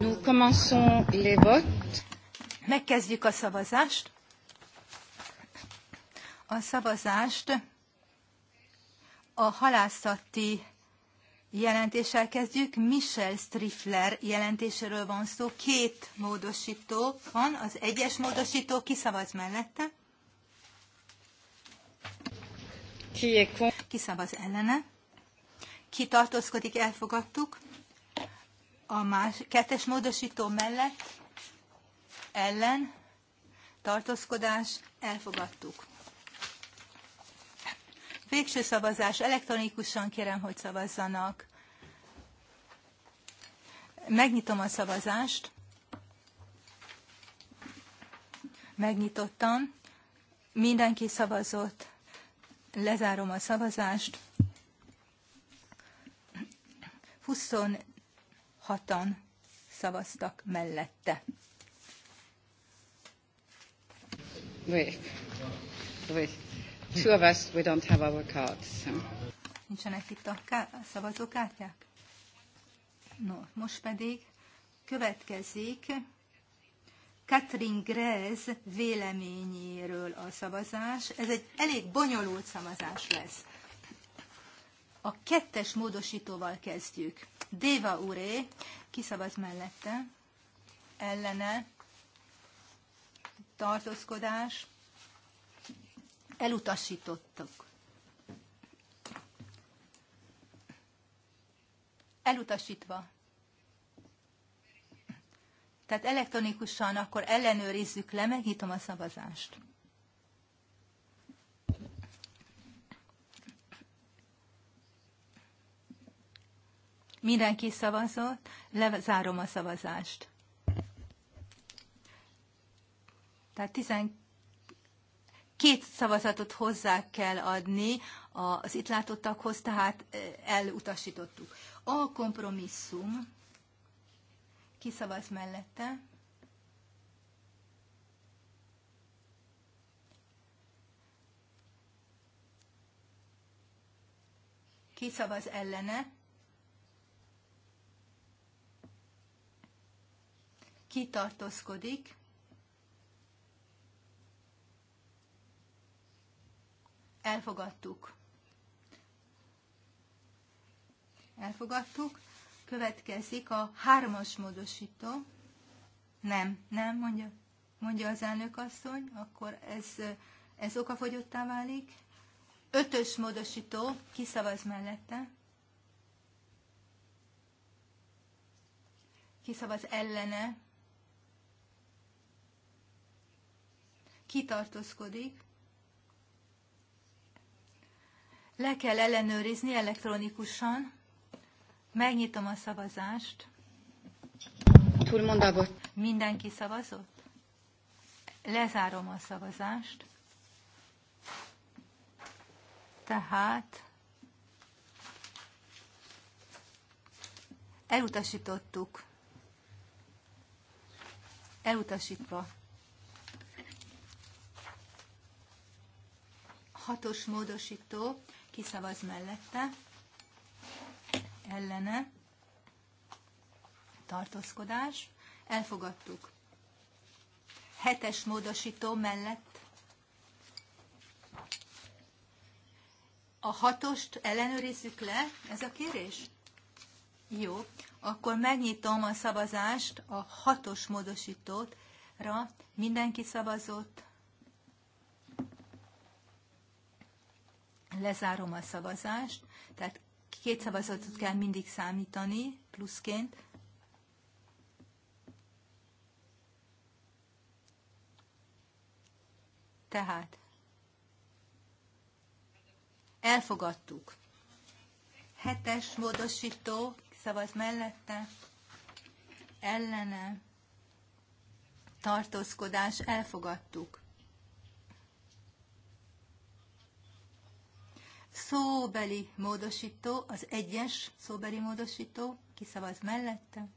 Nous commençons les votes. Megkezdjük a szavazást. A szavazást a halászati jelentéssel kezdjük. Michel Strifler jelentéséről van szó. Két módosító van. Az egyes módosító kiszavaz mellette. Ki szavaz ellene? Ki tartózkodik, elfogadtuk. A más, kettes módosító mellett ellen tartózkodás elfogadtuk. Végső szavazás elektronikusan kérem, hogy szavazzanak. Megnyitom a szavazást. Megnyitottam. Mindenki szavazott. Lezárom a szavazást. 24 hatan szavaztak mellette. Wait. Wait. Two of us, we don't have our cards. So. Nincsenek itt a, a szavazókártyák? No, most pedig következik Katrin Grez véleményéről a szavazás. Ez egy elég bonyolult szavazás lesz. A kettes módosítóval kezdjük. Déva úré, kiszavaz mellette, ellene, tartózkodás, elutasítottuk. Elutasítva. Tehát elektronikusan akkor ellenőrizzük le, megnyitom a szavazást. Mindenki szavazott, lezárom a szavazást. Tehát 12 két szavazatot hozzá kell adni az itt látottakhoz, tehát elutasítottuk. A kompromisszum kiszavaz mellette. Kiszavaz ellene. kitartózkodik. Elfogadtuk. Elfogadtuk. Következik a hármas módosító. Nem, nem, mondja, mondja az elnök asszony, akkor ez, ez okafogyottá válik. Ötös módosító, kiszavaz mellette. kiszavaz ellene, kitartózkodik, le kell ellenőrizni elektronikusan. Megnyitom a szavazást. Túlmondabot. Mindenki szavazott? Lezárom a szavazást. Tehát elutasítottuk. Elutasítva. hatos módosító kiszavaz mellette, ellene, tartózkodás, elfogadtuk. Hetes módosító mellett a hatost ellenőrizzük le, ez a kérés? Jó, akkor megnyitom a szavazást, a hatos módosítót, mindenki szavazott, Lezárom a szavazást, tehát két szavazatot kell mindig számítani pluszként. Tehát elfogadtuk. Hetes módosító szavaz mellette, ellene tartózkodás elfogadtuk. Szóbeli módosító, az egyes szóbeli módosító, kiszavaz mellette.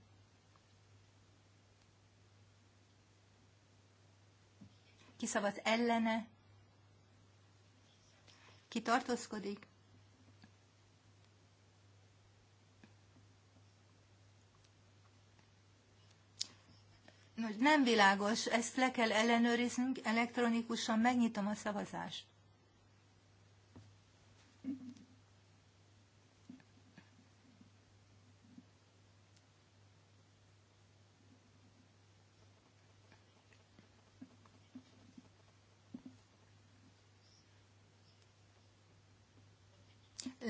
Kiszavaz ellene. Ki tartózkodik. Nos, nem világos, ezt le kell ellenőriznünk, elektronikusan megnyitom a szavazást.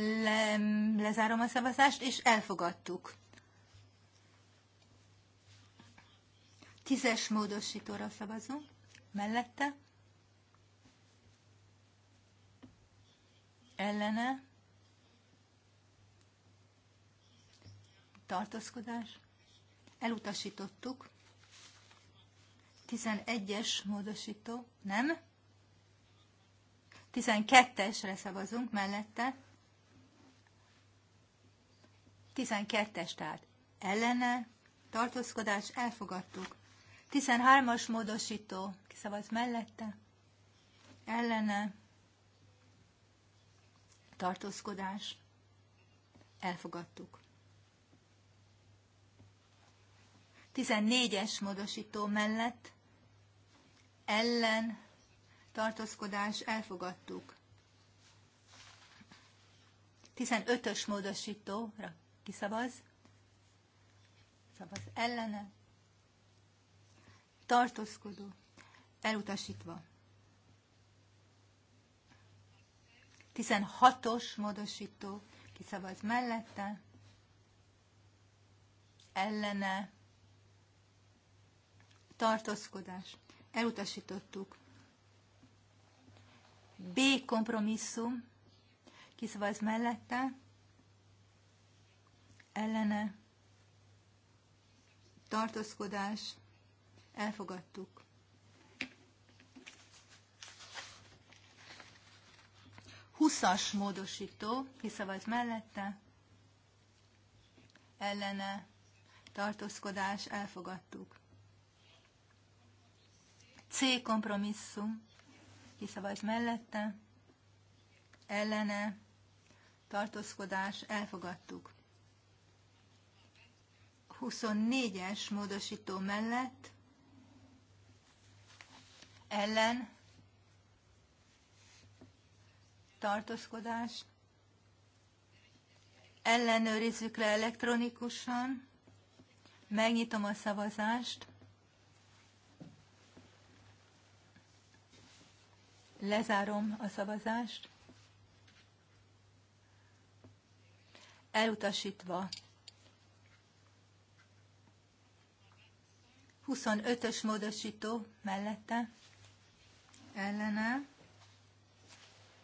Le, lezárom a szavazást, és elfogadtuk. Tízes módosítóra szavazunk. Mellette. Ellene. Tartózkodás. Elutasítottuk. 11-es módosító, nem? 12-esre szavazunk mellette. 12-es tehát ellene, tartózkodás, elfogadtuk. 13-as módosító, ki szavaz mellette, ellene, tartózkodás, elfogadtuk. 14-es módosító mellett, ellen, tartózkodás, elfogadtuk. 15-ös módosítóra ki szavaz szavaz ellene, tartózkodó, elutasítva. 16-os módosító szavaz mellette, ellene, tartózkodás. Elutasítottuk. B kompromisszum, szavaz mellette, ellene tartózkodás elfogadtuk. Huszas módosító, kiszavaz mellette, ellene tartózkodás elfogadtuk. C kompromisszum, kiszavaz mellette, ellene tartózkodás elfogadtuk. 24-es módosító mellett ellen tartózkodás. Ellenőrizzük le elektronikusan. Megnyitom a szavazást. Lezárom a szavazást. Elutasítva 25-ös módosító mellette ellene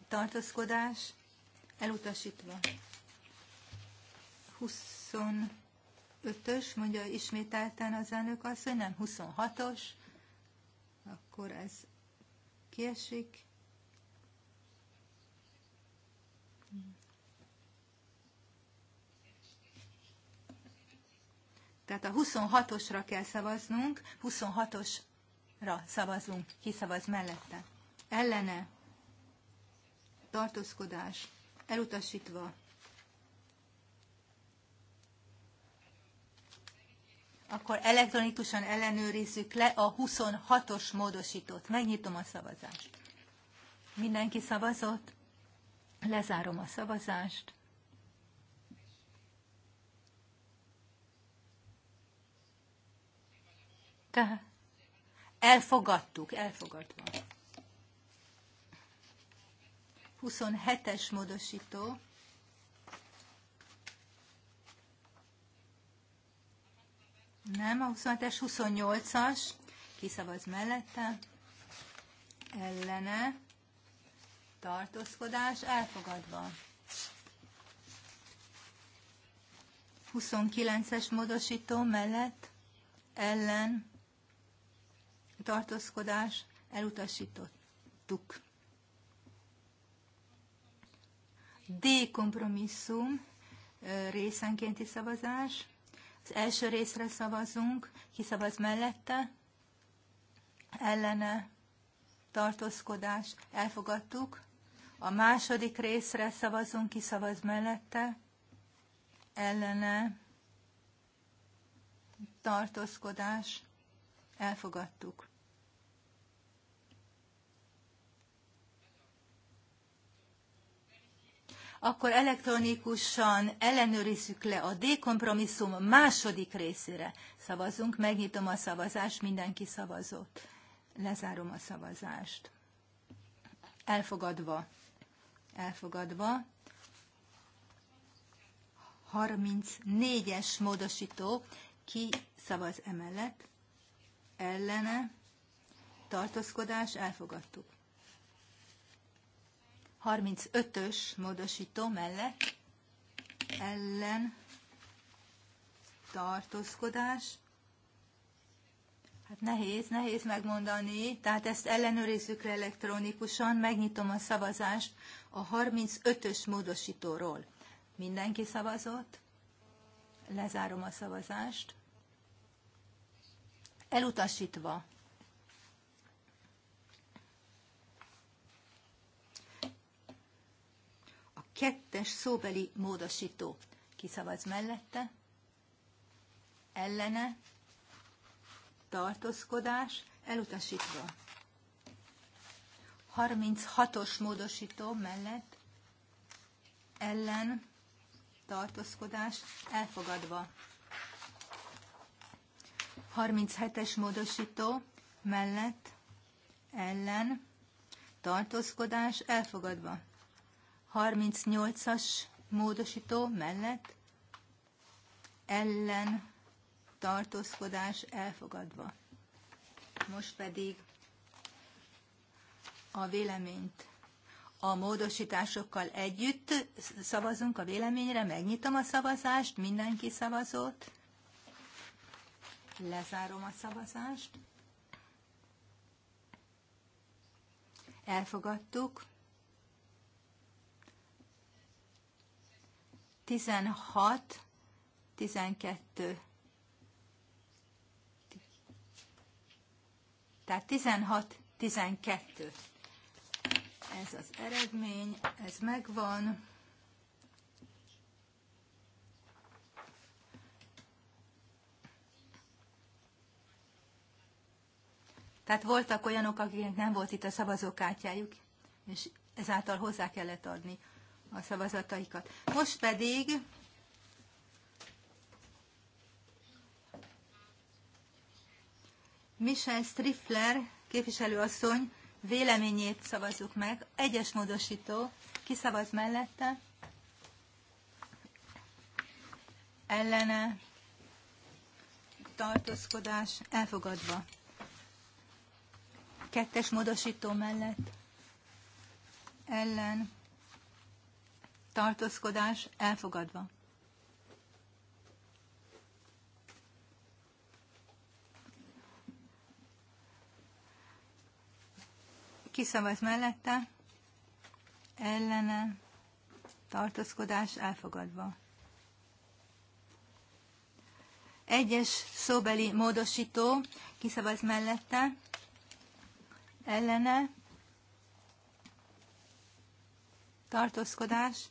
tartózkodás elutasítva. 25-ös, mondja ismételten az elnök azt, hogy nem 26-os, akkor ez kiesik. Tehát a 26-osra kell szavaznunk, 26-osra szavazunk, szavaz mellette. Ellene, tartózkodás, elutasítva. Akkor elektronikusan ellenőrizzük le a 26-os módosítót. Megnyitom a szavazást. Mindenki szavazott? Lezárom a szavazást. Tehát elfogadtuk, elfogadva. 27-es módosító. Nem, a 27-es, 28-as. Kiszavaz mellette. Ellene. Tartózkodás elfogadva. 29-es módosító mellett ellen tartózkodás, elutasítottuk. D kompromisszum, részenkénti szavazás. Az első részre szavazunk, ki szavaz mellette, ellene, tartózkodás, elfogadtuk. A második részre szavazunk, ki szavaz mellette, ellene, tartózkodás, elfogadtuk. akkor elektronikusan ellenőrizzük le a D-kompromisszum második részére. Szavazunk, megnyitom a szavazást, mindenki szavazott. Lezárom a szavazást. Elfogadva. Elfogadva. 34-es módosító. Ki szavaz emellett? Ellene. Tartózkodás. Elfogadtuk. 35-ös módosító mellett ellen tartózkodás. Hát nehéz, nehéz megmondani, tehát ezt ellenőrizzük le elektronikusan, megnyitom a szavazást a 35-ös módosítóról. Mindenki szavazott? Lezárom a szavazást. Elutasítva. kettes szóbeli módosító. Kiszavaz mellette, ellene, tartózkodás, elutasítva. 36-os módosító mellett, ellen, tartózkodás, elfogadva. 37-es módosító mellett, ellen, tartózkodás, elfogadva. 38-as módosító mellett ellen tartózkodás elfogadva. Most pedig a véleményt a módosításokkal együtt szavazunk a véleményre, megnyitom a szavazást, mindenki szavazott, lezárom a szavazást, elfogadtuk, 16, 12. Tehát 16, 12. Ez az eredmény, ez megvan. Tehát voltak olyanok, akiknek nem volt itt a szavazókártyájuk, és ezáltal hozzá kellett adni a szavazataikat. Most pedig Michel Strifler képviselőasszony véleményét szavazzuk meg. Egyes módosító. Ki szavaz mellette? Ellene. Tartózkodás. Elfogadva. Kettes módosító mellett. Ellen tartózkodás elfogadva. Kiszavaz mellette, ellene, tartózkodás elfogadva. Egyes szóbeli módosító, kiszavaz mellette, ellene, tartózkodás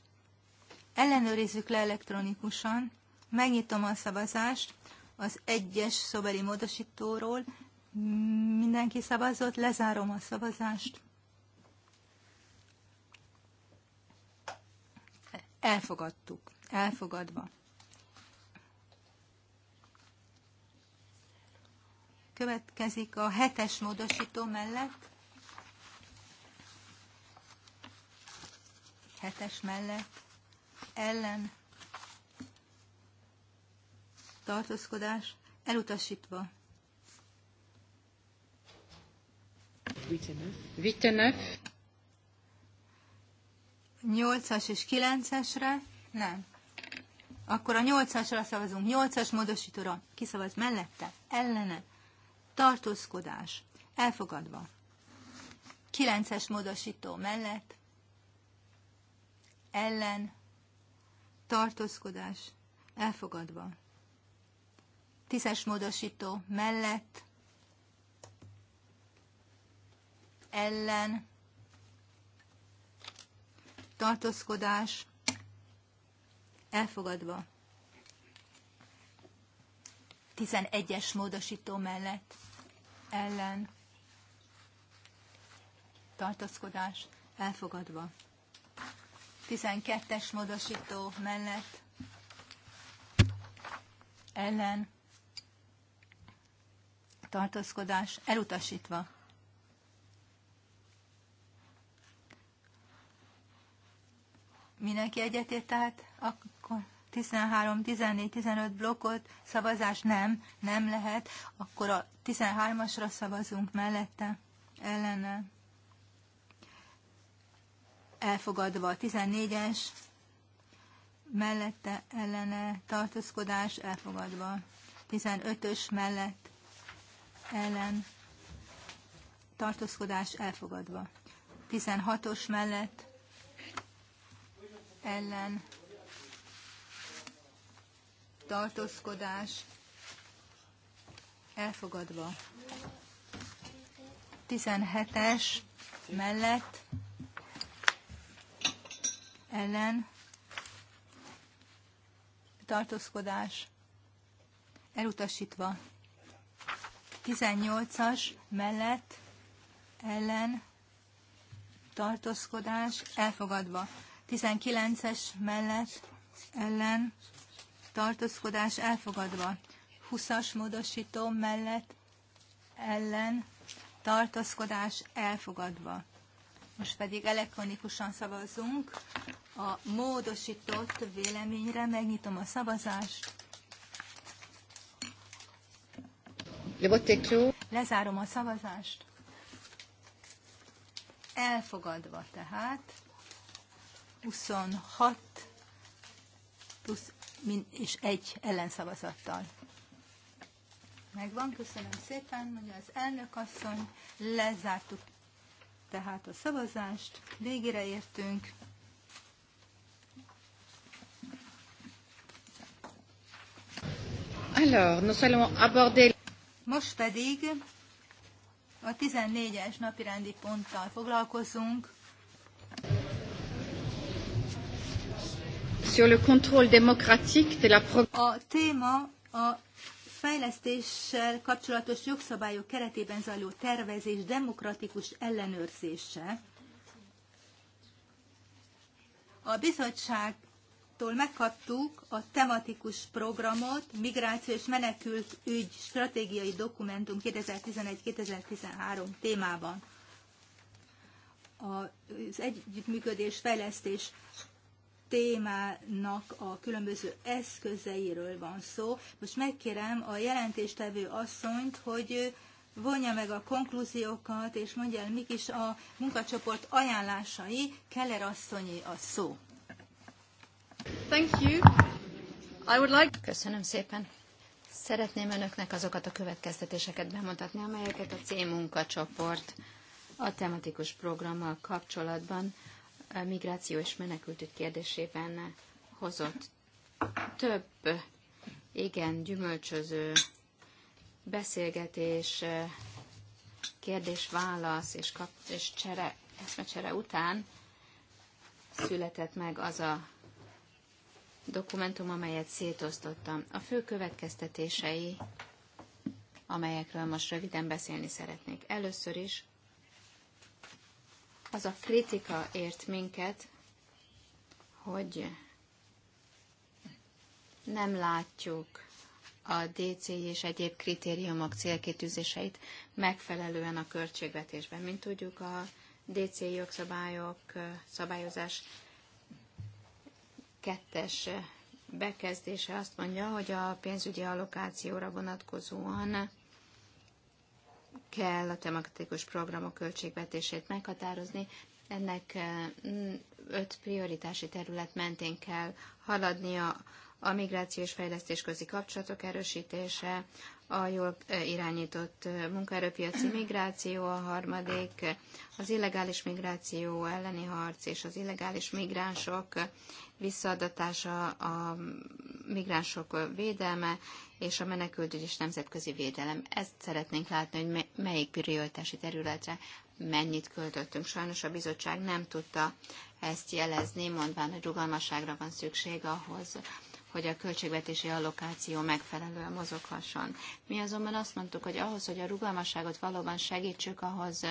Ellenőrizzük le elektronikusan. Megnyitom a szavazást az egyes szobeli módosítóról. Mindenki szavazott, lezárom a szavazást. Elfogadtuk. Elfogadva. Következik a hetes módosító mellett. Hetes mellett ellen tartózkodás elutasítva. Vitenev. Nyolcas és kilencesre? Nem. Akkor a nyolcasra szavazunk. Nyolcas as módosítóra kiszavaz mellette, ellene, tartózkodás, elfogadva. Kilences módosító mellett, ellen, tartózkodás elfogadva. Tízes módosító mellett, ellen, tartózkodás elfogadva. Tizenegyes módosító mellett, ellen, tartózkodás elfogadva. 12-es módosító mellett ellen tartózkodás elutasítva. Mindenki egyetért, tehát akkor 13, 14, 15 blokkot, szavazás nem, nem lehet, akkor a 13-asra szavazunk mellette, ellene elfogadva. a 14-es mellette ellene tartózkodás elfogadva. 15-ös mellett ellen tartózkodás elfogadva. 16-os mellett ellen tartózkodás elfogadva. 17-es mellett ellen tartózkodás elutasítva. 18-as mellett ellen tartózkodás elfogadva. 19-es mellett ellen tartózkodás elfogadva. 20-as módosító mellett ellen tartózkodás elfogadva. Most pedig elektronikusan szavazunk a módosított véleményre. Megnyitom a szavazást. Lezárom a szavazást. Elfogadva tehát 26 plusz és egy ellenszavazattal. Megvan, köszönöm szépen, hogy az elnök asszony, lezártuk tehát a szavazást, végére értünk. Alors, nous allons aborder... Most pedig a 14-es napirendi ponttal foglalkozunk. Sur le contrôle démocratique de la... A téma a fejlesztéssel kapcsolatos jogszabályok keretében zajló tervezés demokratikus ellenőrzése. A bizottságtól megkaptuk a tematikus programot, migráció és menekült ügy stratégiai dokumentum 2011-2013 témában. Az együttműködés fejlesztés témának a különböző eszközeiről van szó. Most megkérem a jelentéstevő asszonyt, hogy vonja meg a konklúziókat, és mondja el, mik is a munkacsoport ajánlásai. Keller asszonyi a szó. Thank you. I would like... Köszönöm szépen. Szeretném önöknek azokat a következtetéseket bemutatni, amelyeket a C munkacsoport a tematikus programmal kapcsolatban migráció és menekültügy kérdésében hozott több igen gyümölcsöző beszélgetés, kérdés-válasz és, kap- és csere, eszmecsere után született meg az a dokumentum, amelyet szétosztottam. A fő következtetései, amelyekről most röviden beszélni szeretnék. Először is az a kritika ért minket, hogy nem látjuk a DC és egyéb kritériumok célkitűzéseit megfelelően a költségvetésben. Mint tudjuk, a DC jogszabályok szabályozás kettes bekezdése azt mondja, hogy a pénzügyi allokációra vonatkozóan kell a tematikus programok költségvetését meghatározni. Ennek eh, öt prioritási terület mentén kell haladnia a migráció és fejlesztés közi kapcsolatok erősítése, a jól eh, irányított eh, munkaerőpiaci migráció, a harmadik eh, az illegális migráció elleni harc és az illegális migránsok visszaadatása, a migránsok védelme és a menekültügy és nemzetközi védelem. Ezt szeretnénk látni, hogy melyik prioritási területre mennyit költöttünk. Sajnos a bizottság nem tudta ezt jelezni, mondván, hogy rugalmasságra van szükség ahhoz, hogy a költségvetési allokáció megfelelően mozoghasson. Mi azonban azt mondtuk, hogy ahhoz, hogy a rugalmasságot valóban segítsük, ahhoz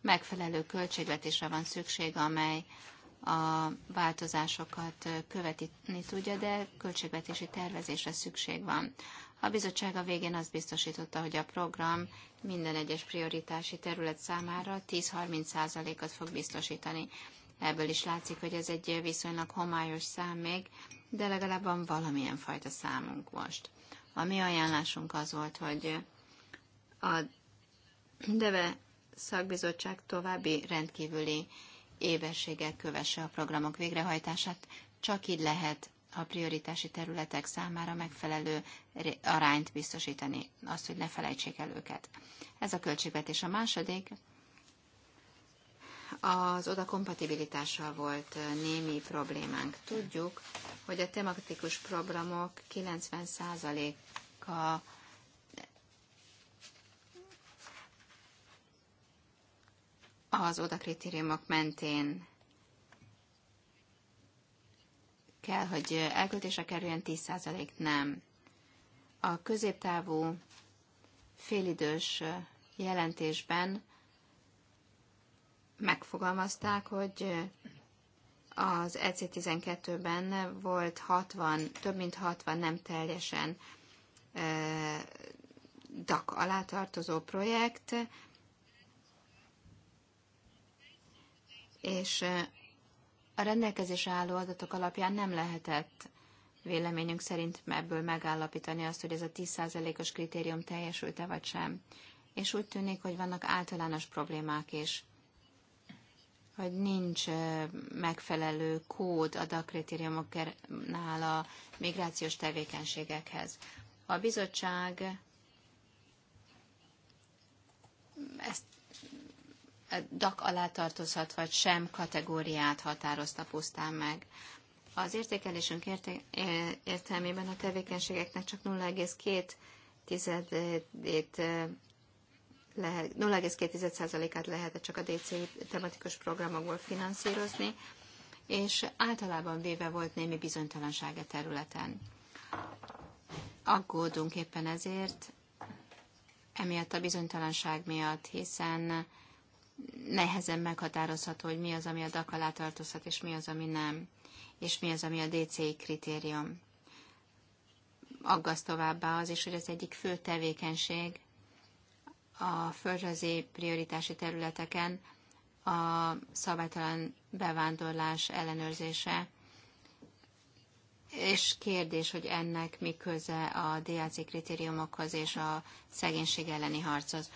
megfelelő költségvetésre van szükség, amely a változásokat követni tudja, de költségvetési tervezésre szükség van. A bizottság a végén azt biztosította, hogy a program minden egyes prioritási terület számára 10-30%-at fog biztosítani. Ebből is látszik, hogy ez egy viszonylag homályos szám még, de legalább van valamilyen fajta számunk most. A mi ajánlásunk az volt, hogy a DEVE szakbizottság további rendkívüli éberséggel kövesse a programok végrehajtását, csak így lehet a prioritási területek számára megfelelő arányt biztosítani, azt, hogy ne felejtsék el őket. Ez a költségvetés a második, az oda kompatibilitással volt némi problémánk. Tudjuk, hogy a tematikus programok 90%-a az oda kritériumok mentén kell, hogy elköltésre kerüljön, 10% nem. A középtávú félidős jelentésben megfogalmazták, hogy az EC12-ben volt 60, több mint 60 nem teljesen DAC alá tartozó projekt, és a rendelkezésre álló adatok alapján nem lehetett véleményünk szerint ebből megállapítani azt, hogy ez a 10%-os kritérium teljesült-e vagy sem. És úgy tűnik, hogy vannak általános problémák is hogy nincs megfelelő kód a kritériumoknál a migrációs tevékenységekhez. A bizottság ezt DAC alá tartozhat, vagy sem kategóriát határozta pusztán meg. Az értékelésünk érté- értelmében a tevékenységeknek csak 0,2-ét lehet, 0,2%-át lehet csak a DC tematikus programokból finanszírozni, és általában véve volt némi bizonytalansága e területen. Aggódunk éppen ezért, emiatt a bizonytalanság miatt, hiszen nehezen meghatározható, hogy mi az, ami a DAC alá tartozhat, és mi az, ami nem, és mi az, ami a DCI kritérium. Aggaszt továbbá az is, hogy az egyik fő tevékenység a földrajzi prioritási területeken a szabálytalan bevándorlás ellenőrzése, és kérdés, hogy ennek mi köze a DAC kritériumokhoz és a szegénység elleni harchoz.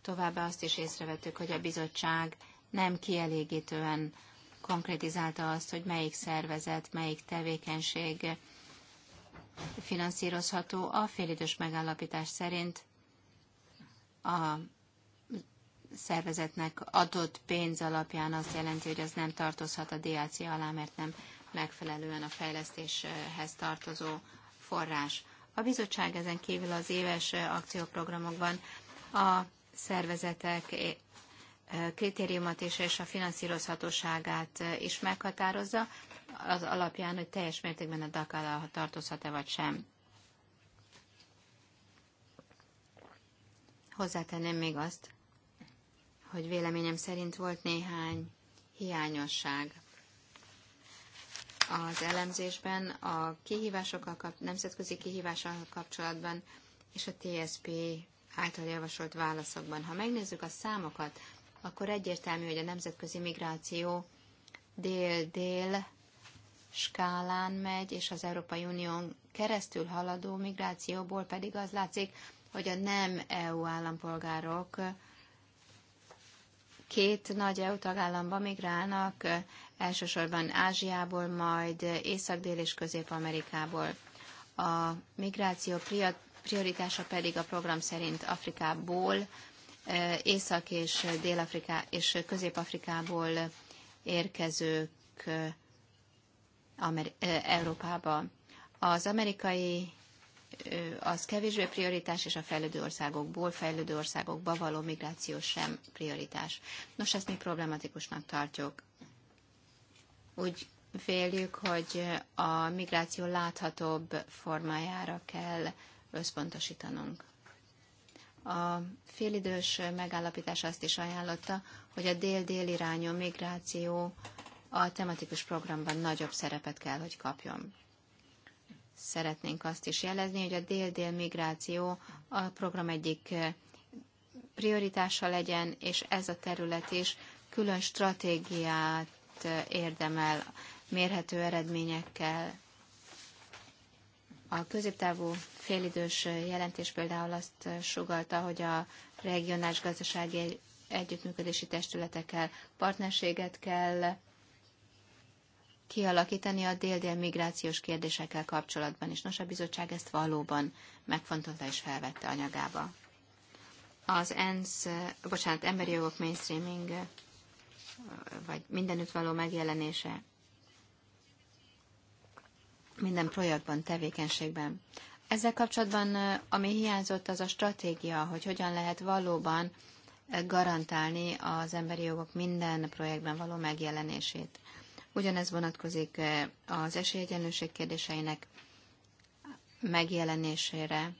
Továbbá azt is észrevettük, hogy a bizottság nem kielégítően konkrétizálta azt, hogy melyik szervezet, melyik tevékenység finanszírozható a félidős megállapítás szerint a szervezetnek adott pénz alapján azt jelenti, hogy az nem tartozhat a DAC alá, mert nem megfelelően a fejlesztéshez tartozó forrás. A bizottság ezen kívül az éves akcióprogramokban a szervezetek kritériumát és a finanszírozhatóságát is meghatározza, az alapján, hogy teljes mértékben a DAC tartozhat-e vagy sem. Hozzátenném még azt, hogy véleményem szerint volt néhány hiányosság az elemzésben, a kihívásokkal kap, nemzetközi kihívásokkal kapcsolatban és a TSP által javasolt válaszokban. Ha megnézzük a számokat, akkor egyértelmű, hogy a nemzetközi migráció dél-dél skálán megy, és az Európai Unión keresztül haladó migrációból pedig az látszik, hogy a nem EU állampolgárok két nagy EU tagállamba migrálnak, elsősorban Ázsiából, majd Észak-Dél és Közép-Amerikából. A migráció prioritása pedig a program szerint Afrikából, Észak- és dél Afrika és Közép-Afrikából érkezők Ameri- Európába. Az amerikai az kevésbé prioritás, és a fejlődő országokból fejlődő országokba való migráció sem prioritás. Nos, ezt mi problematikusnak tartjuk. Úgy véljük, hogy a migráció láthatóbb formájára kell összpontosítanunk. A félidős megállapítás azt is ajánlotta, hogy a dél-dél irányú migráció a tematikus programban nagyobb szerepet kell, hogy kapjon. Szeretnénk azt is jelezni, hogy a dél-dél migráció a program egyik eh, prioritása legyen, és ez a terület is külön stratégiát eh, érdemel mérhető eredményekkel. A középtávú félidős eh, jelentés például azt sugalta, hogy a regionális gazdasági együttműködési testületekkel partnerséget kell kialakítani a dél-dél migrációs kérdésekkel kapcsolatban is. Nos, a bizottság ezt valóban megfontolta és felvette anyagába. Az ENSZ, bocsánat, emberi jogok mainstreaming, vagy mindenütt való megjelenése minden projektban, tevékenységben. Ezzel kapcsolatban, ami hiányzott, az a stratégia, hogy hogyan lehet valóban garantálni az emberi jogok minden projektben való megjelenését. Ugyanez vonatkozik eh, az esélyegyenlőség kérdéseinek megjelenésére.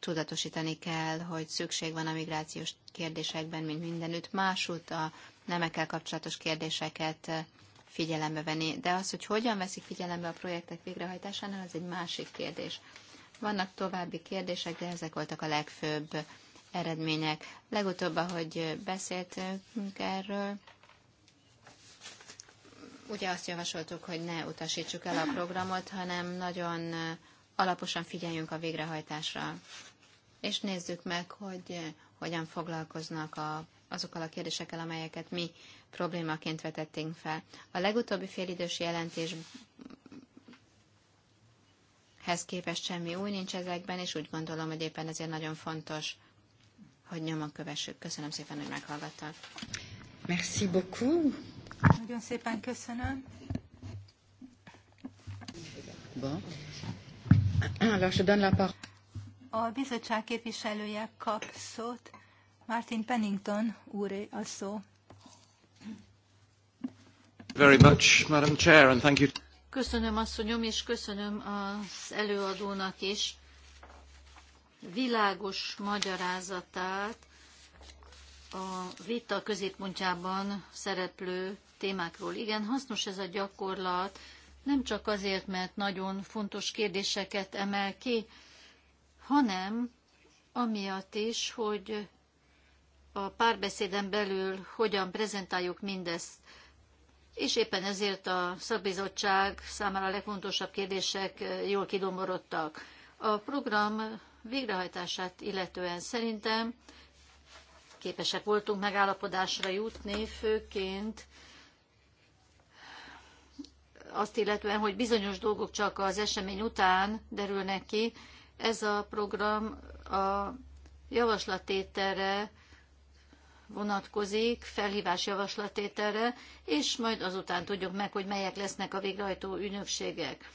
Tudatosítani kell, hogy szükség van a migrációs kérdésekben, mint mindenütt. Másút a nemekkel kapcsolatos kérdéseket eh, figyelembe venni. De az, hogy hogyan veszik figyelembe a projektek végrehajtásánál, az egy másik kérdés. Vannak további kérdések, de ezek voltak a legfőbb eredmények. Legutóbb, ahogy beszéltünk erről, ugye azt javasoltuk, hogy ne utasítsuk el a programot, hanem nagyon alaposan figyeljünk a végrehajtásra, és nézzük meg, hogy hogyan foglalkoznak a, azokkal a kérdésekkel, amelyeket mi problémaként vetettünk fel. A legutóbbi félidős jelentéshez képest semmi új nincs ezekben, és úgy gondolom, hogy éppen ezért nagyon fontos, hogy nyomon kövessük. Köszönöm szépen, hogy meghallgattak. Merci beaucoup. Nagyon szépen köszönöm. Bon. A bizottság képviselője kap szót. Martin Pennington úré a szó. Very much, Madam Chair, and thank you. Köszönöm, asszonyom, és köszönöm az előadónak is világos magyarázatát a vita középpontjában szereplő témákról. Igen, hasznos ez a gyakorlat, nem csak azért, mert nagyon fontos kérdéseket emel ki, hanem amiatt is, hogy a párbeszéden belül hogyan prezentáljuk mindezt. És éppen ezért a szakbizottság számára a legfontosabb kérdések eh, jól kidomorodtak. A program végrehajtását illetően szerintem képesek voltunk megállapodásra jutni, főként azt illetően, hogy bizonyos dolgok csak az esemény után derülnek ki, ez a program a javaslatételre vonatkozik, felhívás javaslatétere, és majd azután tudjuk meg, hogy melyek lesznek a végrehajtó ügynökségek.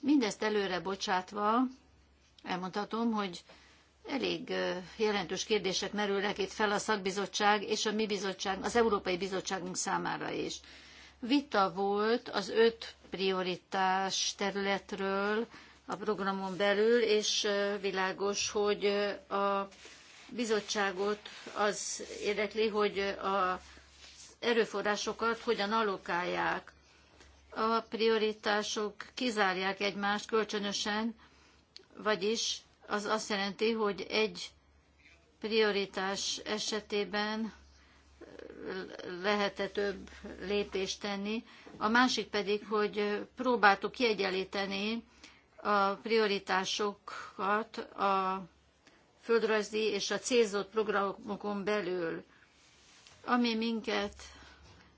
Mindezt előre bocsátva elmondhatom, hogy elég jelentős kérdések merülnek itt fel a szakbizottság és a mi bizottság, az Európai Bizottságunk számára is vita volt az öt prioritás területről a programon belül, és világos, hogy a bizottságot az érdekli, hogy a erőforrásokat hogyan alokálják. A prioritások kizárják egymást kölcsönösen, vagyis az azt jelenti, hogy egy prioritás esetében lehet-e több lépést tenni. A másik pedig, hogy próbáltuk kiegyenlíteni a prioritásokat a földrajzi és a célzott programokon belül. Ami minket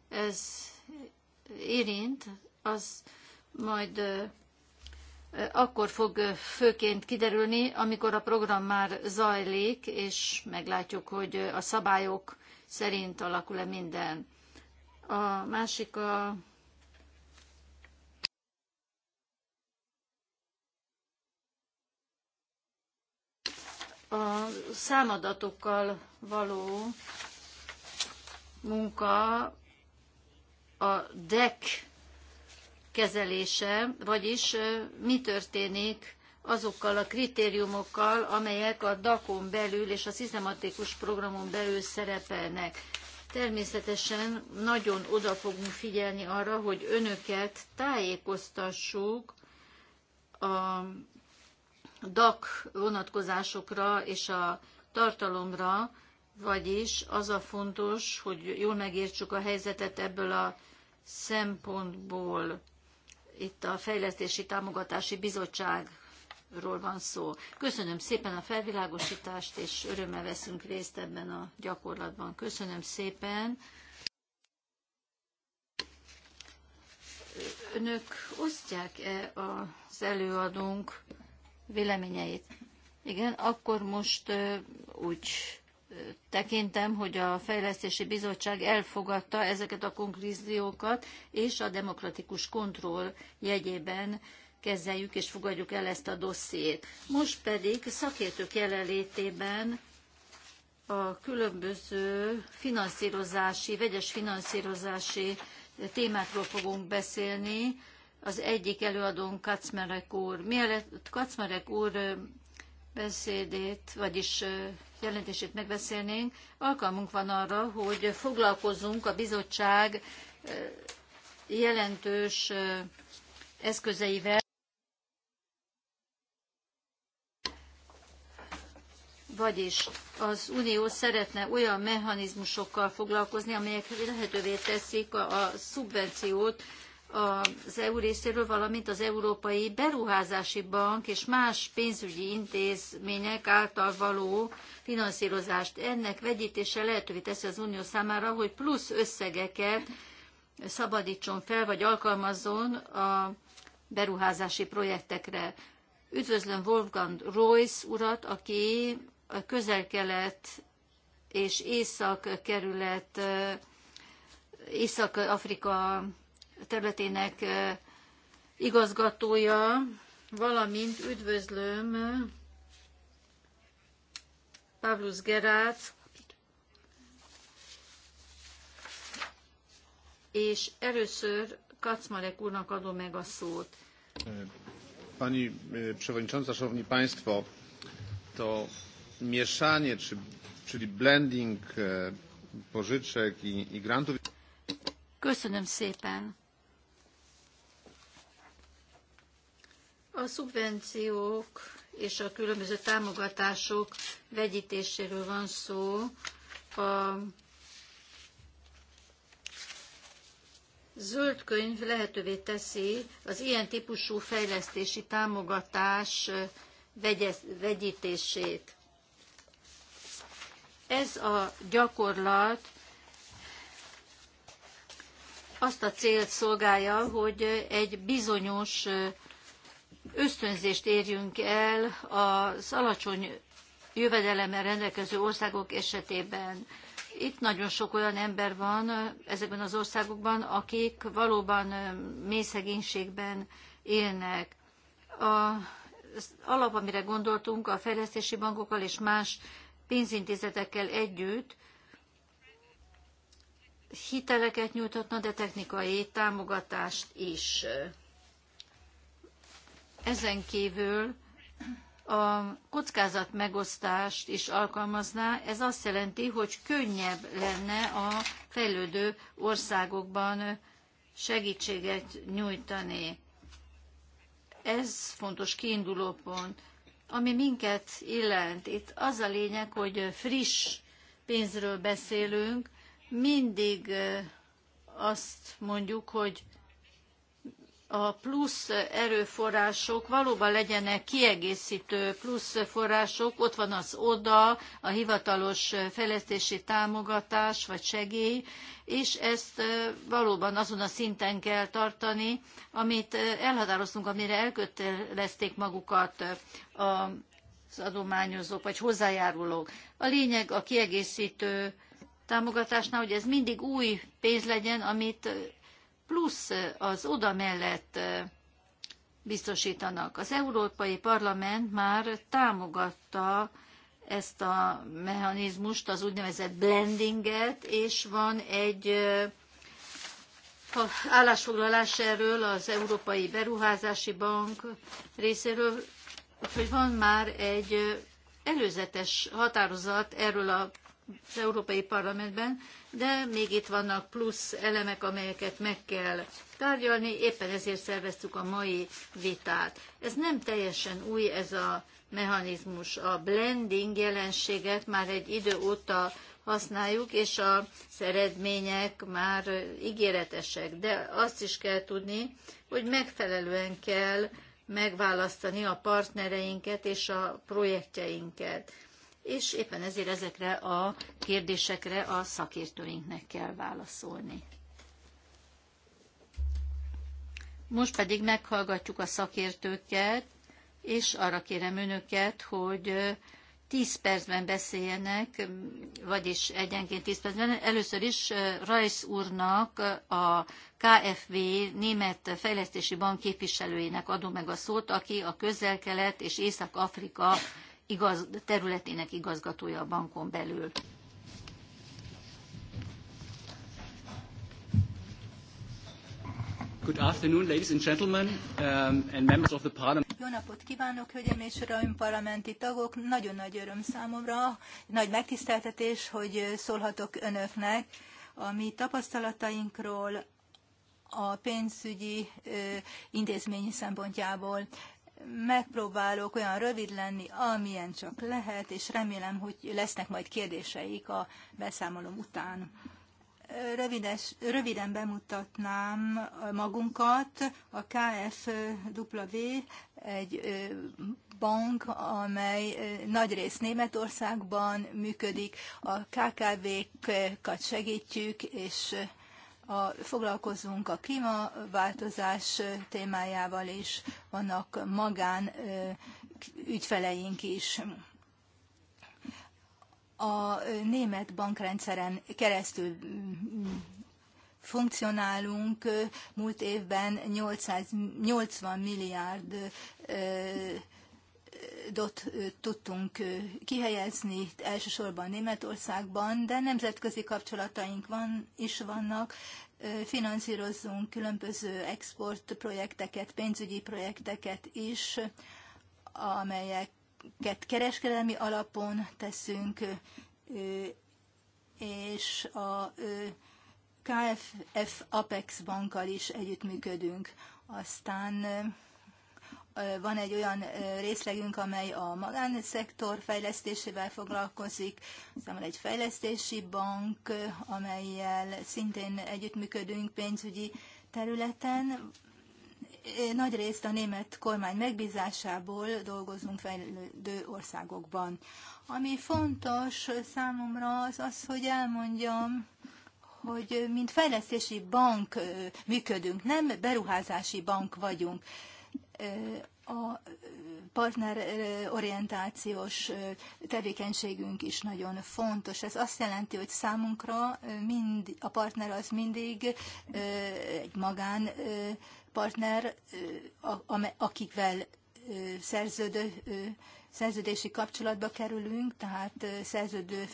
ez érint, az majd eh, akkor fog főként kiderülni, amikor a program már zajlik, és meglátjuk, hogy a szabályok szerint alakul-e minden. A másik a a számadatokkal való munka a DEC kezelése, vagyis mi történik azokkal a kritériumokkal, amelyek a DAKon belül és a szisztematikus programon belül szerepelnek. Természetesen nagyon oda fogunk figyelni arra, hogy önöket tájékoztassuk a DAC vonatkozásokra és a tartalomra, vagyis az a fontos, hogy jól megértsük a helyzetet ebből a szempontból. Itt a Fejlesztési Támogatási Bizottság ról van szó. Köszönöm szépen a felvilágosítást, és örömmel veszünk részt ebben a gyakorlatban. Köszönöm szépen. Önök osztják-e az előadónk véleményeit? Igen, akkor most úgy tekintem, hogy a Fejlesztési Bizottság elfogadta ezeket a konklúziókat, és a demokratikus kontroll jegyében kezeljük és fogadjuk el ezt a dossziét. Most pedig szakértők jelenlétében a különböző finanszírozási, vegyes finanszírozási témákról fogunk beszélni. Az egyik előadónk Kacmerek úr. Mielőtt Kacmerek úr beszédét, vagyis jelentését megbeszélnénk, alkalmunk van arra, hogy foglalkozunk a bizottság jelentős eszközeivel, Vagyis az Unió szeretne olyan mechanizmusokkal foglalkozni, amelyek lehetővé teszik a, a szubvenciót az EU részéről, valamint az Európai Beruházási Bank és más pénzügyi intézmények által való finanszírozást. Ennek vegyítése lehetővé teszi az Unió számára, hogy plusz összegeket szabadítson fel, vagy alkalmazzon a beruházási projektekre. Üdvözlöm Wolfgang Royce urat, aki a közel-kelet és észak-kerület, észak-afrika területének igazgatója, valamint üdvözlöm Pavlus Gerát, és először Kacmarek úrnak adom meg a szót. Pani e, przewodnicząca, szanowni państwo, to mieszanie, czy, czyli blending e, pożyczek i, i grantów. Köszönöm szépen. A szubvenciók és a különböző támogatások vegyítéséről van szó. A zöld könyv lehetővé teszi az ilyen típusú fejlesztési támogatás vegyítését. Ez a gyakorlat azt a célt szolgálja, hogy egy bizonyos ösztönzést érjünk el az alacsony jövedelemmel rendelkező országok esetében. Itt nagyon sok olyan ember van ezekben az országokban, akik valóban mély szegénységben élnek. A, az alap, amire gondoltunk a fejlesztési bankokkal és más pénzintézetekkel együtt hiteleket nyújtatna, de technikai támogatást is. Ezen kívül a kockázat megosztást is alkalmazná. Ez azt jelenti, hogy könnyebb lenne a fejlődő országokban segítséget nyújtani. Ez fontos kiinduló pont. Ami minket illent, itt az a lényeg, hogy friss pénzről beszélünk, mindig azt mondjuk, hogy a plusz erőforrások valóban legyenek kiegészítő plusz források, ott van az ODA, a hivatalos fejlesztési támogatás vagy segély, és ezt valóban azon a szinten kell tartani, amit elhatároztunk, amire elkötelezték magukat az adományozók vagy hozzájárulók. A lényeg a kiegészítő támogatásnál, hogy ez mindig új pénz legyen, amit plusz az oda mellett biztosítanak. Az Európai Parlament már támogatta ezt a mechanizmust, az úgynevezett blendinget, és van egy állásfoglalás erről az Európai Beruházási Bank részéről, hogy van már egy előzetes határozat erről a az Európai Parlamentben, de még itt vannak plusz elemek, amelyeket meg kell tárgyalni, éppen ezért szerveztük a mai vitát. Ez nem teljesen új ez a mechanizmus. A blending jelenséget már egy idő óta használjuk, és az eredmények már ígéretesek, de azt is kell tudni, hogy megfelelően kell megválasztani a partnereinket és a projektjeinket és éppen ezért ezekre a kérdésekre a szakértőinknek kell válaszolni. Most pedig meghallgatjuk a szakértőket, és arra kérem önöket, hogy 10 percben beszéljenek, vagyis egyenként 10 percben. Először is Rajsz úrnak, a KFV Német Fejlesztési Bank képviselőjének adom meg a szót, aki a közel-kelet és Észak-Afrika igaz, területének igazgatója a bankon belül. Good afternoon, ladies and gentlemen, um, and members of the parliament. Jó napot kívánok, hölgyeim és uraim, parlamenti tagok! Nagyon nagy öröm számomra, nagy megtiszteltetés, hogy szólhatok önöknek a mi tapasztalatainkról, a pénzügyi ö, intézményi szempontjából megpróbálok olyan rövid lenni, amilyen csak lehet, és remélem, hogy lesznek majd kérdéseik a beszámolom után. Rövides, röviden bemutatnám magunkat. A KFW egy bank, amely nagyrészt Németországban működik. A KKV-kat segítjük, és a, foglalkozunk a klímaváltozás témájával is, vannak magán ügyfeleink is. A német bankrendszeren keresztül mm, funkcionálunk. Múlt évben 880 milliárd dot tudtunk kihelyezni, elsősorban Németországban, de nemzetközi kapcsolataink van, is vannak, finanszírozzunk különböző exportprojekteket, pénzügyi projekteket is, amelyeket kereskedelmi alapon teszünk, és a KFF Apex bankkal is együttműködünk. Aztán van egy olyan részlegünk, amely a magánszektor fejlesztésével foglalkozik, aztán van egy fejlesztési bank, amelyel szintén együttműködünk pénzügyi területen. Nagy részt a német kormány megbízásából dolgozunk fejlődő országokban. Ami fontos számomra az az, hogy elmondjam, hogy mint fejlesztési bank működünk, nem beruházási bank vagyunk a partnerorientációs tevékenységünk is nagyon fontos. Ez azt jelenti, hogy számunkra mind, a partner az mindig egy magán partner, akikvel szerződő, szerződési kapcsolatba kerülünk, tehát szerződő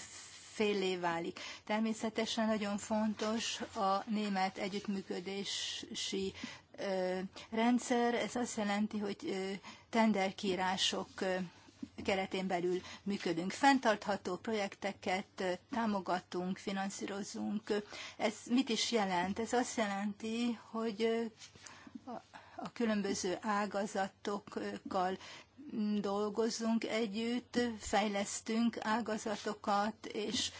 félé válik. Természetesen nagyon fontos a német együttműködési rendszer, ez azt jelenti, hogy tenderkírások keretén belül működünk. fentartható projekteket támogatunk, finanszírozunk. Ez mit is jelent? Ez azt jelenti, hogy a különböző ágazatokkal dolgozunk együtt, fejlesztünk ágazatokat, és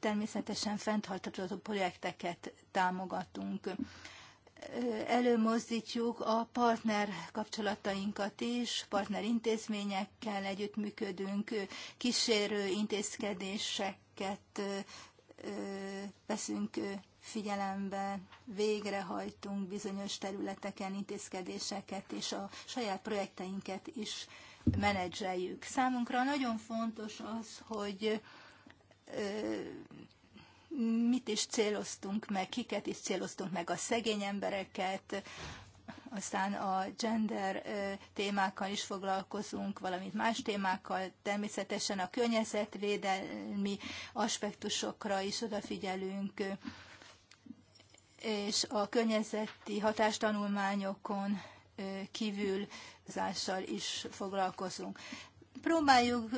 természetesen fenntartható projekteket támogatunk előmozdítjuk a partner kapcsolatainkat is, partner intézményekkel együttműködünk, kísérő intézkedéseket veszünk figyelembe, végrehajtunk bizonyos területeken intézkedéseket, és a saját projekteinket is menedzseljük. Számunkra nagyon fontos az, hogy mit is céloztunk meg, kiket is céloztunk meg, a szegény embereket, aztán a gender témákkal is foglalkozunk, valamint más témákkal, természetesen a környezetvédelmi aspektusokra is odafigyelünk, és a környezeti hatástanulmányokon kívül is foglalkozunk. Próbáljuk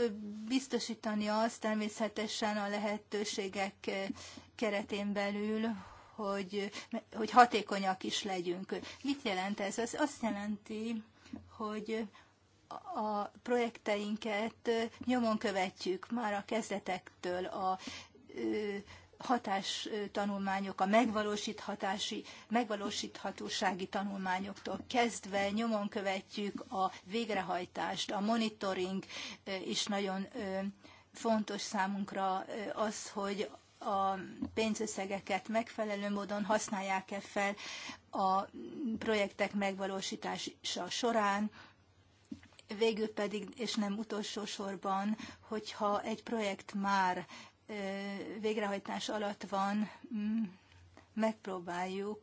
biztosítani azt természetesen a lehetőségek keretén belül, hogy, hogy hatékonyak is legyünk. Mit jelent ez? Ez azt jelenti, hogy a projekteinket nyomon követjük már a kezdetektől, a hatástanulmányok, a megvalósíthatási, megvalósíthatósági tanulmányoktól kezdve nyomon követjük a végrehajtást, a monitoring is nagyon fontos számunkra az, hogy a pénzösszegeket megfelelő módon használják-e fel a projektek megvalósítása során, végül pedig, és nem utolsó sorban, hogyha egy projekt már végrehajtás alatt van, megpróbáljuk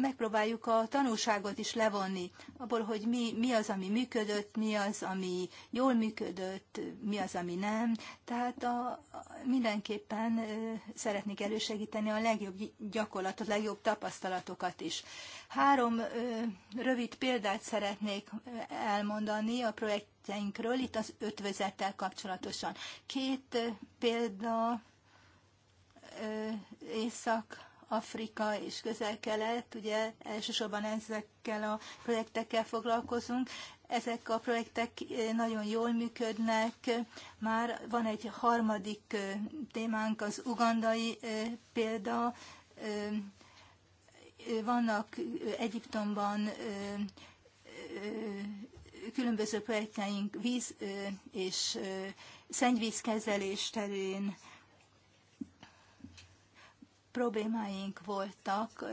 megpróbáljuk a tanulságot is levonni, abból, hogy mi, mi az, ami működött, mi az, ami jól működött, mi az, ami nem. Tehát a, mindenképpen szeretnék elősegíteni a legjobb gyakorlatot, legjobb tapasztalatokat is. Három rövid példát szeretnék elmondani a projektjeinkről, itt az ötvözettel kapcsolatosan. Két példa Észak Afrika és közel-kelet, ugye elsősorban ezekkel a projektekkel foglalkozunk. Ezek a projektek eh, nagyon jól működnek. Már van egy harmadik eh, témánk, az ugandai eh, példa. Vannak Egyiptomban különböző projektjeink víz és szennyvízkezelés terén problémáink voltak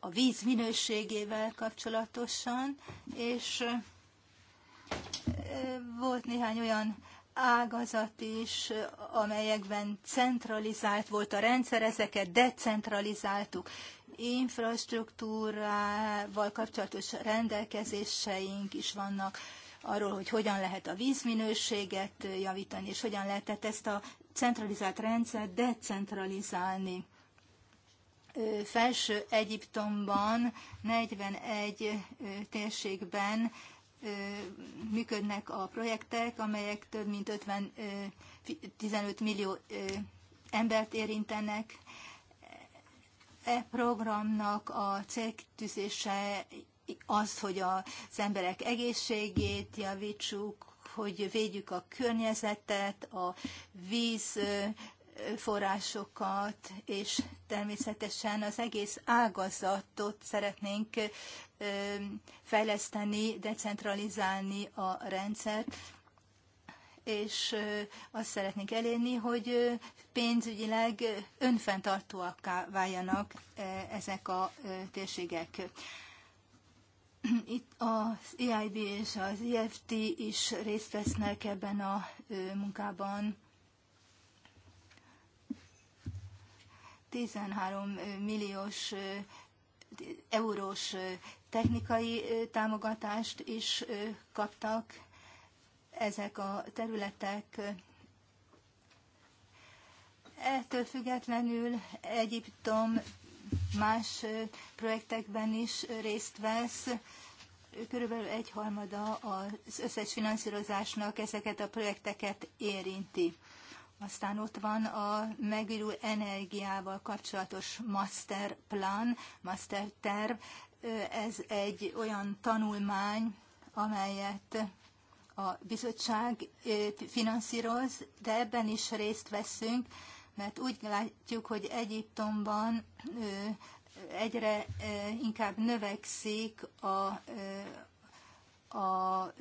a víz minőségével kapcsolatosan, és volt néhány olyan ágazat is, amelyekben centralizált volt a rendszer, ezeket decentralizáltuk. Infrastruktúrával kapcsolatos rendelkezéseink is vannak arról, hogy hogyan lehet a vízminőséget javítani, és hogyan lehetett ezt a centralizált rendszert decentralizálni felső Egyiptomban 41 térségben működnek a projektek, amelyek több mint 50, 15 millió embert érintenek. E programnak a célkitűzése az, hogy az emberek egészségét javítsuk, hogy védjük a környezetet, a víz forrásokat, és természetesen az egész ágazatot szeretnénk fejleszteni, decentralizálni a rendszert, és azt szeretnénk elérni, hogy pénzügyileg önfenntartóak váljanak ezek a térségek. Itt az EIB és az EFT is részt vesznek ebben a munkában. 13 milliós eurós technikai támogatást is kaptak ezek a területek. Ettől függetlenül Egyiptom más projektekben is részt vesz. Körülbelül egyharmada az összes finanszírozásnak ezeket a projekteket érinti. Aztán ott van a megújuló energiával kapcsolatos master plan, master terv. Ez egy olyan tanulmány, amelyet a bizottság finanszíroz, de ebben is részt veszünk, mert úgy látjuk, hogy Egyiptomban egyre inkább növekszik a, a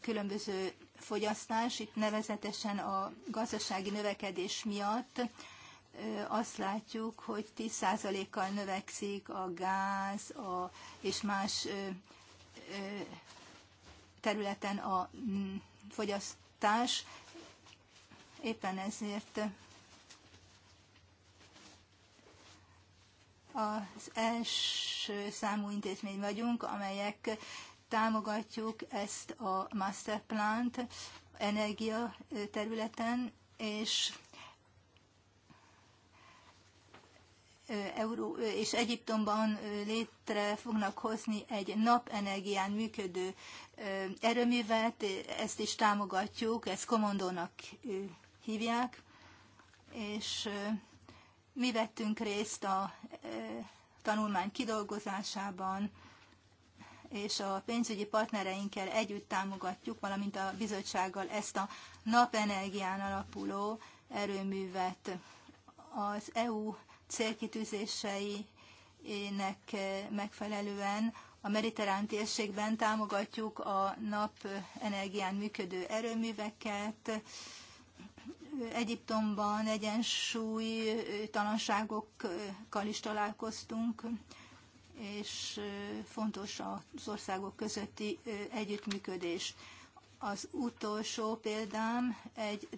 különböző fogyasztás, itt nevezetesen a gazdasági növekedés miatt azt látjuk, hogy 10%-kal növekszik a gáz a, és más területen a mm, fogyasztás. Éppen ezért az első számú intézmény vagyunk, amelyek támogatjuk ezt a masterplant energia területen, és Euró, és Egyiptomban létre fognak hozni egy napenergián működő erőművet, ezt is támogatjuk, ezt komondónak hívják, és mi vettünk részt a tanulmány kidolgozásában, és a pénzügyi partnereinkkel együtt támogatjuk, valamint a bizottsággal ezt a napenergián alapuló erőművet. Az EU célkitűzéseinek eh, megfelelően a mediterrán térségben támogatjuk a napenergián működő erőműveket, Egyiptomban egyensúlytalanságokkal is találkoztunk, és fontos az országok közötti együttműködés. Az utolsó példám egy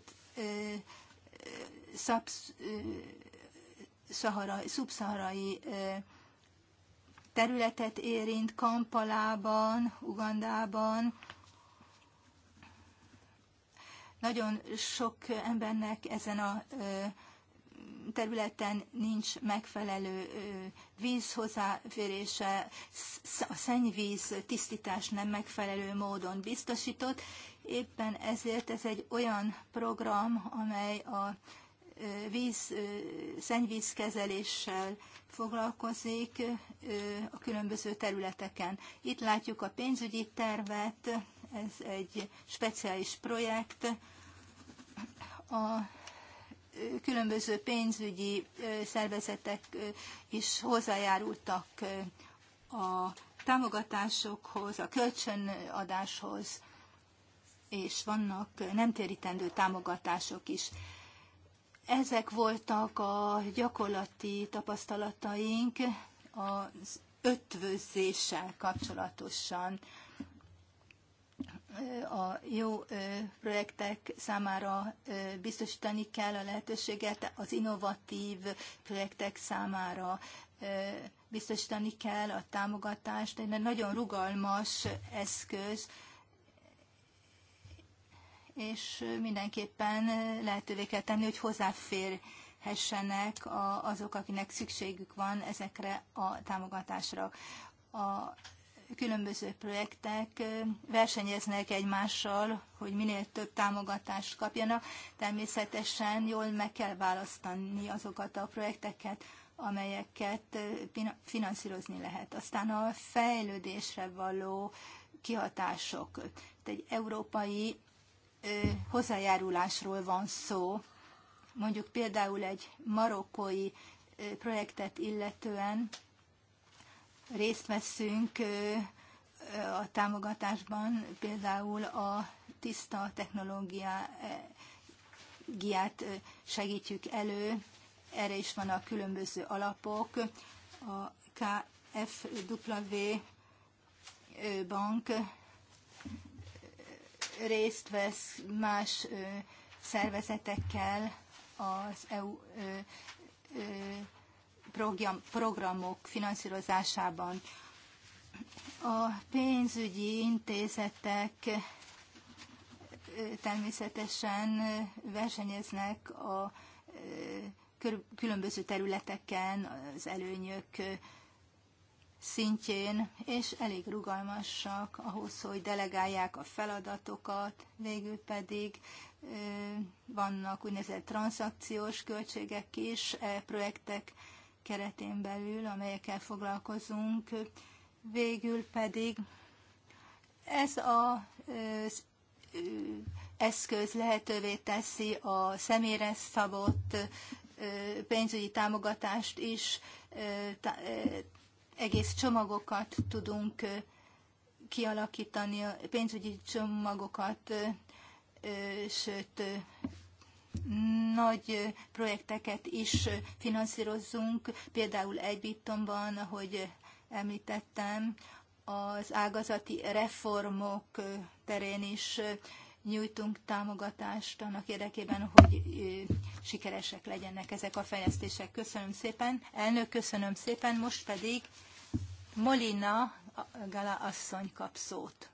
szubszaharai területet érint Kampalában, Ugandában. Nagyon sok embernek ezen a területen nincs megfelelő víz hozzáférése, a szennyvíz tisztítás nem megfelelő módon biztosított. Éppen ezért ez egy olyan program, amely a víz, szennyvízkezeléssel foglalkozik a különböző területeken. Itt látjuk a pénzügyi tervet, ez egy speciális projekt. A különböző pénzügyi szervezetek is hozzájárultak a támogatásokhoz, a kölcsönadáshoz, és vannak nem térítendő támogatások is. Ezek voltak a gyakorlati tapasztalataink az ötvözéssel kapcsolatosan a jó projektek számára biztosítani kell a lehetőséget, az innovatív projektek számára biztosítani kell a támogatást. Egy nagyon rugalmas eszköz, és mindenképpen lehetővé kell tenni, hogy hozzáférhessenek azok, akinek szükségük van ezekre a támogatásra. A különböző projektek versenyeznek egymással, hogy minél több támogatást kapjanak. Természetesen jól meg kell választani azokat a projekteket, amelyeket finanszírozni lehet. Aztán a fejlődésre való kihatások. egy európai hozzájárulásról van szó. Mondjuk például egy marokkói projektet illetően részt veszünk a támogatásban, például a tiszta technológiát e, segítjük elő, erre is a különböző alapok. A KFW bank részt vesz más szervezetekkel az EU program, programok finanszírozásában. A pénzügyi intézetek természetesen versenyeznek a különböző területeken az előnyök szintjén, és elég rugalmasak ahhoz, hogy delegálják a feladatokat, végül pedig vannak úgynevezett transzakciós költségek is e, projektek keretén belül, amelyekkel foglalkozunk. Végül pedig ez a, az eszköz lehetővé teszi a személyre szabott pénzügyi támogatást is, egész csomagokat tudunk kialakítani, pénzügyi csomagokat, sőt nagy projekteket is finanszírozzunk, például Egybitomban, ahogy említettem, az ágazati reformok terén is nyújtunk támogatást annak érdekében, hogy sikeresek legyenek ezek a fejlesztések. Köszönöm szépen. Elnök, köszönöm szépen. Most pedig Molina Gala asszony kap szót.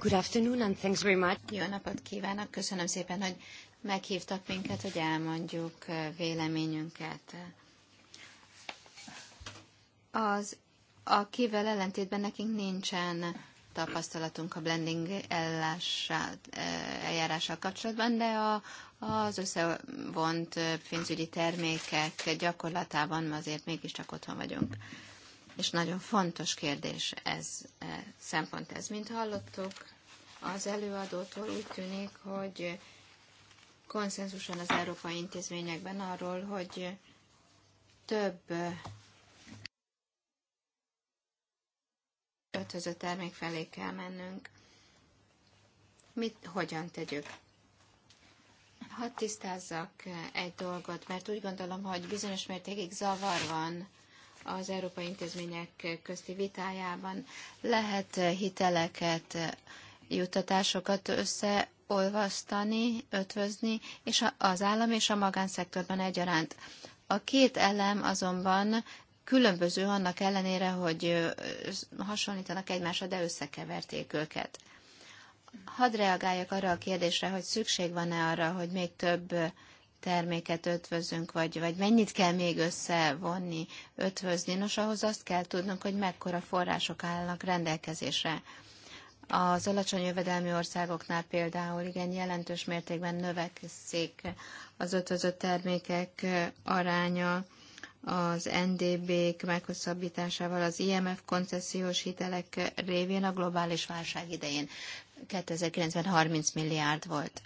Good afternoon and thanks very much. Jó napot kívánok, köszönöm szépen, hogy meghívtak minket, hogy elmondjuk véleményünket. Az, akivel ellentétben nekünk nincsen tapasztalatunk a blending ellással, eljárással kapcsolatban, de a, az összevont pénzügyi termékek gyakorlatában azért mégiscsak otthon vagyunk és nagyon fontos kérdés ez e, szempont ez. Mint hallottuk az előadótól, úgy tűnik, hogy konszenzuson az európai intézményekben arról, hogy több ötöző termék felé kell mennünk. Mit, hogyan tegyük? Hadd tisztázzak egy dolgot, mert úgy gondolom, hogy bizonyos mértékig zavar van az európai intézmények közti vitájában lehet hiteleket, juttatásokat összeolvasztani, ötvözni, és az állam és a magánszektorban egyaránt. A két elem azonban különböző annak ellenére, hogy hasonlítanak egymásra, de összekeverték őket. Hadd reagáljak arra a kérdésre, hogy szükség van-e arra, hogy még több terméket ötvözünk, vagy, vagy mennyit kell még összevonni, ötvözni. Nos, ahhoz azt kell tudnunk, hogy mekkora források állnak rendelkezésre. Az alacsony jövedelmi országoknál például igen jelentős mértékben növekszik az ötvözött termékek aránya az NDB-k meghosszabbításával, az IMF koncesziós hitelek révén a globális válság idején 2090 30 milliárd volt.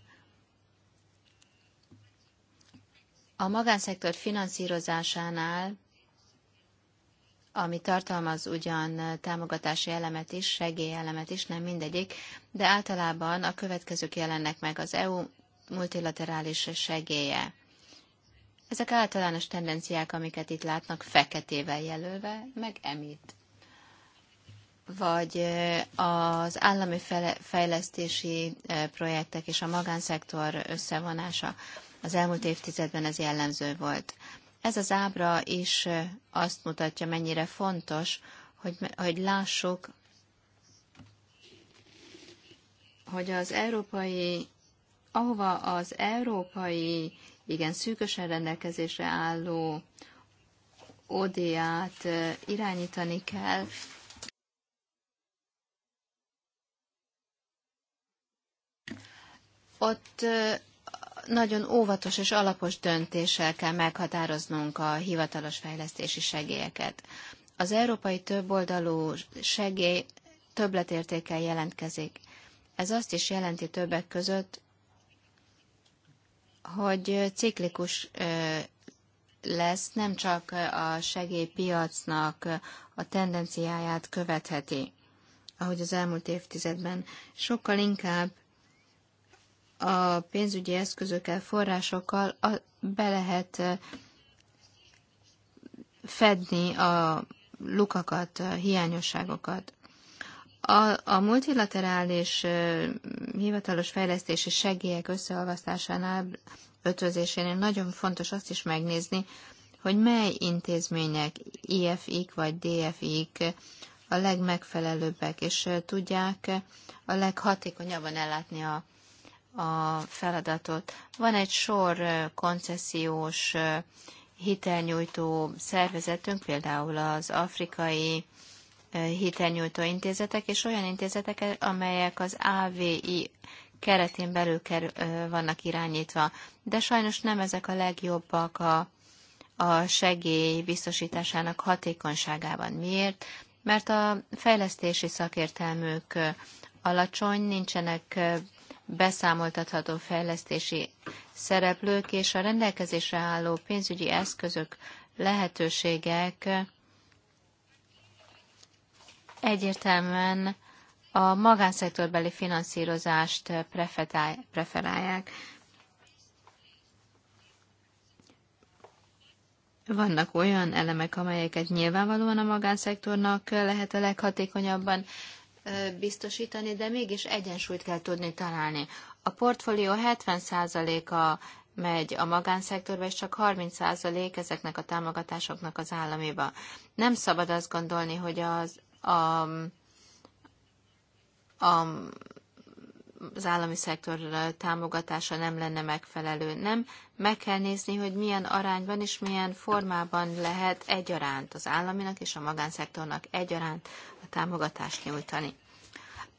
A magánszektor finanszírozásánál, ami tartalmaz ugyan támogatási elemet is, segélyelemet is, nem mindegyik, de általában a következők jelennek meg az EU multilaterális segélye. Ezek általános tendenciák, amiket itt látnak feketével jelölve, meg emit. Vagy az állami fejlesztési projektek és a magánszektor összevonása az elmúlt évtizedben ez jellemző volt. Ez az ábra is azt mutatja, mennyire fontos, hogy, hogy lássuk, hogy az európai, ahova az európai, igen, szűkösen rendelkezésre álló ODA-t irányítani kell, ott nagyon óvatos és alapos döntéssel kell meghatároznunk a hivatalos fejlesztési segélyeket. Az európai többoldalú segély többletértékkel jelentkezik. Ez azt is jelenti többek között, hogy ciklikus lesz, nem csak a segélypiacnak a tendenciáját követheti, ahogy az elmúlt évtizedben, sokkal inkább a pénzügyi eszközökkel, forrásokkal a, be lehet fedni a lukakat, a hiányosságokat. A, a multilaterális hivatalos fejlesztési segélyek összeolvasztásánál, ötvözésénél nagyon fontos azt is megnézni, hogy mely intézmények, IFI-k vagy DFI-k a legmegfelelőbbek, és tudják a leghatékonyabban ellátni a, a feladatot. Van egy sor koncesziós hitelnyújtó szervezetünk, például az afrikai hitelnyújtó intézetek, és olyan intézetek, e, amelyek az AVI keretén belül kerül, vannak irányítva. De sajnos nem ezek a legjobbak a, a segély biztosításának hatékonyságában. Miért? Mert a fejlesztési szakértelmük alacsony, nincsenek beszámoltatható fejlesztési szereplők és a rendelkezésre álló pénzügyi eszközök, lehetőségek egyértelműen a magánszektorbeli finanszírozást preferálják. Vannak olyan elemek, amelyeket nyilvánvalóan a magánszektornak lehet a leghatékonyabban biztosítani, de mégis egyensúlyt kell tudni találni. A portfólió 70%-a megy a magánszektorba, és csak 30% ezeknek a támogatásoknak az államiba. Nem szabad azt gondolni, hogy az, a, a, az állami szektor támogatása nem lenne megfelelő. Nem, meg kell nézni, hogy milyen arányban és milyen formában lehet egyaránt az államinak és a magánszektornak egyaránt támogatást nyújtani.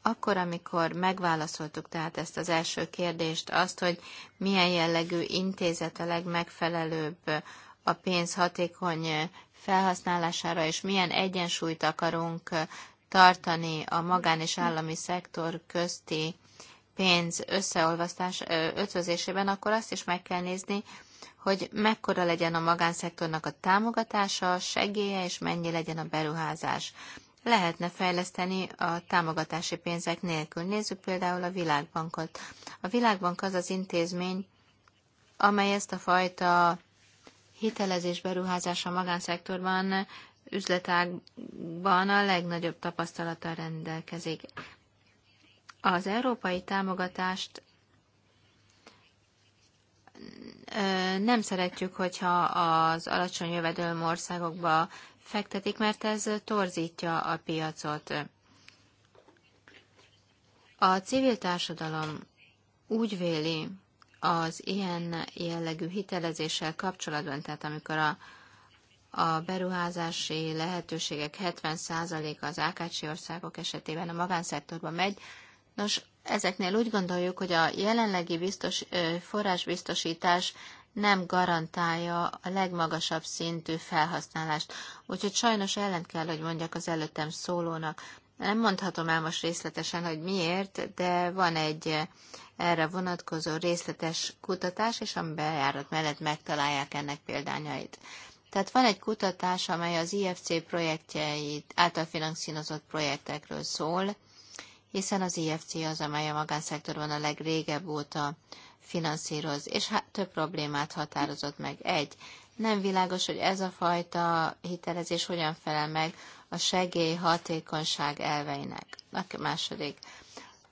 Akkor, amikor megválaszoltuk tehát ezt az első kérdést, azt, hogy milyen jellegű intézet a legmegfelelőbb a pénz hatékony felhasználására, és milyen egyensúlyt akarunk tartani a magán és állami szektor közti pénz összeolvasztás ötvözésében, akkor azt is meg kell nézni, hogy mekkora legyen a magánszektornak a támogatása, segélye, és mennyi legyen a beruházás lehetne fejleszteni a támogatási pénzek nélkül. Nézzük például a Világbankot. A Világbank az az intézmény, amely ezt a fajta hitelezés beruházása a magánszektorban, üzletágban a legnagyobb tapasztalata rendelkezik. Az európai támogatást nem szeretjük, hogyha az alacsony jövedelmű országokba fektetik, mert ez torzítja a piacot. A civil társadalom úgy véli az ilyen jellegű hitelezéssel kapcsolatban, tehát amikor a, a beruházási lehetőségek 70%-a az ákácsi országok esetében a magánszektorban megy, nos, ezeknél úgy gondoljuk, hogy a jelenlegi biztos, forrásbiztosítás nem garantálja a legmagasabb szintű felhasználást. Úgyhogy sajnos ellent kell, hogy mondjak az előttem szólónak. Nem mondhatom el most részletesen, hogy miért, de van egy eh, erre vonatkozó részletes kutatás, és a bejárat mellett megtalálják ennek példányait. Tehát van egy kutatás, amely az IFC projektjeit által finanszírozott projektekről szól, hiszen az IFC az, amely a magánszektorban a legrégebb óta finanszíroz, és hát több problémát határozott meg. Egy, nem világos, hogy ez a fajta hitelezés hogyan felel meg a segély hatékonyság elveinek. A második,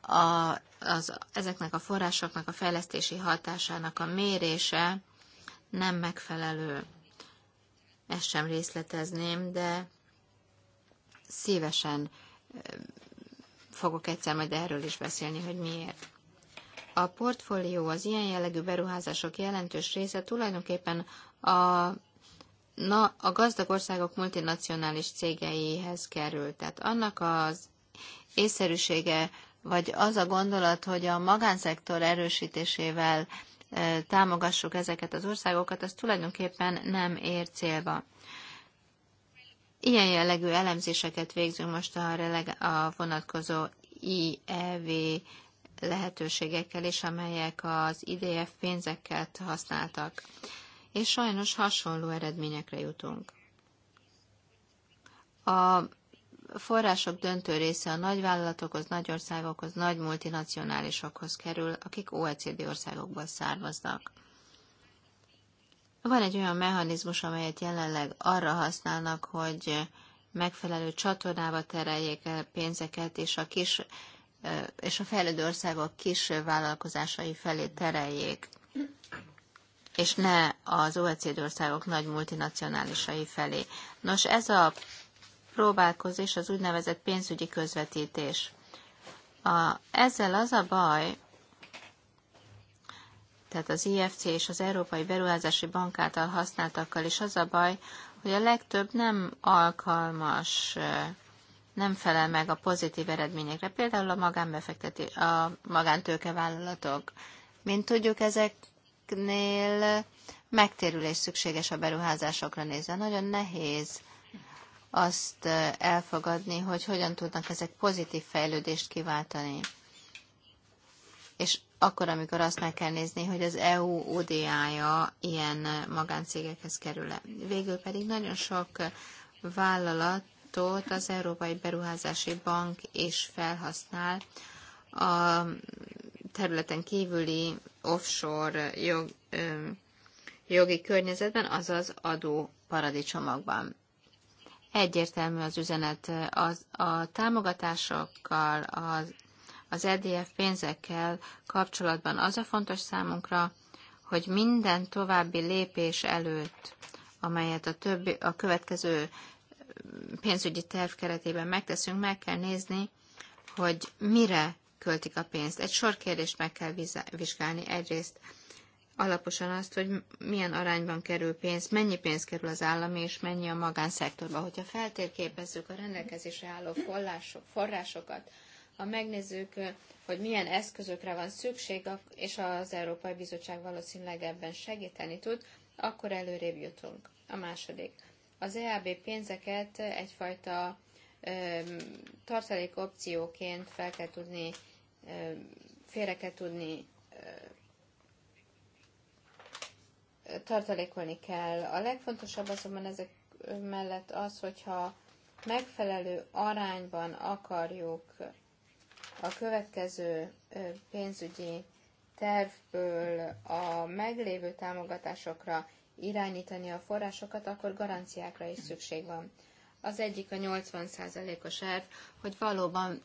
a, az, ezeknek a forrásoknak a fejlesztési hatásának a mérése nem megfelelő. Ezt sem részletezném, de szívesen fogok egyszer majd erről is beszélni, hogy miért. A portfólió az ilyen jellegű beruházások jelentős része tulajdonképpen a, na, a gazdag országok multinacionális cégeihez került. Tehát annak az észszerűsége, vagy az a gondolat, hogy a magánszektor erősítésével e, támogassuk ezeket az országokat, az tulajdonképpen nem ér célba. Ilyen jellegű elemzéseket végzünk most a, releg- a vonatkozó IEV lehetőségekkel is, amelyek az IDF pénzeket használtak. És sajnos hasonló eredményekre jutunk. A források döntő része a nagyvállalatokhoz, nagyországokhoz, nagy multinacionálisokhoz kerül, akik OECD országokból származnak. Van egy olyan mechanizmus, amelyet jelenleg arra használnak, hogy megfelelő csatornába tereljék el pénzeket, és a kis és a fejlődő országok kis vállalkozásai felé tereljék, és ne az OECD országok nagy multinacionálisai felé. Nos, ez a próbálkozás az úgynevezett pénzügyi közvetítés. A, ezzel az a baj, tehát az IFC és az Európai Beruházási Bank által használtakkal is az a baj, hogy a legtöbb nem alkalmas nem felel meg a pozitív eredményekre, például a magánbefekteti, a magántőkevállalatok. Mint tudjuk, ezeknél megtérülés szükséges a beruházásokra nézve. Nagyon nehéz azt elfogadni, hogy hogyan tudnak ezek pozitív fejlődést kiváltani. És akkor, amikor azt meg kell nézni, hogy az EU ODA-ja ilyen magáncégekhez kerül-e. Végül pedig nagyon sok vállalat adatot az Európai Beruházási Bank is felhasznál a területen kívüli offshore jog, jogi környezetben, azaz adó paradicsomokban. Egyértelmű az üzenet az, a támogatásokkal, az, az EDF pénzekkel kapcsolatban az a fontos számunkra, hogy minden további lépés előtt, amelyet a, többi, a következő pénzügyi terv keretében megteszünk, meg kell nézni, hogy mire költik a pénzt. Egy sor kérdést meg kell vizsgálni. Egyrészt alaposan azt, hogy milyen arányban kerül pénz, mennyi pénz kerül az állami és mennyi a magánszektorba. Hogyha feltérképezzük a rendelkezésre álló forrásokat, ha megnézzük, hogy milyen eszközökre van szükség, és az Európai Bizottság valószínűleg ebben segíteni tud, akkor előrébb jutunk. A második az EAB pénzeket egyfajta tartalék opcióként fel kell tudni, félre kell tudni tartalékolni kell. A legfontosabb azonban ezek mellett az, hogyha megfelelő arányban akarjuk a következő pénzügyi tervből a meglévő támogatásokra irányítani a forrásokat, akkor garanciákra is szükség van. Az egyik a 80%-os elv, hogy valóban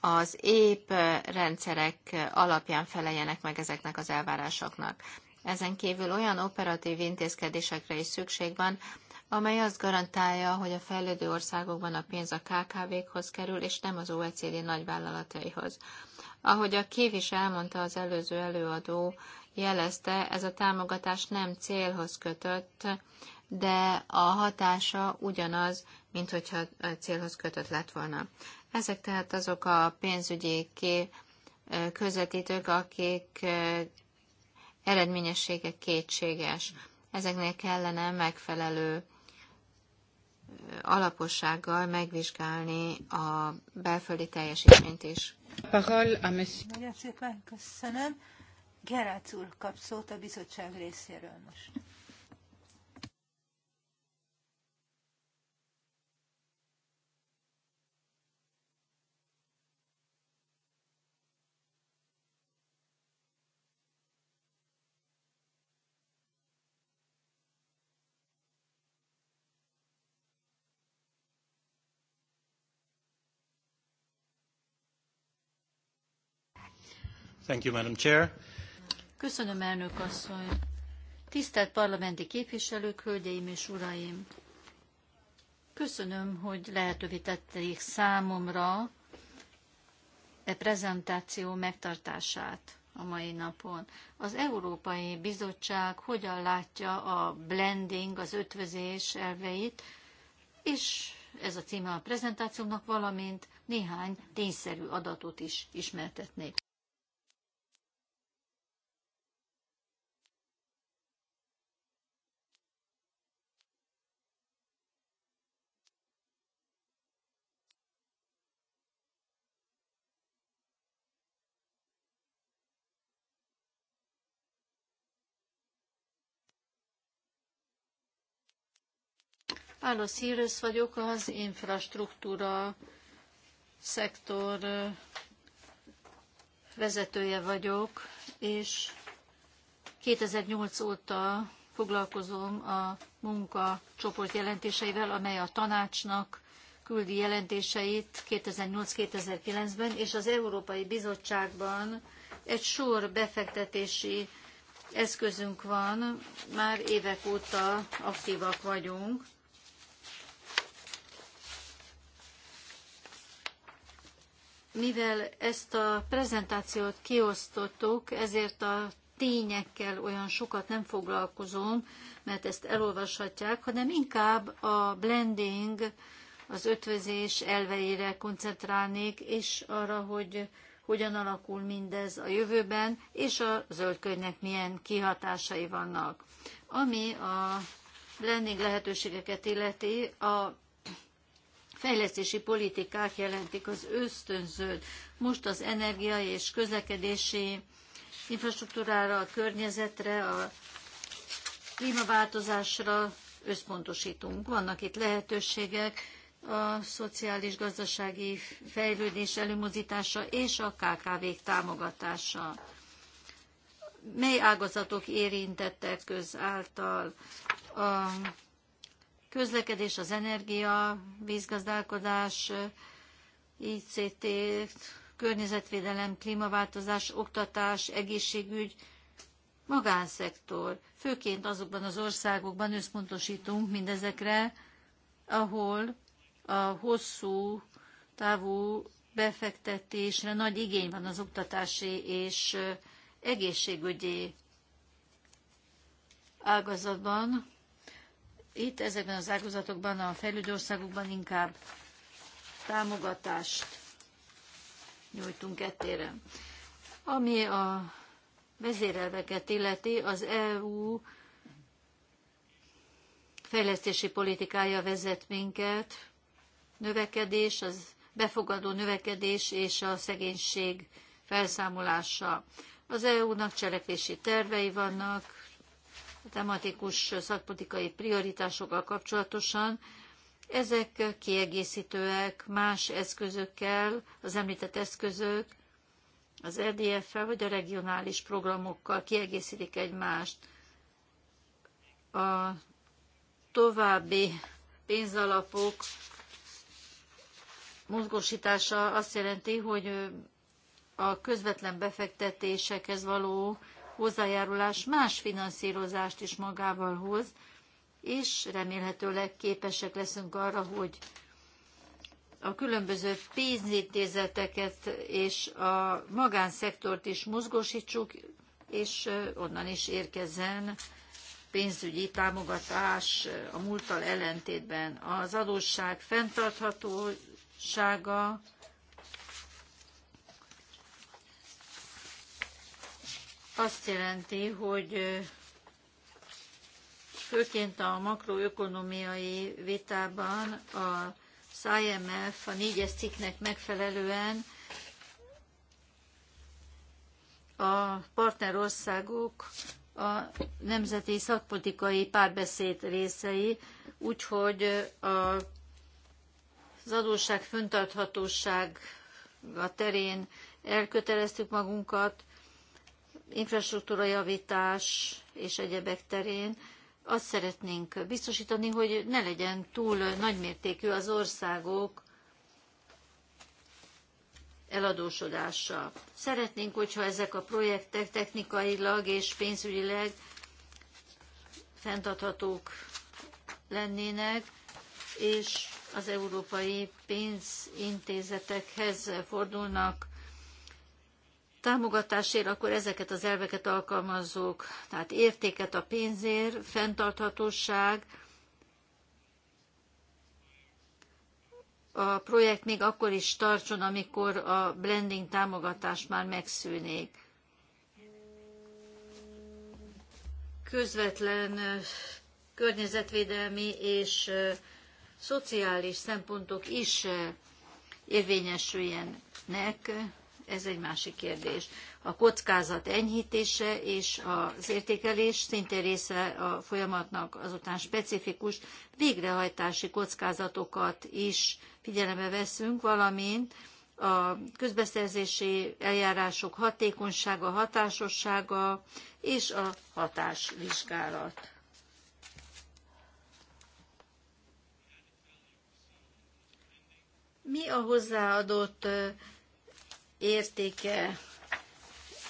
az épp rendszerek alapján feleljenek meg ezeknek az elvárásoknak. Ezen kívül olyan operatív intézkedésekre is szükség van, amely azt garantálja, hogy a fejlődő országokban a pénz a KKV-khoz kerül, és nem az OECD nagyvállalataihoz. Ahogy a Kív is elmondta az előző előadó, jelezte, ez a támogatás nem célhoz kötött, de a hatása ugyanaz, mint hogyha célhoz kötött lett volna. Ezek tehát azok a pénzügyi közvetítők, akik eredményessége kétséges. Ezeknél kellene megfelelő alapossággal megvizsgálni a belföldi teljesítményt is. Nagyon szépen köszönöm. Gerác úr kap szót a bizottság részéről most. Thank you, Madam Chair. Köszönöm, elnök asszony. Tisztelt parlamenti képviselők, hölgyeim és uraim! Köszönöm, hogy lehetővé tették számomra e prezentáció megtartását a mai napon. Az Európai Bizottság hogyan látja a blending, az ötvözés elveit, és ez a címe a prezentációmnak, valamint néhány tényszerű adatot is ismertetnék. Ála vagyok, az infrastruktúra szektor vezetője vagyok, és 2008 óta foglalkozom a munka csoport jelentéseivel, amely a tanácsnak küldi jelentéseit 2008-2009-ben, és az Európai Bizottságban egy sor befektetési eszközünk van, már évek óta aktívak vagyunk. mivel ezt a prezentációt kiosztottuk, ezért a tényekkel olyan sokat nem foglalkozom, mert ezt elolvashatják, hanem inkább a blending, az ötvözés elveire koncentrálnék, és arra, hogy hogyan alakul mindez a jövőben, és a zöldkönyvnek milyen kihatásai vannak. Ami a blending lehetőségeket illeti, a fejlesztési politikák jelentik az ösztönzőt. Most az energia és közlekedési infrastruktúrára, a környezetre, a klímaváltozásra összpontosítunk. Vannak itt lehetőségek a szociális-gazdasági fejlődés előmozítása és a KKV-k támogatása. Mely ágazatok érintettek közáltal a közlekedés, az energia, vízgazdálkodás, ICT, környezetvédelem, klímaváltozás, oktatás, egészségügy, magánszektor. Főként azokban az országokban összpontosítunk mindezekre, ahol a hosszú távú befektetésre nagy igény van az oktatási és egészségügyi ágazatban, itt ezekben az ágazatokban, a fejlődő országokban inkább támogatást nyújtunk ettére. Ami a vezérelveket illeti, az EU fejlesztési politikája vezet minket, növekedés, az befogadó növekedés és a szegénység felszámolása. Az EU-nak cselekvési tervei vannak, tematikus szakpolitikai prioritásokkal kapcsolatosan. Ezek kiegészítőek más eszközökkel, az említett eszközök, az EDF-fel vagy a regionális programokkal kiegészítik egymást. A további pénzalapok mozgósítása azt jelenti, hogy a közvetlen befektetésekhez való hozzájárulás más finanszírozást is magával hoz, és remélhetőleg képesek leszünk arra, hogy a különböző pénzintézeteket és a magánszektort is mozgósítsuk, és onnan is érkezzen pénzügyi támogatás a múlttal ellentétben. Az adósság fenntarthatósága azt jelenti, hogy főként a makroökonomiai vitában a IMF a négyes cikknek megfelelően a partnerországok a nemzeti szakpolitikai párbeszéd részei, úgyhogy a, az adósság föntarthatóság a terén elköteleztük magunkat, infrastruktúrajavítás és egyebek terén, azt szeretnénk biztosítani, hogy ne legyen túl nagymértékű az országok eladósodása. Szeretnénk, hogyha ezek a projektek technikailag és pénzügyileg fenntarthatók lennének, és az európai pénzintézetekhez fordulnak támogatásért, akkor ezeket az elveket alkalmazzuk. Tehát értéket a pénzért, fenntarthatóság, a projekt még akkor is tartson, amikor a blending támogatás már megszűnik. Közvetlen környezetvédelmi és szociális szempontok is érvényesüljenek ez egy másik kérdés. A kockázat enyhítése és az értékelés szintén része a folyamatnak, azután specifikus végrehajtási kockázatokat is figyelembe veszünk, valamint a közbeszerzési eljárások hatékonysága, hatásossága és a hatásvizsgálat. Mi a hozzáadott értéke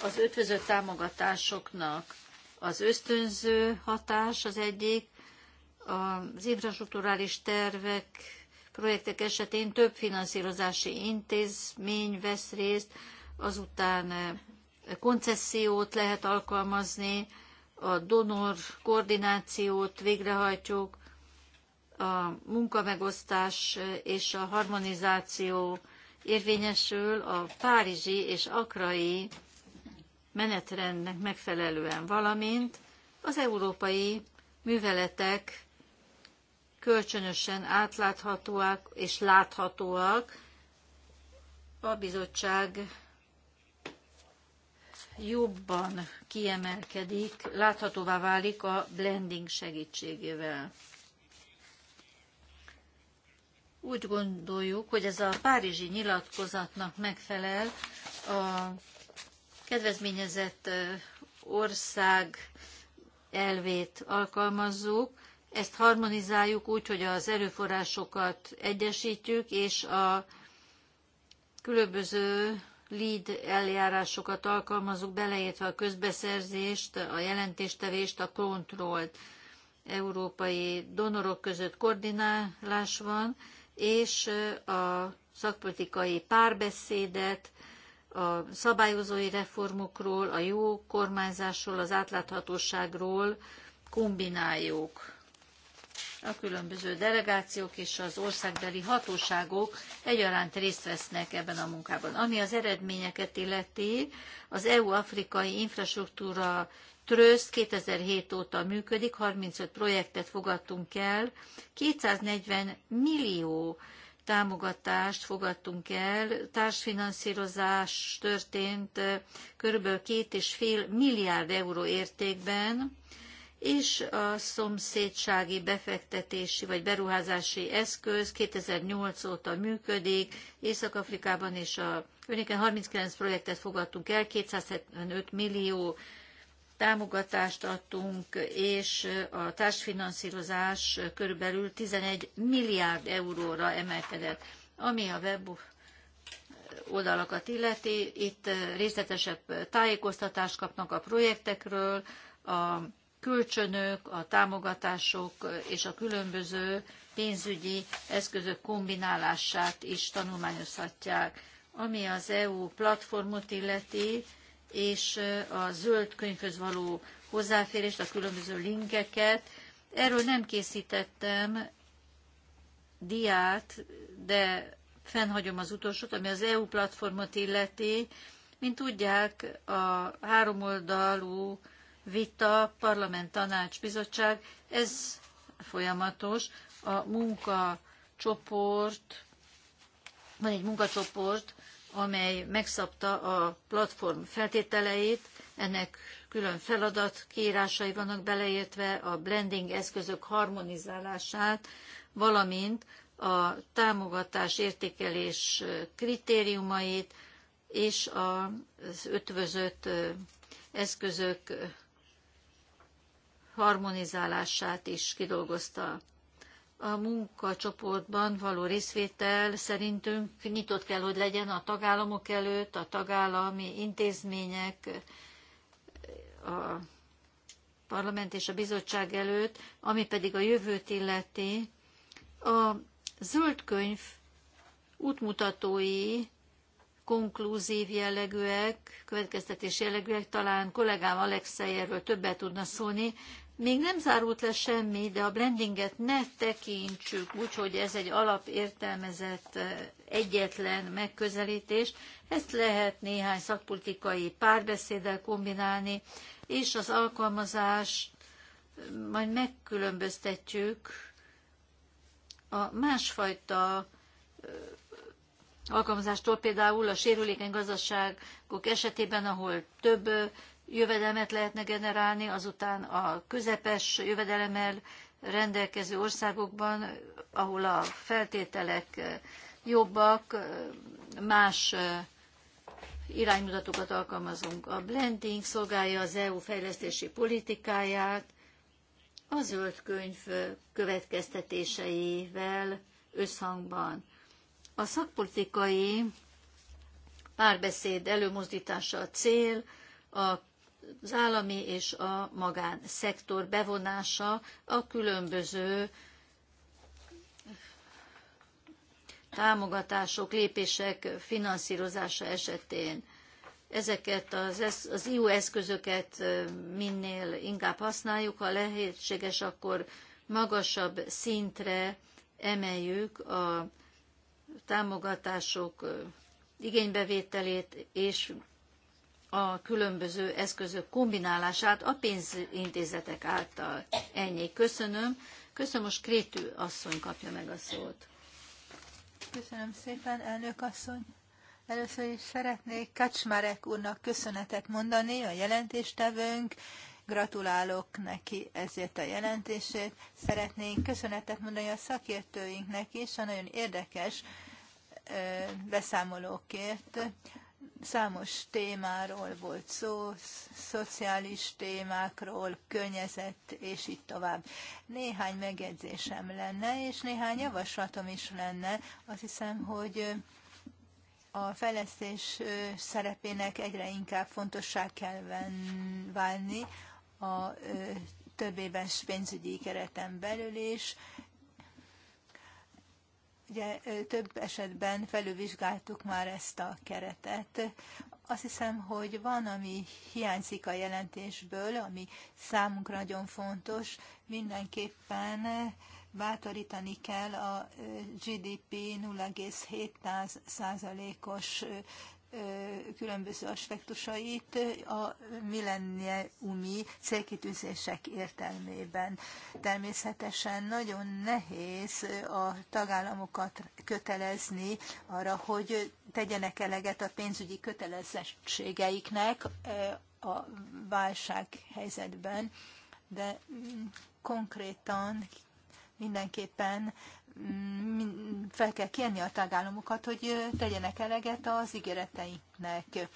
az ötvözött támogatásoknak. Az ösztönző hatás az egyik, az infrastruktúrális tervek, projektek esetén több finanszírozási intézmény vesz részt, azután eh, koncesziót lehet alkalmazni, a donor koordinációt végrehajtjuk, a munkamegosztás eh, és a harmonizáció érvényesül a párizsi és akrai menetrendnek megfelelően, valamint az európai műveletek kölcsönösen átláthatóak és láthatóak a bizottság jobban kiemelkedik, láthatóvá válik a blending segítségével. Úgy gondoljuk, hogy ez a párizsi nyilatkozatnak megfelel a kedvezményezett ország elvét alkalmazzuk, ezt harmonizáljuk úgy, hogy az erőforrásokat egyesítjük, és a különböző lead eljárásokat alkalmazunk, beleértve a közbeszerzést, a jelentéstevést, a kontrollt. Európai donorok között koordinálás van, és a szakpolitikai párbeszédet, a szabályozói reformokról, a jó kormányzásról, az átláthatóságról kombináljuk. A különböző delegációk és az országbeli hatóságok egyaránt részt vesznek ebben a munkában. Ami az eredményeket illeti, az EU-afrikai infrastruktúra Tröszt 2007 óta működik, 35 projektet fogadtunk el, 240 millió támogatást fogadtunk el, társfinanszírozás történt eh, körülbelül két és fél milliárd euró értékben, és a szomszédsági befektetési vagy beruházási eszköz 2008 óta működik, Észak-Afrikában és a Önnéken 39 projektet fogadtunk el, 275 millió támogatást adtunk, és a társfinanszírozás körülbelül 11 milliárd euróra emelkedett. Ami a web oldalakat illeti, itt részletesebb tájékoztatást kapnak a projektekről, a kölcsönök, a támogatások és a különböző pénzügyi eszközök kombinálását is tanulmányozhatják. Ami az EU platformot illeti, és a zöld könyvhöz való hozzáférést, a különböző linkeket. Erről nem készítettem diát, de fennhagyom az utolsót, ami az EU platformot illeti. Mint tudják, a háromoldalú vita, parlament, tanács, bizottság, ez folyamatos. A munkacsoport, van egy munkacsoport, amely megszabta a platform feltételeit, ennek külön feladat kiírásai vannak beleértve a blending eszközök harmonizálását, valamint a támogatás értékelés kritériumait és az ötvözött eszközök harmonizálását is kidolgozta a munkacsoportban való részvétel szerintünk nyitott kell, hogy legyen a tagállamok előtt, a tagállami intézmények, a parlament és a bizottság előtt, ami pedig a jövőt illeti. A zöld könyv útmutatói konklúzív jellegűek, következtetés jellegűek, talán kollégám Alexei erről többet tudna szólni, még nem zárult le semmi, de a blendinget ne tekintsük úgy, hogy ez egy alapértelmezett eh, egyetlen megközelítés. Ezt lehet néhány szakpolitikai párbeszéddel kombinálni, és az alkalmazás eh, majd megkülönböztetjük a másfajta eh, alkalmazástól például a sérülékeny gazdaságok esetében, ahol több jövedelmet lehetne generálni, azután a közepes jövedelemmel rendelkező országokban, ahol a feltételek jobbak, más iránymutatókat alkalmazunk. A blending szolgálja az EU fejlesztési politikáját, a zöld könyv következtetéseivel összhangban. A szakpolitikai párbeszéd előmozdítása a cél, a az állami és a magánszektor bevonása a különböző támogatások, lépések finanszírozása esetén. Ezeket az, az EU eszközöket minél inkább használjuk, ha lehetséges, akkor magasabb szintre emeljük a támogatások igénybevételét, és a különböző eszközök kombinálását a pénzintézetek által. Ennyi. Köszönöm. Köszönöm, most Krétű asszony kapja meg a szót. Köszönöm szépen, elnök asszony. Először is szeretnék Kacsmarek úrnak köszönetet mondani, a jelentéstevőnk. Gratulálok neki ezért a jelentését. Szeretnék köszönetet mondani a szakértőinknek is, a nagyon érdekes beszámolókért. Számos témáról volt szó, szociális témákról, környezet, és így tovább. Néhány megjegyzésem lenne, és néhány javaslatom is lenne. Azt hiszem, hogy a fejlesztés szerepének egyre inkább fontossá kell válni a többéves pénzügyi kereten belül is. Ugye több esetben felülvizsgáltuk már ezt a keretet. Azt hiszem, hogy van, ami hiányzik a jelentésből, ami számunkra nagyon fontos. Mindenképpen bátorítani kell a GDP 0,7%-os különböző aspektusait a millenniumi célkitűzések értelmében. Természetesen nagyon nehéz a tagállamokat kötelezni arra, hogy tegyenek eleget a pénzügyi kötelezettségeiknek a válság helyzetben, de konkrétan mindenképpen Mm, fel kell kérni a tagállamokat, hogy tegyenek eleget az ígéreteinek.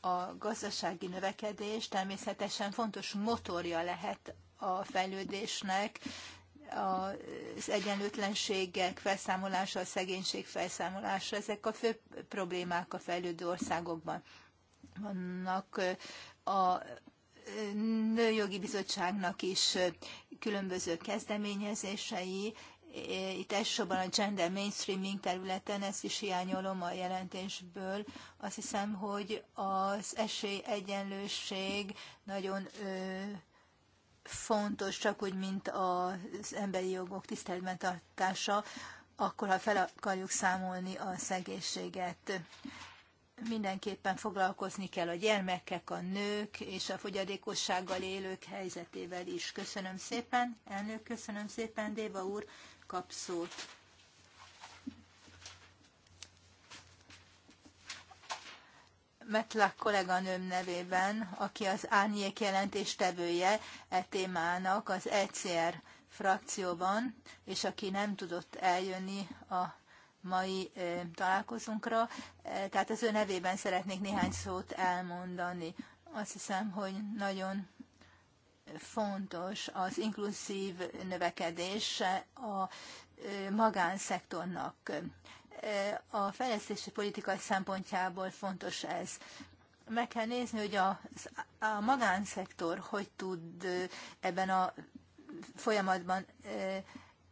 A gazdasági növekedés természetesen fontos motorja lehet a fejlődésnek, az egyenlőtlenségek felszámolása, a szegénység felszámolása, ezek a fő problémák a fejlődő országokban. Vannak a Nőjogi Bizottságnak is különböző kezdeményezései, itt elsősorban a gender mainstreaming területen, ezt is hiányolom a jelentésből. Azt hiszem, hogy az esélyegyenlőség nagyon ö, fontos, csak úgy, mint az emberi jogok tiszteletben tartása, akkor, ha fel akarjuk számolni a szegénységet. Mindenképpen foglalkozni kell a gyermekek, a nők és a fogyatékossággal élők helyzetével is. Köszönöm szépen, elnök, köszönöm szépen, Déva úr kapszót. Metlak kolléganőm nevében, aki az árnyék tevője e témának az ECR frakcióban, és aki nem tudott eljönni a mai találkozunkra, e, Tehát az ő nevében szeretnék néhány szót elmondani. Azt hiszem, hogy nagyon fontos az inkluzív növekedés a magánszektornak. A fejlesztési politika szempontjából fontos ez. Meg kell nézni, hogy a, a magánszektor hogy tud ebben a folyamatban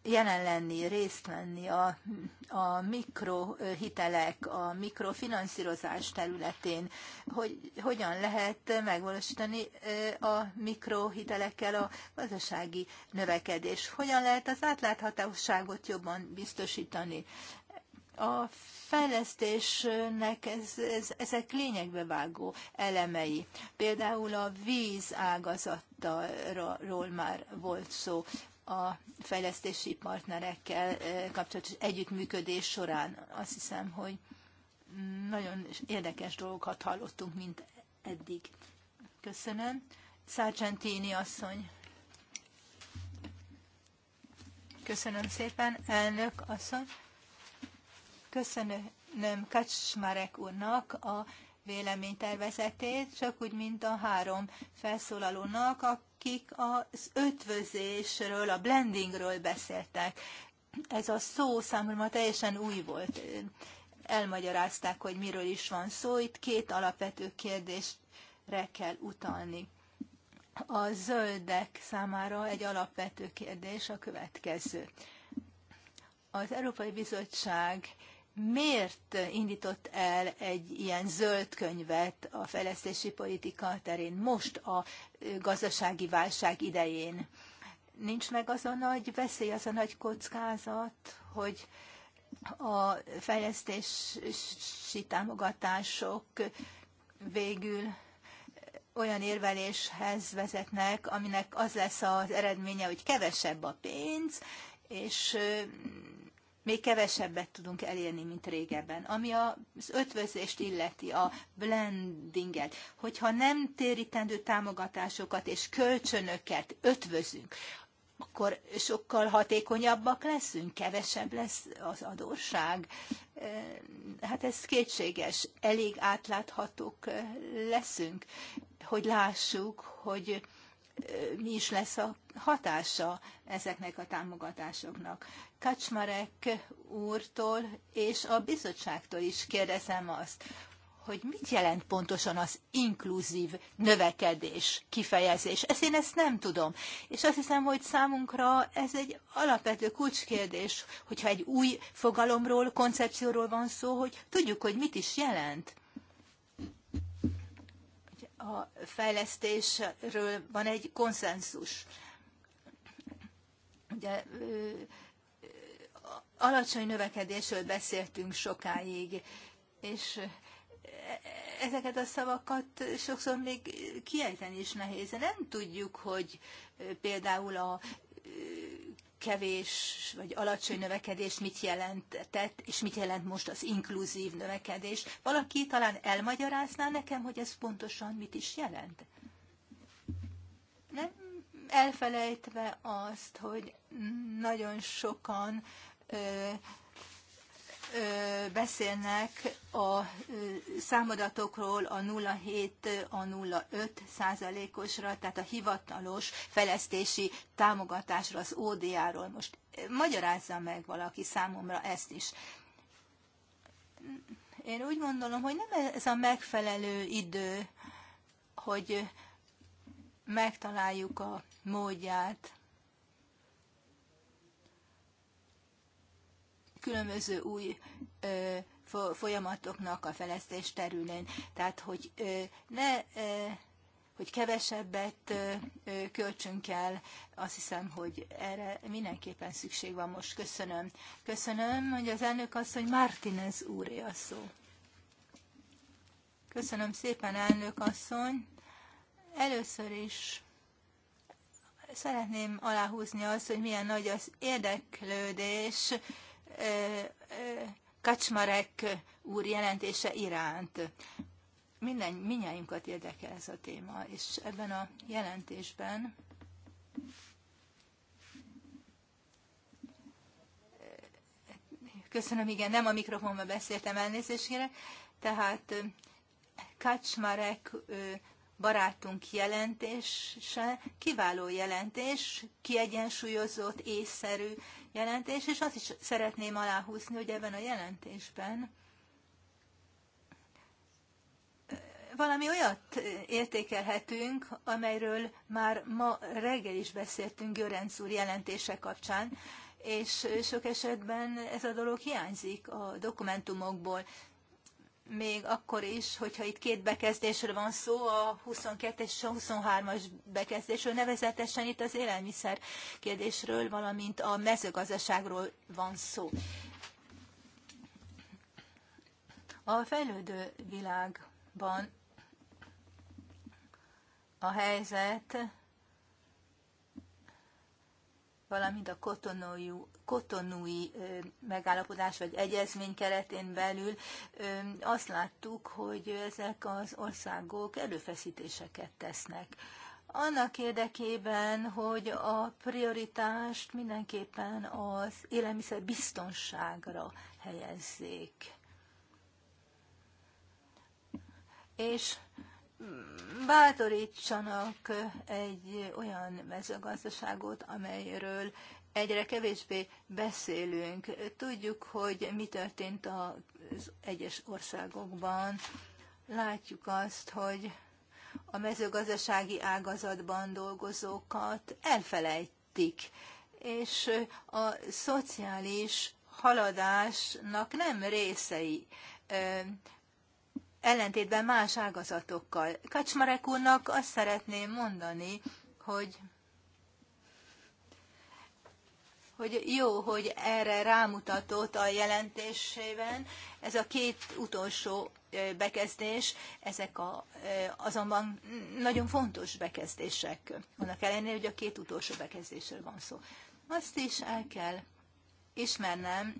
jelen lenni, részt venni a, a mikrohitelek, a mikrofinanszírozás területén, hogy hogyan lehet megvalósítani a mikrohitelekkel a gazdasági növekedés, hogyan lehet az átláthatóságot jobban biztosítani. A fejlesztésnek ez, ez, ezek lényegbe vágó elemei. Például a víz ágazatról már volt szó a fejlesztési partnerekkel eh, kapcsolatos együttműködés során. Azt hiszem, hogy nagyon érdekes dolgokat hallottunk, mint eddig. Köszönöm. Sargentini asszony. Köszönöm szépen, elnök asszony. Köszönöm Kacsmarek úrnak a véleménytervezetét, csak úgy, mint a három felszólalónak, akik az ötvözésről, a blendingről beszéltek. Ez a szó számomra teljesen új volt. Elmagyarázták, hogy miről is van szó. Itt két alapvető kérdésre kell utalni. A zöldek számára egy alapvető kérdés a következő. Az Európai Bizottság miért indított el egy ilyen zöld könyvet a fejlesztési politika terén most a gazdasági válság idején? Nincs meg az a nagy veszély, az a nagy kockázat, hogy a fejlesztési támogatások végül olyan érveléshez vezetnek, aminek az lesz az eredménye, hogy kevesebb a pénz, és még kevesebbet tudunk elérni, mint régebben. Ami az ötvözést illeti, a blendinget, hogyha nem térítendő támogatásokat és kölcsönöket ötvözünk, akkor sokkal hatékonyabbak leszünk, kevesebb lesz az adósság. Eh, hát ez kétséges, elég átláthatók eh, leszünk, hogy lássuk, hogy mi is lesz a hatása ezeknek a támogatásoknak. Kacsmarek úrtól és a bizottságtól is kérdezem azt, hogy mit jelent pontosan az inkluzív növekedés kifejezés. Ezt én ezt nem tudom. És azt hiszem, hogy számunkra ez egy alapvető kulcskérdés, hogyha egy új fogalomról, koncepcióról van szó, hogy tudjuk, hogy mit is jelent a fejlesztésről van egy konszenzus. Ugye alacsony növekedésről beszéltünk sokáig, és ezeket a szavakat sokszor még kiejteni is nehéz. Nem tudjuk, hogy például a kevés vagy alacsony növekedés mit jelentett, és mit jelent most az inkluzív növekedés. Valaki talán elmagyarázná nekem, hogy ez pontosan mit is jelent? Nem elfelejtve azt, hogy nagyon sokan beszélnek a számadatokról a 0,7 a 0,5 százalékosra, tehát a hivatalos fejlesztési támogatásra, az ODA-ról. Most magyarázza meg valaki számomra ezt is. Én úgy gondolom, hogy nem ez a megfelelő idő, hogy megtaláljuk a módját különböző új folyamatoknak a fejlesztés terülén. Tehát, hogy ne hogy kevesebbet költsünk el, azt hiszem, hogy erre mindenképpen szükség van most. Köszönöm. Köszönöm, hogy az elnök azt, hogy Martinez úré a szó. Köszönöm szépen, elnök asszony. Először is szeretném aláhúzni azt, hogy milyen nagy az érdeklődés Kacsmarek úr jelentése iránt. Minden, minnyáinkat érdekel ez a téma, és ebben a jelentésben Köszönöm, igen, nem a mikrofonba beszéltem elnézésére. Tehát Kacsmarek barátunk jelentése, kiváló jelentés, kiegyensúlyozott, észszerű jelentés, és azt is szeretném aláhúzni, hogy ebben a jelentésben valami olyat értékelhetünk, amelyről már ma reggel is beszéltünk Görenc úr jelentése kapcsán, és sok esetben ez a dolog hiányzik a dokumentumokból még akkor is, hogyha itt két bekezdésről van szó, a 22-es és a 23-as bekezdésről, nevezetesen itt az élelmiszer kérdésről, valamint a mezőgazdaságról van szó. A fejlődő világban a helyzet valamint a kotonói, kotonúi megállapodás vagy egyezmény keretén belül azt láttuk, hogy ezek az országok előfeszítéseket tesznek. Annak érdekében, hogy a prioritást mindenképpen az élelmiszer biztonságra helyezzék. És bátorítsanak egy olyan mezőgazdaságot, amelyről egyre kevésbé beszélünk. Tudjuk, hogy mi történt az egyes országokban. Látjuk azt, hogy a mezőgazdasági ágazatban dolgozókat elfelejtik, és a szociális haladásnak nem részei ellentétben más ágazatokkal. Kacsmarek úrnak azt szeretném mondani, hogy hogy jó, hogy erre rámutatott a jelentésében. Ez a két utolsó bekezdés, ezek a, azonban nagyon fontos bekezdések. Annak ellenére, hogy a két utolsó bekezdésről van szó. Azt is el kell ismernem,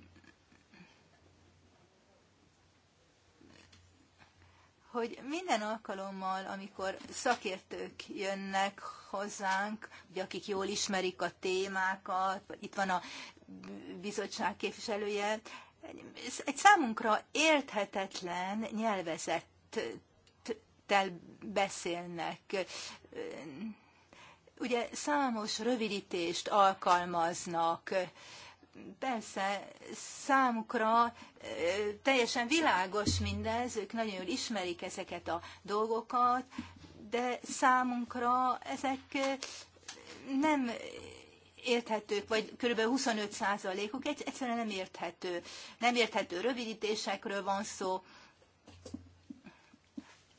hogy minden alkalommal, amikor szakértők jönnek hozzánk, ugye, akik jól ismerik a témákat, itt van a bizottság képviselője, egy számunkra érthetetlen nyelvezettel beszélnek. Ugye számos rövidítést alkalmaznak, persze számukra teljesen világos mindez, ők nagyon jól ismerik ezeket a dolgokat, de számunkra ezek nem érthetők, vagy kb. 25%-uk egyszerűen nem érthető. Nem érthető rövidítésekről van szó.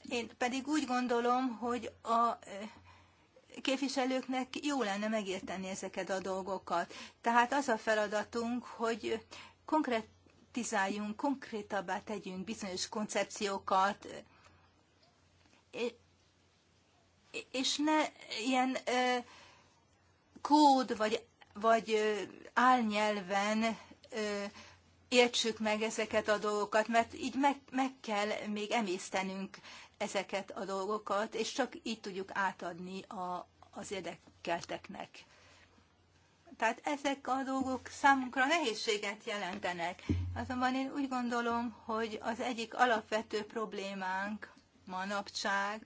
Én pedig úgy gondolom, hogy a képviselőknek jó lenne megérteni ezeket a dolgokat. Tehát az a feladatunk, hogy konkretizáljunk, konkrétabbá tegyünk bizonyos koncepciókat, és ne ilyen kód vagy, vagy álnyelven értsük meg ezeket a dolgokat, mert így meg, meg kell még emésztenünk ezeket a dolgokat, és csak így tudjuk átadni a, az érdekelteknek. Tehát ezek a dolgok számunkra nehézséget jelentenek. Azonban én úgy gondolom, hogy az egyik alapvető problémánk manapság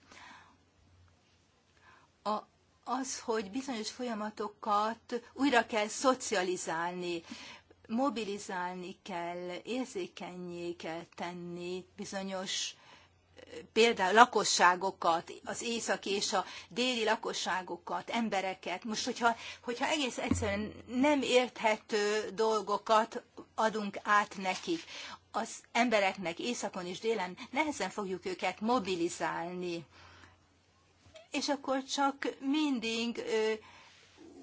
a, az, hogy bizonyos folyamatokat újra kell szocializálni, mobilizálni kell, érzékenyé kell tenni bizonyos például lakosságokat, az északi és a déli lakosságokat, embereket. Most, hogyha, hogyha egész egyszerűen nem érthető dolgokat adunk át nekik, az embereknek északon és délen nehezen fogjuk őket mobilizálni. És akkor csak mindig ö,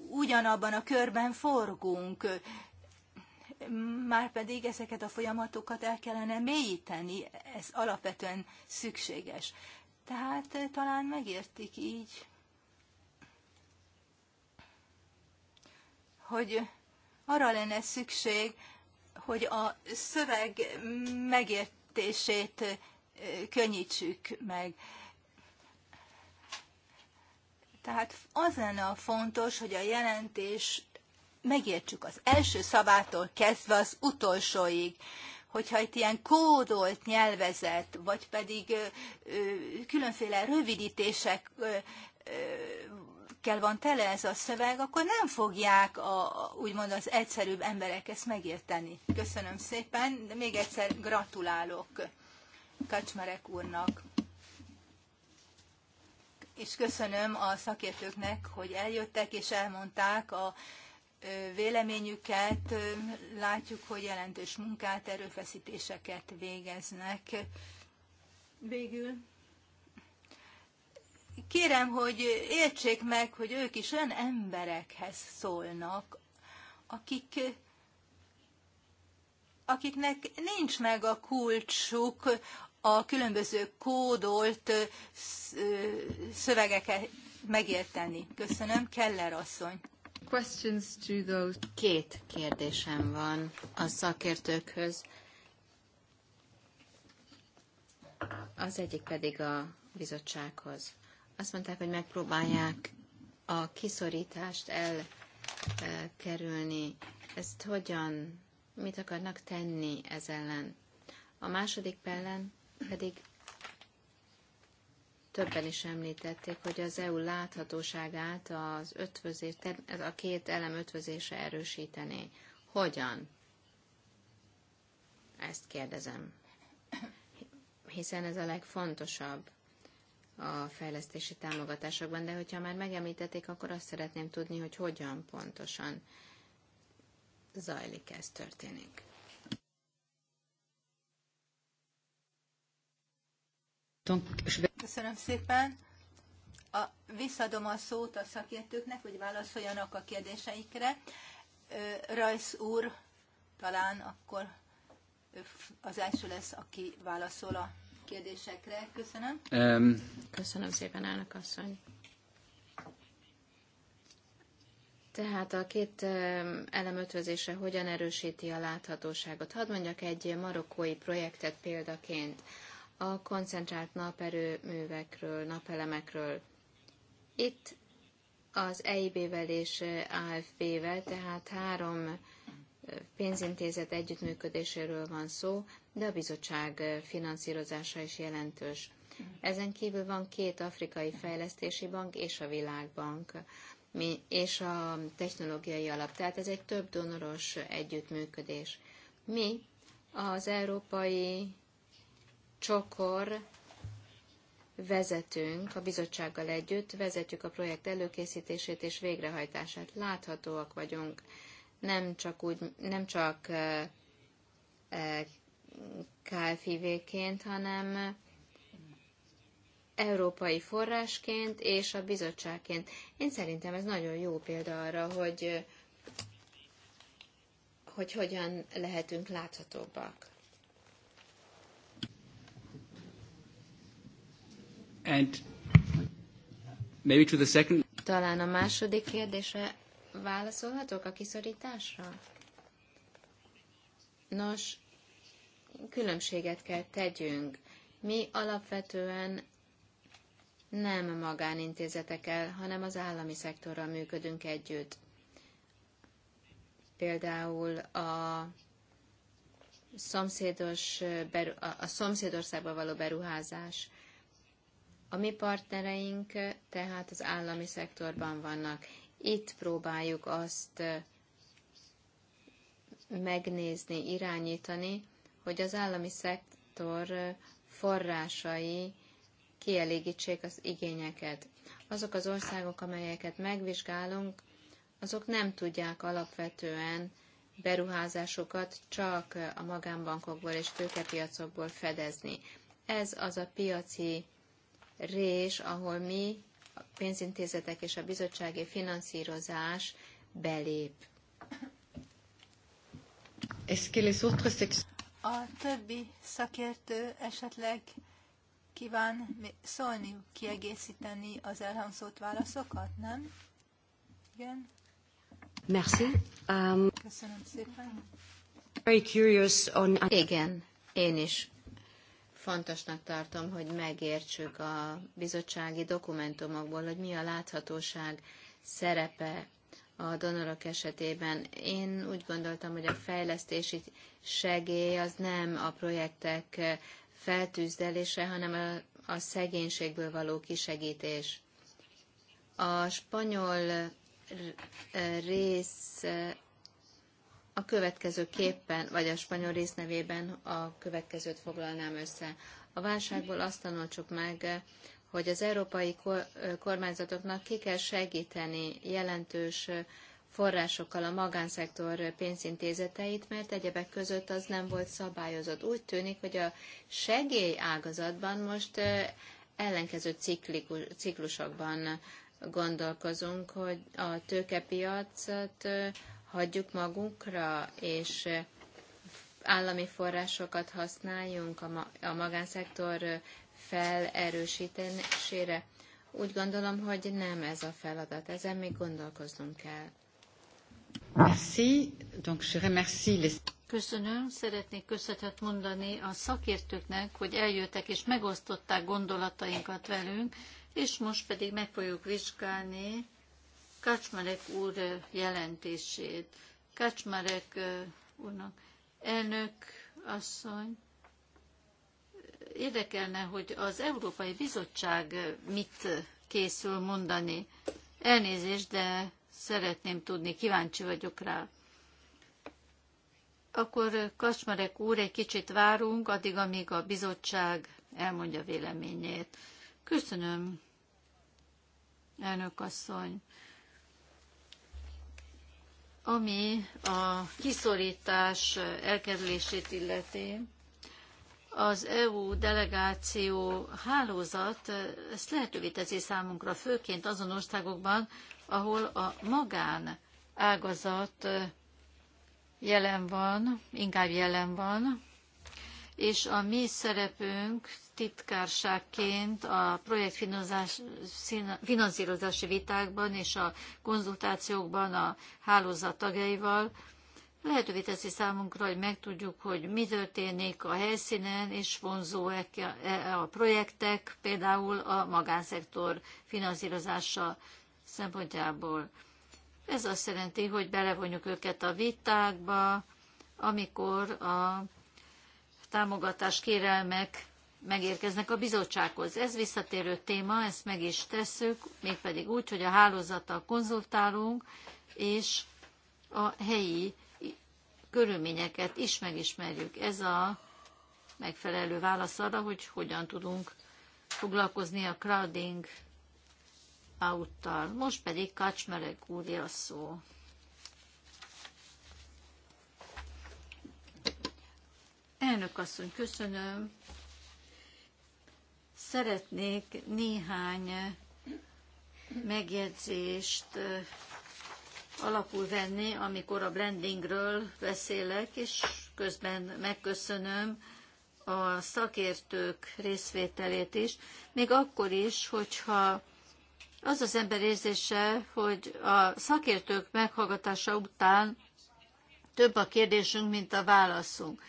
ugyanabban a körben forgunk már pedig ezeket a folyamatokat el kellene mélyíteni, ez alapvetően szükséges. Tehát eh, talán megértik így, hogy arra lenne szükség, hogy a szöveg megértését eh, könnyítsük meg. Tehát az lenne a fontos, hogy a jelentés megértsük az első szavától kezdve az utolsóig. Hogyha itt ilyen kódolt nyelvezet, vagy pedig ö, ö, különféle rövidítések ö, ö, kell van tele ez a szöveg, akkor nem fogják a, úgymond az egyszerűbb emberek ezt megérteni. Köszönöm szépen, de még egyszer gratulálok Kacsmerek úrnak. És köszönöm a szakértőknek, hogy eljöttek és elmondták a véleményüket, látjuk, hogy jelentős munkát, erőfeszítéseket végeznek. Végül kérem, hogy értsék meg, hogy ők is olyan emberekhez szólnak, akik akiknek nincs meg a kulcsuk a különböző kódolt szövegeket megérteni. Köszönöm, Keller asszony questions to those. Két kérdésem van a szakértőkhöz. Az egyik pedig a bizottsághoz. Azt mondták, hogy megpróbálják a kiszorítást elkerülni. Ezt hogyan, mit akarnak tenni ez ellen? A második ellen pedig többen is említették, hogy az EU láthatóságát az ötvözés, a két elem ötvözése erősítené. Hogyan? Ezt kérdezem. Hiszen ez a legfontosabb a fejlesztési támogatásokban, de hogyha már megemlítették, akkor azt szeretném tudni, hogy hogyan pontosan zajlik ez, történik. Donc, je Köszönöm szépen. A, visszadom a szót a szakértőknek, hogy válaszoljanak a kérdéseikre. Rajsz úr talán akkor az első lesz, aki válaszol a kérdésekre. Köszönöm. Um. Köszönöm szépen, elnök asszony. Tehát a két elemötvözése hogyan erősíti a láthatóságot? Hadd mondjak egy marokkói projektet példaként a koncentrált naperőművekről, napelemekről. Itt az EIB-vel és AFB-vel, tehát három pénzintézet együttműködéséről van szó, de a bizottság finanszírozása is jelentős. Ezen kívül van két afrikai fejlesztési bank és a világbank és a technológiai alap. Tehát ez egy több donoros együttműködés. Mi az európai csokor vezetünk, a bizottsággal együtt vezetjük a projekt előkészítését és végrehajtását. Láthatóak vagyunk, nem csak úgy, nem csak KFIV-ként, hanem európai forrásként és a bizottságként. Én szerintem ez nagyon jó példa arra, hogy, hogy hogyan lehetünk láthatóbbak. And maybe to the second... Talán a második kérdésre válaszolhatok a kiszorításra? Nos, különbséget kell tegyünk. Mi alapvetően nem magánintézetekkel, hanem az állami szektorral működünk együtt. Például a szomszédos, a szomszédországba való beruházás a mi partnereink tehát az állami szektorban vannak. Itt próbáljuk azt megnézni, irányítani, hogy az állami szektor forrásai kielégítsék az igényeket. Azok az országok, amelyeket megvizsgálunk, azok nem tudják alapvetően beruházásokat csak a magánbankokból és tőkepiacokból fedezni. Ez az a piaci rés, ahol mi, a pénzintézetek és a bizottsági finanszírozás belép. A többi szakértő esetleg kíván szólni, kiegészíteni az elhangzott válaszokat, nem? Igen. Merci. Um, Köszönöm szépen. Very curious on... Igen, én is fontosnak tartom, hogy megértsük a bizottsági dokumentumokból, hogy mi a láthatóság szerepe a donorok esetében. Én úgy gondoltam, hogy a fejlesztési segély az nem a projektek feltűzdelése, hanem a, a szegénységből való kisegítés. A spanyol rész a következő képpen, vagy a spanyol résznevében a következőt foglalnám össze. A válságból azt tanultsuk meg, hogy az európai kormányzatoknak ki kell segíteni jelentős forrásokkal a magánszektor pénzintézeteit, mert egyebek között az nem volt szabályozott. Úgy tűnik, hogy a segély ágazatban most ellenkező ciklikus, ciklusokban gondolkozunk, hogy a tőkepiacot hagyjuk magunkra, és állami forrásokat használjunk a magánszektor felerősítésére. Úgy gondolom, hogy nem ez a feladat, ezen még gondolkoznunk kell. Merci. Donc je remercie les... Köszönöm, szeretnék köszönetet mondani a szakértőknek, hogy eljöttek és megosztották gondolatainkat velünk, és most pedig meg fogjuk vizsgálni Kacsmarek úr jelentését. Kacsmarek úrnak elnök asszony, érdekelne, hogy az Európai Bizottság mit készül mondani. Elnézést, de szeretném tudni, kíváncsi vagyok rá. Akkor Kacsmarek úr, egy kicsit várunk, addig, amíg a bizottság elmondja véleményét. Köszönöm, elnök asszony. Ami a kiszorítás elkerülését illeti, az EU delegáció hálózat ezt lehetővé teszi számunkra, főként azon országokban, ahol a magán ágazat jelen van, inkább jelen van, és a mi szerepünk titkárságként a projekt vitákban és a konzultációkban a hálózat tagjaival lehetővé teszi számunkra, hogy megtudjuk, hogy mi történik a helyszínen, és vonzó -e a projektek, például a magánszektor finanszírozása szempontjából. Ez azt jelenti, hogy belevonjuk őket a vitákba, amikor a támogatás kérelmek megérkeznek a bizottsághoz. Ez visszatérő téma, ezt meg is tesszük, mégpedig úgy, hogy a hálózattal konzultálunk, és a helyi körülményeket is megismerjük. Ez a megfelelő válasz arra, hogy hogyan tudunk foglalkozni a crowding outtal. Most pedig Kacsmerek úrja szó. Elnök asszony, köszönöm. Szeretnék néhány megjegyzést alapul venni, amikor a blendingről beszélek, és közben megköszönöm a szakértők részvételét is, még akkor is, hogyha az az ember érzése, hogy a szakértők meghallgatása után több a kérdésünk, mint a válaszunk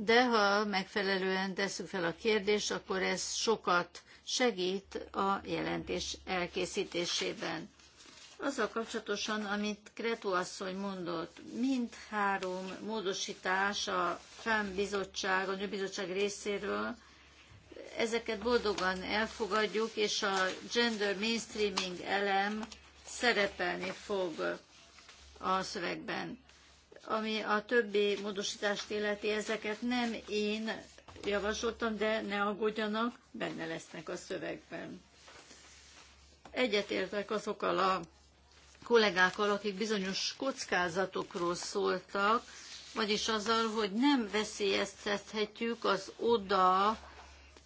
de ha megfelelően tesszük fel a kérdést, akkor ez sokat segít a jelentés elkészítésében. Azzal kapcsolatosan, amit Kretó asszony mondott, mindhárom módosítás a FEM bizottság, a nőbizottság részéről, ezeket boldogan elfogadjuk, és a gender mainstreaming elem szerepelni fog a szövegben. Ami a többi módosítást illeti, ezeket nem én javasoltam, de ne aggódjanak, benne lesznek a szövegben. Egyetértek azokkal a kollégákkal, akik bizonyos kockázatokról szóltak, vagyis azzal, hogy nem veszélyeztethetjük az oda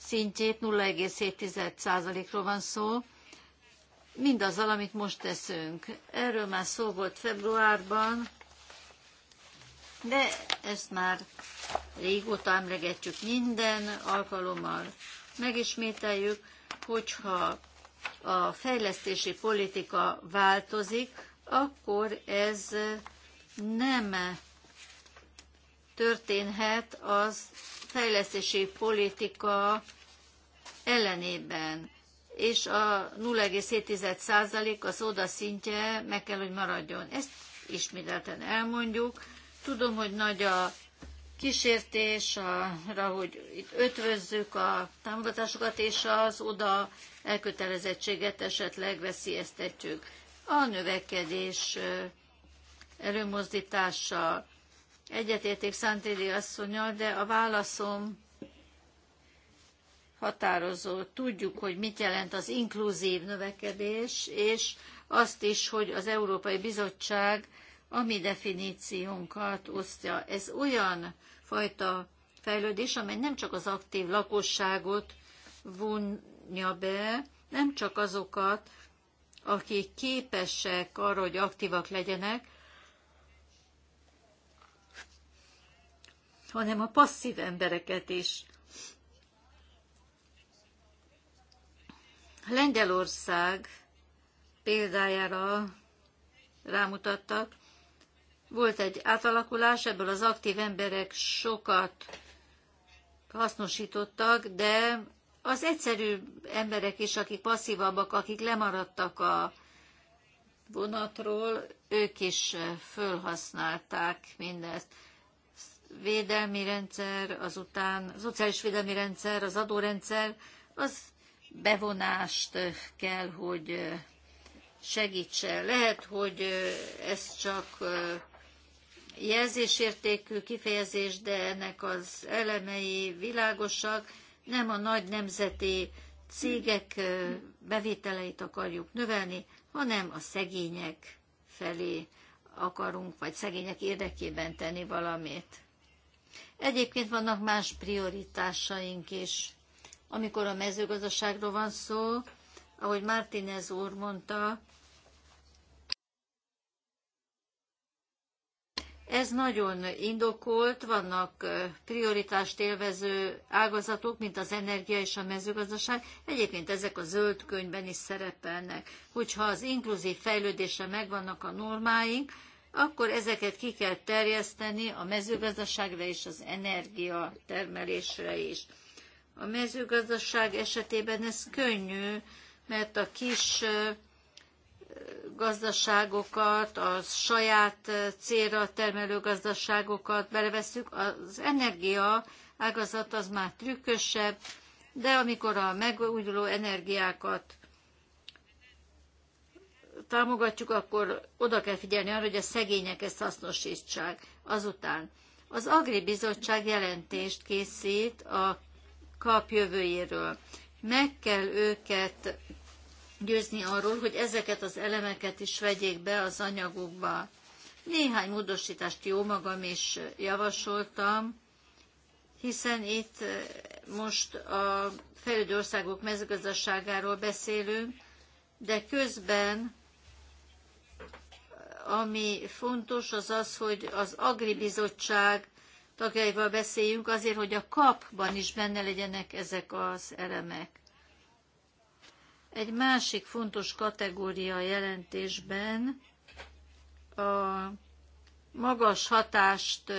szintjét, 0,7%-ról van szó, mindazzal, amit most teszünk. Erről már szó volt februárban, de ezt már régóta emlegetjük minden alkalommal. Megismételjük, hogyha a fejlesztési politika változik, akkor ez nem történhet az fejlesztési politika ellenében, és a 0,7% az oda szintje meg kell, hogy maradjon. Ezt ismételten elmondjuk, Tudom, hogy nagy a kísértés arra, hogy itt ötvözzük a támogatásokat, és az oda elkötelezettséget esetleg veszélyeztetjük. A növekedés előmozdítása egyetérték Szántédi asszonya, de a válaszom határozó. Tudjuk, hogy mit jelent az inkluzív növekedés, és azt is, hogy az Európai Bizottság a mi definíciónkat osztja. Ez olyan fajta fejlődés, amely nem csak az aktív lakosságot vonja be, nem csak azokat, akik képesek arra, hogy aktívak legyenek, hanem a passzív embereket is. Lengyelország példájára rámutattak, volt egy átalakulás, ebből az aktív emberek sokat hasznosítottak, de az egyszerű emberek is, akik passzívabbak, akik lemaradtak a vonatról, ők is fölhasználták mindezt. Védelmi rendszer, azután a szociális védelmi rendszer, az adórendszer, az bevonást kell, hogy segítse. Lehet, hogy ez csak jelzésértékű kifejezés, de ennek az elemei világosak. Nem a nagy nemzeti cégek bevételeit akarjuk növelni, hanem a szegények felé akarunk, vagy szegények érdekében tenni valamit. Egyébként vannak más prioritásaink is. Amikor a mezőgazdaságról van szó, ahogy Martinez úr mondta, Ez nagyon indokolt, vannak prioritást élvező ágazatok, mint az energia és a mezőgazdaság. Egyébként ezek a zöld könyvben is szerepelnek. Hogyha az inkluzív fejlődésre megvannak a normáink, akkor ezeket ki kell terjeszteni a mezőgazdaságra és az energia termelésre is. A mezőgazdaság esetében ez könnyű, mert a kis gazdaságokat, a saját célra termelő gazdaságokat beleveszünk. Az energia ágazat az már trükkösebb, de amikor a megújuló energiákat támogatjuk, akkor oda kell figyelni arra, hogy a szegények ezt hasznosítsák. Azután az Agri Bizottság jelentést készít a kap jövőjéről. Meg kell őket győzni arról, hogy ezeket az elemeket is vegyék be az anyagokba. Néhány módosítást jó magam is javasoltam, hiszen itt eh, most a fejlődő országok mezőgazdaságáról beszélünk, de közben eh, ami fontos az az, hogy az Agribizottság tagjaival beszéljünk azért, hogy a kapban is benne legyenek ezek az elemek. Egy másik fontos kategória jelentésben a magas hatást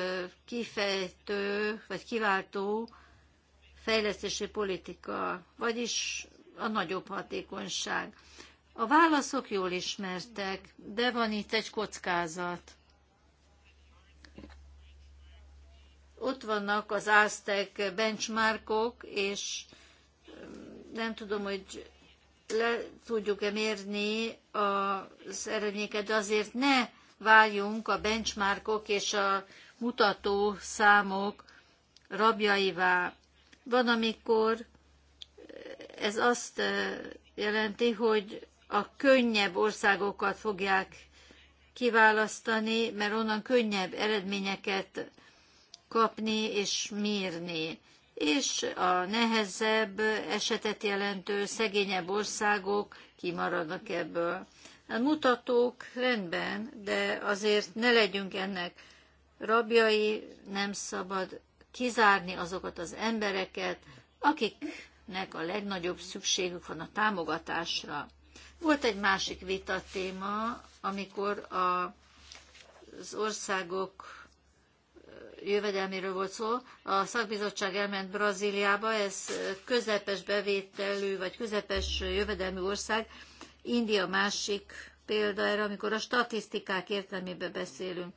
kifejtő vagy kiváltó fejlesztési politika, vagyis a nagyobb hatékonyság. A válaszok jól ismertek, de van itt egy kockázat. Ott vannak az Aztec benchmarkok, és nem tudom, hogy le tudjuk-e mérni az eredményeket, de azért ne váljunk a benchmarkok és a mutató számok rabjaivá. Van, amikor ez azt eh, jelenti, hogy a könnyebb országokat fogják kiválasztani, mert onnan könnyebb eredményeket kapni és mérni és a nehezebb esetet jelentő szegényebb országok kimaradnak ebből. A mutatók rendben, de azért ne legyünk ennek rabjai, nem szabad kizárni azokat az embereket, akiknek a legnagyobb szükségük van a támogatásra. Volt egy másik vita téma, amikor a, az országok jövedelméről volt szó. A szakbizottság elment Brazíliába, ez közepes bevételű vagy közepes jövedelmű ország. India másik példa erre, amikor a statisztikák értelmében beszélünk.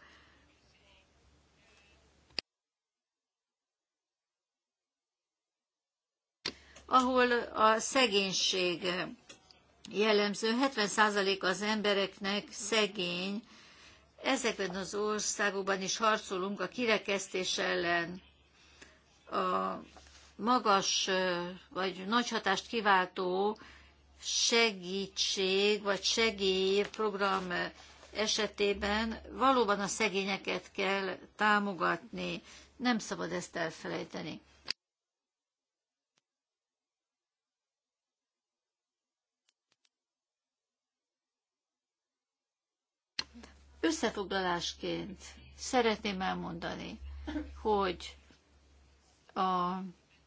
ahol a szegénység jellemző. 70% az embereknek szegény, ezekben az országokban is harcolunk a kirekesztés ellen, a magas vagy nagy hatást kiváltó segítség vagy segélyprogram esetében valóban a szegényeket kell támogatni. Nem szabad ezt elfelejteni. Összefoglalásként szeretném elmondani, hogy a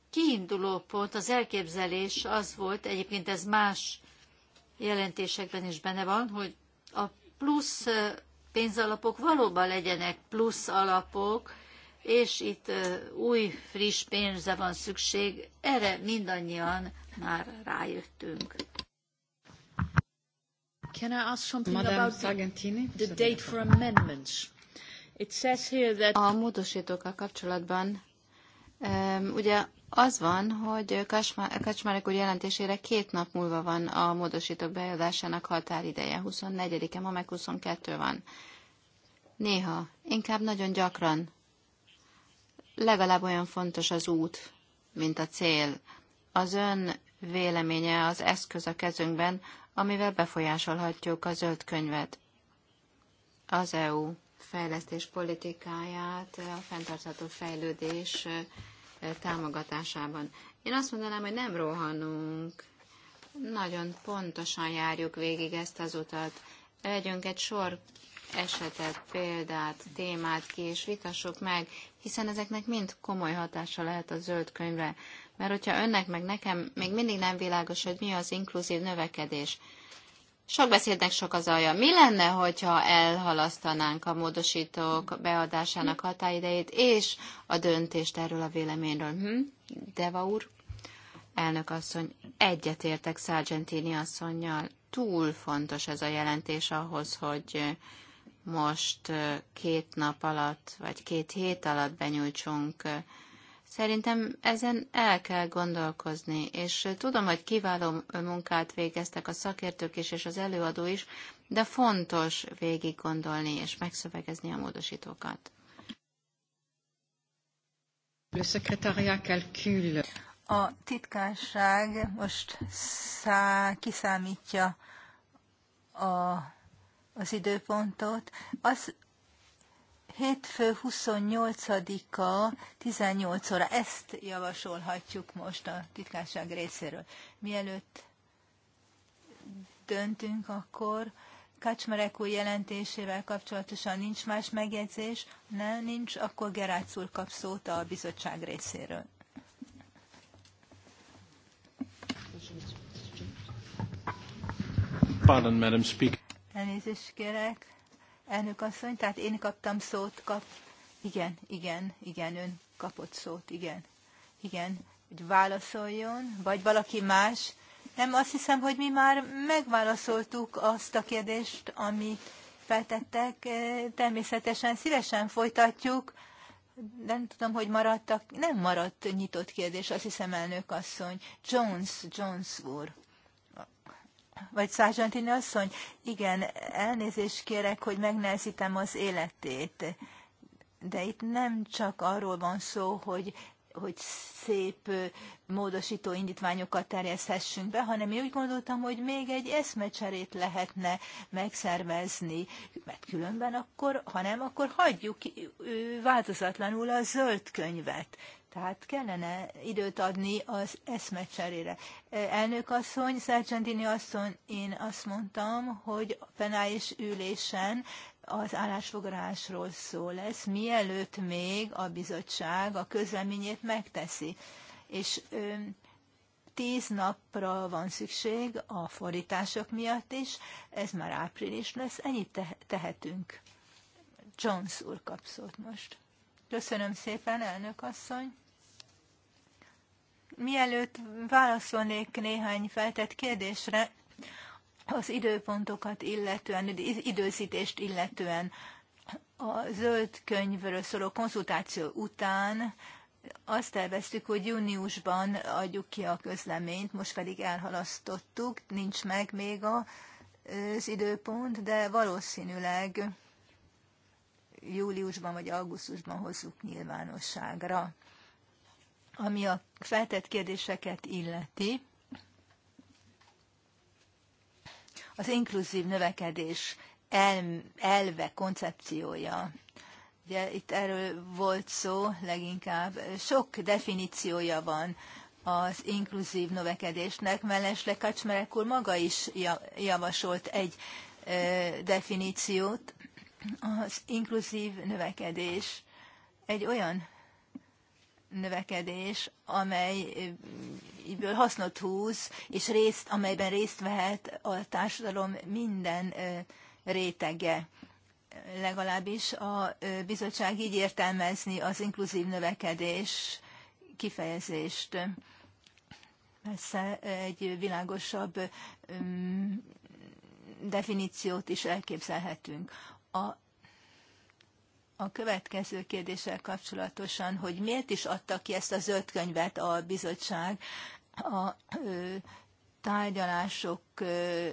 kiinduló pont, az elképzelés az volt, egyébként ez más jelentésekben is benne van, hogy a plusz pénzalapok valóban legyenek plusz alapok, és itt új, friss pénzre van szükség, erre mindannyian már rájöttünk. Can I ask something Madame about Sargentini? the date for amendments? It says here that... A módosítókkal kapcsolatban um, ugye az van, hogy Kacsmarek úr jelentésére két nap múlva van a módosítók beadásának határideje. 24-e, ma meg 22 van. Néha, inkább nagyon gyakran. Legalább olyan fontos az út, mint a cél. Az ön véleménye az eszköz a kezünkben, amivel befolyásolhatjuk a zöld könyvet, az EU fejlesztés politikáját, a fenntartható fejlődés támogatásában. Én azt mondanám, hogy nem rohanunk, nagyon pontosan járjuk végig ezt az utat. Vegyünk egy sor esetet, példát, témát ki, és vitassuk meg, hiszen ezeknek mind komoly hatása lehet a zöld könyvre. Mert hogyha önnek meg nekem még mindig nem világos, hogy mi az inkluzív növekedés, sok beszédnek sok az alja. Mi lenne, hogyha elhalasztanánk a módosítók beadásának határidejét és a döntést erről a véleményről? Hm? Deva úr, elnök asszony, egyetértek Sargentini asszonynal. Túl fontos ez a jelentés ahhoz, hogy most két nap alatt, vagy két hét alatt benyújtsunk Szerintem ezen el kell gondolkozni, és tudom, hogy kiváló munkát végeztek a szakértők is, és az előadó is, de fontos végig gondolni és megszövegezni a módosítókat. A titkárság most szá, kiszámítja a, az időpontot. Az, Hétfő 28-a 18 óra. Ezt javasolhatjuk most a titkárság részéről. Mielőtt döntünk, akkor Kacsmarek új jelentésével kapcsolatosan nincs más megjegyzés? Nem, nincs, akkor Gerác úr kap szót a bizottság részéről. Pardon, Madam Speaker. Elnézést kérek. Elnök asszony, tehát én kaptam szót, kap... Igen, igen, igen, ön kapott szót, igen. Igen, hogy válaszoljon, vagy valaki más. Nem, azt hiszem, hogy mi már megválaszoltuk azt a kérdést, amit feltettek. E, természetesen szívesen folytatjuk. Nem tudom, hogy maradtak. Nem maradt nyitott kérdés, azt hiszem, elnök asszony. Jones, Jones úr vagy Szárzsantini asszony, igen, elnézést kérek, hogy megnehezítem az életét. De itt nem csak arról van szó, hogy hogy szép módosító indítványokat terjeszhessünk be, hanem én úgy gondoltam, hogy még egy eszmecserét lehetne megszervezni, mert különben akkor, ha nem, akkor hagyjuk változatlanul a zöld könyvet. Tehát kellene időt adni az eszmecserére. Elnök asszony, Szercsendini asszony, én azt mondtam, hogy a penális ülésen az állásfoglalásról szó lesz, mielőtt még a bizottság a közleményét megteszi. És ö, tíz napra van szükség a fordítások miatt is, ez már április lesz, ennyit tehetünk. Jones úr kapszott most. Köszönöm szépen, elnök asszony. Mielőtt válaszolnék néhány feltett kérdésre, az időpontokat illetően, időzítést illetően, a zöld könyvről szóló konzultáció után azt terveztük, hogy júniusban adjuk ki a közleményt, most pedig elhalasztottuk, nincs meg még az időpont, de valószínűleg júliusban vagy augusztusban hozzuk nyilvánosságra. Ami a feltett kérdéseket illeti, az inkluzív növekedés el, elve, koncepciója. Ugye itt erről volt szó leginkább. Sok definíciója van az inkluzív növekedésnek. Mellesleg Kacsmerek úr maga is javasolt egy definíciót, az inkluzív növekedés egy olyan növekedés, amelyből eh, hasznot húz, és részt, amelyben részt vehet a társadalom minden eh, rétege. Legalábbis a eh, bizottság így értelmezni az inkluzív növekedés kifejezést. Persze egy világosabb mm, definíciót is elképzelhetünk a, a következő kérdéssel kapcsolatosan, hogy miért is adta ki ezt a zöld könyvet a bizottság a ö, tárgyalások ö,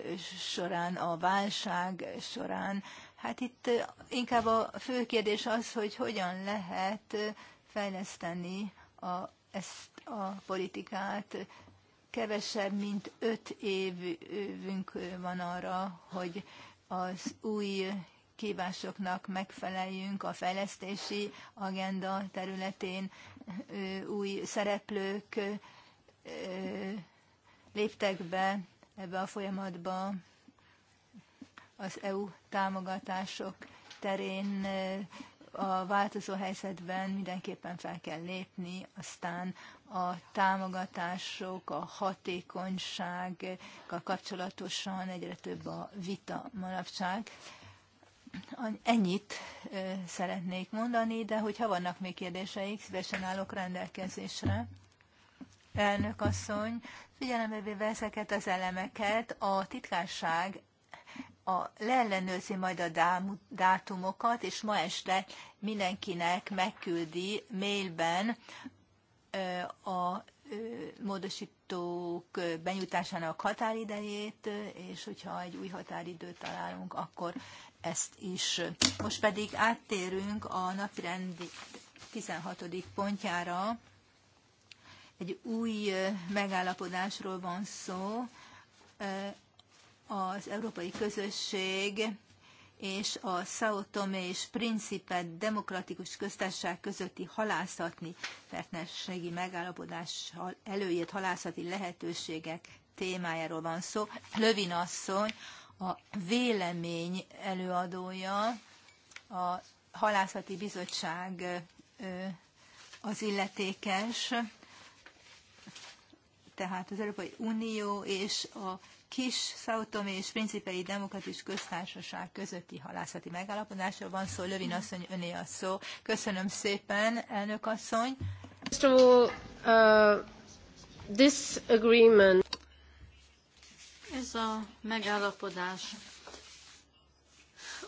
során, a válság során. Hát itt inkább a fő kérdés az, hogy hogyan lehet fejleszteni a, ezt a politikát. Kevesebb, mint öt évünk van arra, hogy az új kívásoknak megfeleljünk a fejlesztési agenda területén. Új szereplők léptek be ebbe a folyamatba az EU támogatások terén a változó helyzetben mindenképpen fel kell lépni, aztán a támogatások, a hatékonysággal kapcsolatosan egyre több a vita manapság. Ennyit szeretnék mondani, de hogyha vannak még kérdéseik, szívesen állok rendelkezésre. Elnök asszony, figyelembe véve ezeket az elemeket, a titkárság a, leellenőrzi majd a dátumokat, és ma este mindenkinek megküldi mailben a módosítók benyújtásának határidejét, és hogyha egy új határidőt találunk, akkor ezt is. Most pedig áttérünk a napirend 16. pontjára. Egy új megállapodásról van szó az Európai Közösség és a Sao Tome és Principe Demokratikus Köztársaság közötti halászatni partnerségi megállapodás előírt halászati lehetőségek témájáról van szó. Lövin asszony a vélemény előadója, a halászati bizottság az illetékes, tehát az Európai Unió és a kis Szautomé és Principei Demokratikus Köztársaság közötti halászati megállapodásról van szó. Lövin asszony, öné a szó. Köszönöm szépen, elnök asszony. So, uh, this agreement ez a megállapodás.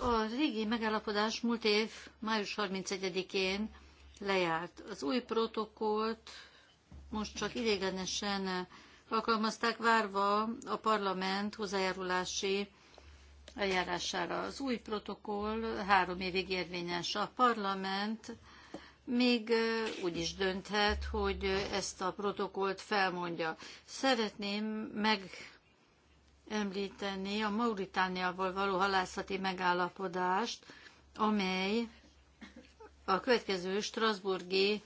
A régi megállapodás múlt év május 31-én lejárt. Az új protokollt most csak idéglenesen alkalmazták, várva a parlament hozzájárulási eljárására. Az új protokoll három évig érvényes. A parlament még úgy is dönthet, hogy ezt a protokollt felmondja. Szeretném meg említeni a Mauritániával való halászati megállapodást, amely a következő Strasburgi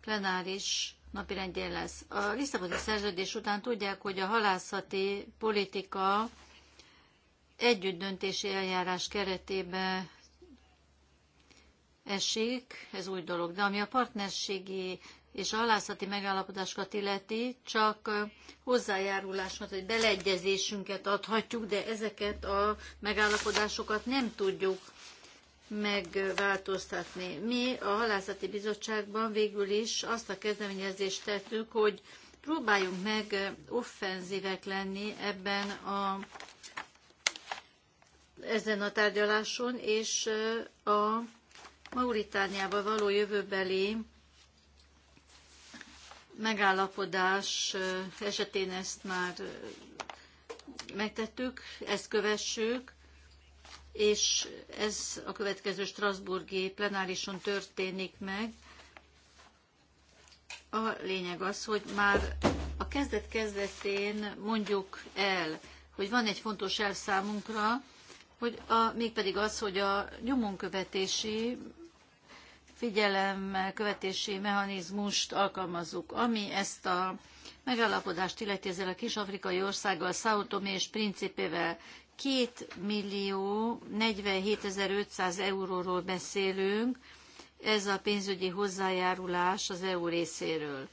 plenáris napirendjén lesz. A Lisszaboni szerződés után tudják, hogy a halászati politika együttdöntési eljárás keretébe esik, ez új dolog. De ami a partnerségi és a halászati megállapodásokat illeti, csak hozzájárulásunkat, vagy beleegyezésünket adhatjuk, de ezeket a megállapodásokat nem tudjuk megváltoztatni. Mi a halászati bizottságban végül is azt a kezdeményezést tettük, hogy próbáljunk meg offenzívek lenni ebben a ezen a tárgyaláson, és a Mauritániában való jövőbeli megállapodás esetén ezt már megtettük, ezt kövessük, és ez a következő Strasburgi plenárison történik meg. A lényeg az, hogy már a kezdet-kezdetén mondjuk el, hogy van egy fontos elv számunkra, hogy a, mégpedig az, hogy a nyomonkövetési figyelem követési mechanizmust alkalmazzuk, ami ezt a megállapodást illeti ezzel a kis-afrikai országgal, Sao Tomé és Principével 2 millió 47.500 euróról beszélünk, ez a pénzügyi hozzájárulás az EU részéről.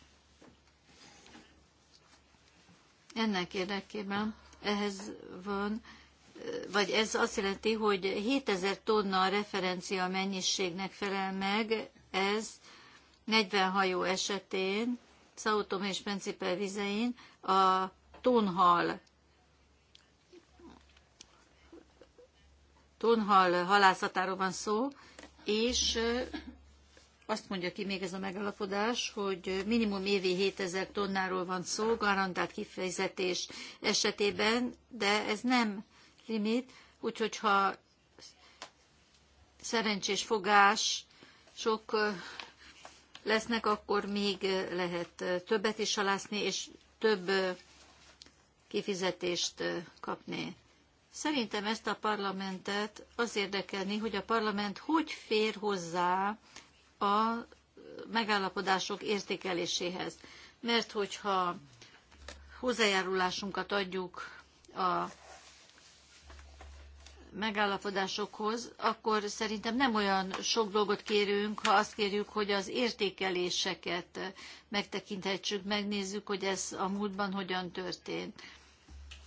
Ennek érdekében ehhez van vagy ez azt jelenti, hogy 7000 tonna a referencia mennyiségnek felel meg, ez 40 hajó esetén, Szautom és Pencipe vizein, a tonhal tonhal halászatáról van szó, és azt mondja ki még ez a megalapodás, hogy minimum évi 7000 tonnáról van szó, garantált kifejezetés esetében, de ez nem limit, úgyhogy ha szerencsés fogás sok lesznek, akkor még lehet többet is halászni, és több kifizetést kapni. Szerintem ezt a parlamentet az érdekelni, hogy a parlament hogy fér hozzá a megállapodások értékeléséhez. Mert hogyha hozzájárulásunkat adjuk a megállapodásokhoz, akkor szerintem nem olyan sok dolgot kérünk, ha azt kérjük, hogy az értékeléseket megtekinthetsük, megnézzük, hogy ez a múltban hogyan történt.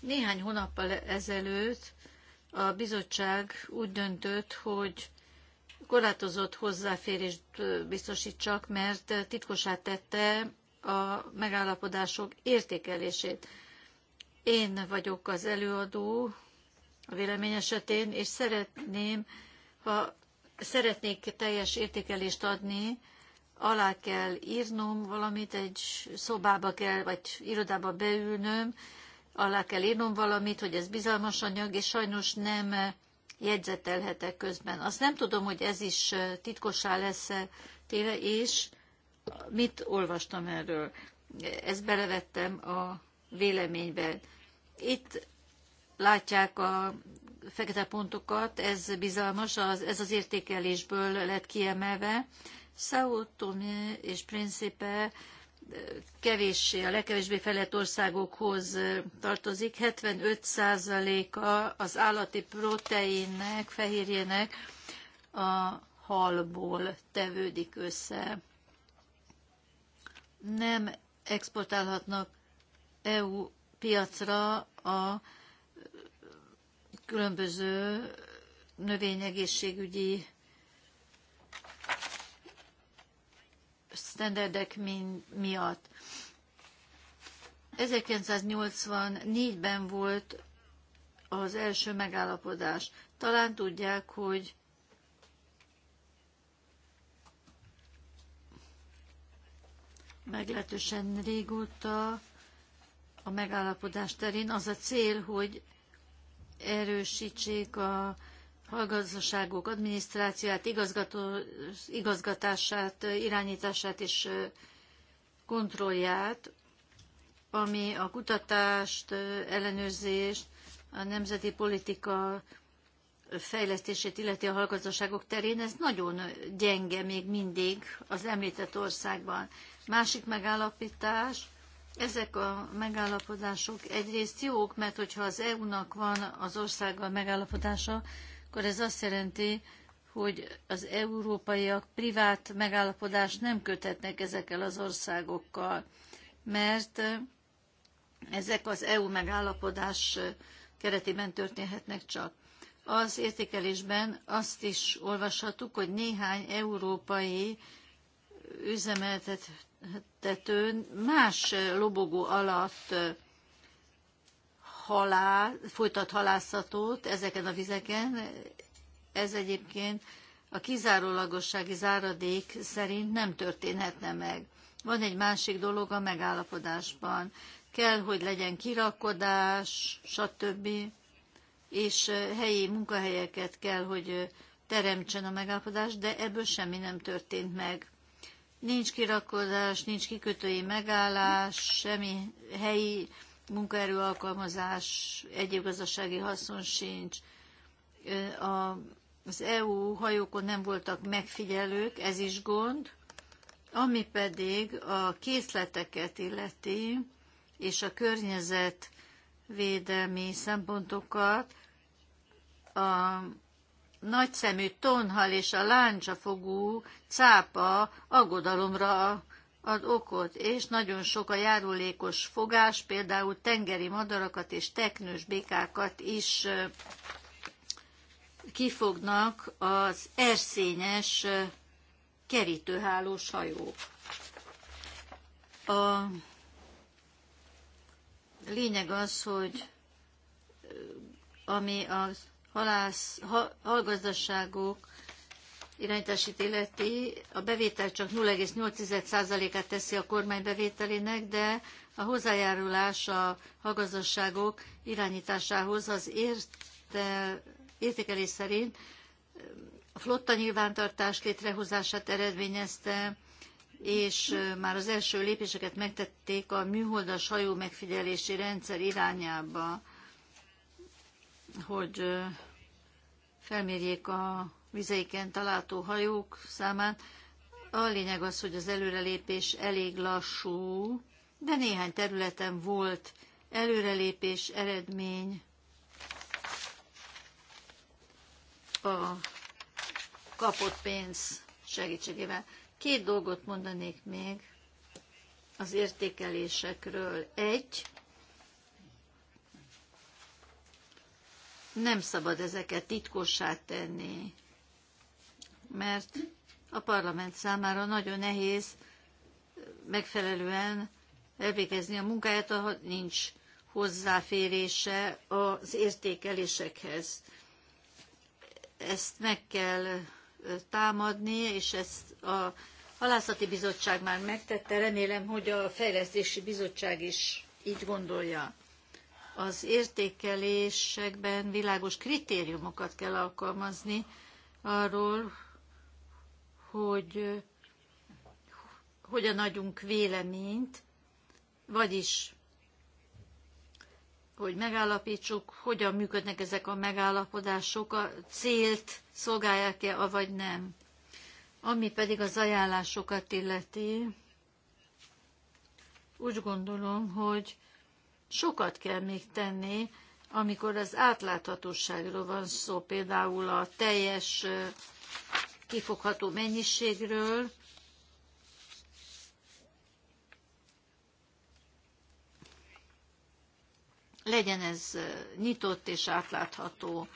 Néhány hónappal ezelőtt a bizottság úgy döntött, hogy korlátozott hozzáférést biztosít csak, mert titkosá tette a megállapodások értékelését. Én vagyok az előadó a vélemény esetén, és szeretném, ha szeretnék teljes értékelést adni, alá kell írnom valamit, egy szobába kell, vagy irodába beülnöm, alá kell írnom valamit, hogy ez bizalmas anyag, és sajnos nem jegyzetelhetek közben. Azt nem tudom, hogy ez is titkossá lesz -e téve, és mit olvastam erről. Ezt belevettem a véleménybe. Itt látják a fekete pontokat, ez bizalmas, az, ez az értékelésből lett kiemelve. Sao Tomé és Principe eh, kevéssé, a legkevésbé fejlett országokhoz eh, tartozik. 75%-a az állati proteinnek, fehérjének a halból tevődik össze. Nem exportálhatnak EU piacra a különböző növényegészségügyi sztenderdek miatt. 1984-ben volt az első megállapodás. Talán tudják, hogy meglehetősen régóta a megállapodás terén az a cél, hogy erősítsék a hallgazdaságok adminisztrációját, igazgató, igazgatását, irányítását és kontrollját, ami a kutatást, ellenőrzést, a nemzeti politika fejlesztését illeti a hallgazdaságok terén, ez nagyon gyenge még mindig az említett országban. Másik megállapítás, ezek a megállapodások egyrészt jók, mert hogyha az EU-nak van az országgal megállapodása, akkor ez azt jelenti, hogy az európaiak privát megállapodást nem kötetnek ezekkel az országokkal, mert ezek az EU megállapodás keretében történhetnek csak. Az értékelésben azt is olvashattuk, hogy néhány európai üzemeltet tetőn más lobogó alatt halál, folytat halászatot ezeken a vizeken. Ez egyébként a kizárólagossági záradék szerint nem történhetne meg. Van egy másik dolog a megállapodásban. Kell, hogy legyen kirakodás, stb. És helyi munkahelyeket kell, hogy teremtsen a megállapodás, de ebből semmi nem történt meg. Nincs kirakodás, nincs kikötői megállás, semmi helyi munkaerő alkalmazás, egyéb gazdasági haszon sincs. A, az EU hajókon nem voltak megfigyelők, ez is gond. Ami pedig a készleteket illeti, és a környezetvédelmi szempontokat, a nagyszemű tonhal és a láncsafogú cápa aggodalomra ad okot, és nagyon sok a járulékos fogás, például tengeri madarakat és teknős békákat is kifognak az erszényes kerítőhálós hajók. A lényeg az, hogy ami az halász, ha, halgazdaságok irányítását illeti, a bevétel csak 0,8%-át teszi a kormány bevételének, de a hozzájárulás a hallgazdaságok irányításához az érte, értékelés szerint a flotta nyilvántartás létrehozását eredményezte, és már az első lépéseket megtették a műholdas hajó megfigyelési rendszer irányába, hogy felmérjék a vizeiken található hajók számát. A lényeg az, hogy az előrelépés elég lassú, de néhány területen volt előrelépés, eredmény. A kapott pénz segítségével. Két dolgot mondanék még az értékelésekről. Egy, nem szabad ezeket titkossá tenni, mert a parlament számára nagyon nehéz megfelelően elvégezni a munkáját, ha nincs hozzáférése az értékelésekhez. Ezt meg kell támadni, és ezt a halászati bizottság már megtette, remélem, hogy a fejlesztési bizottság is így gondolja az értékelésekben világos kritériumokat kell alkalmazni arról, hogy hogyan adjunk véleményt, vagyis hogy megállapítsuk, hogyan működnek ezek a megállapodások, a célt szolgálják-e, avagy nem. Ami pedig az ajánlásokat illeti, úgy gondolom, hogy sokat kell még tenni, amikor az átláthatóságról van szó, például a teljes kifogható mennyiségről, legyen ez nyitott és átlátható,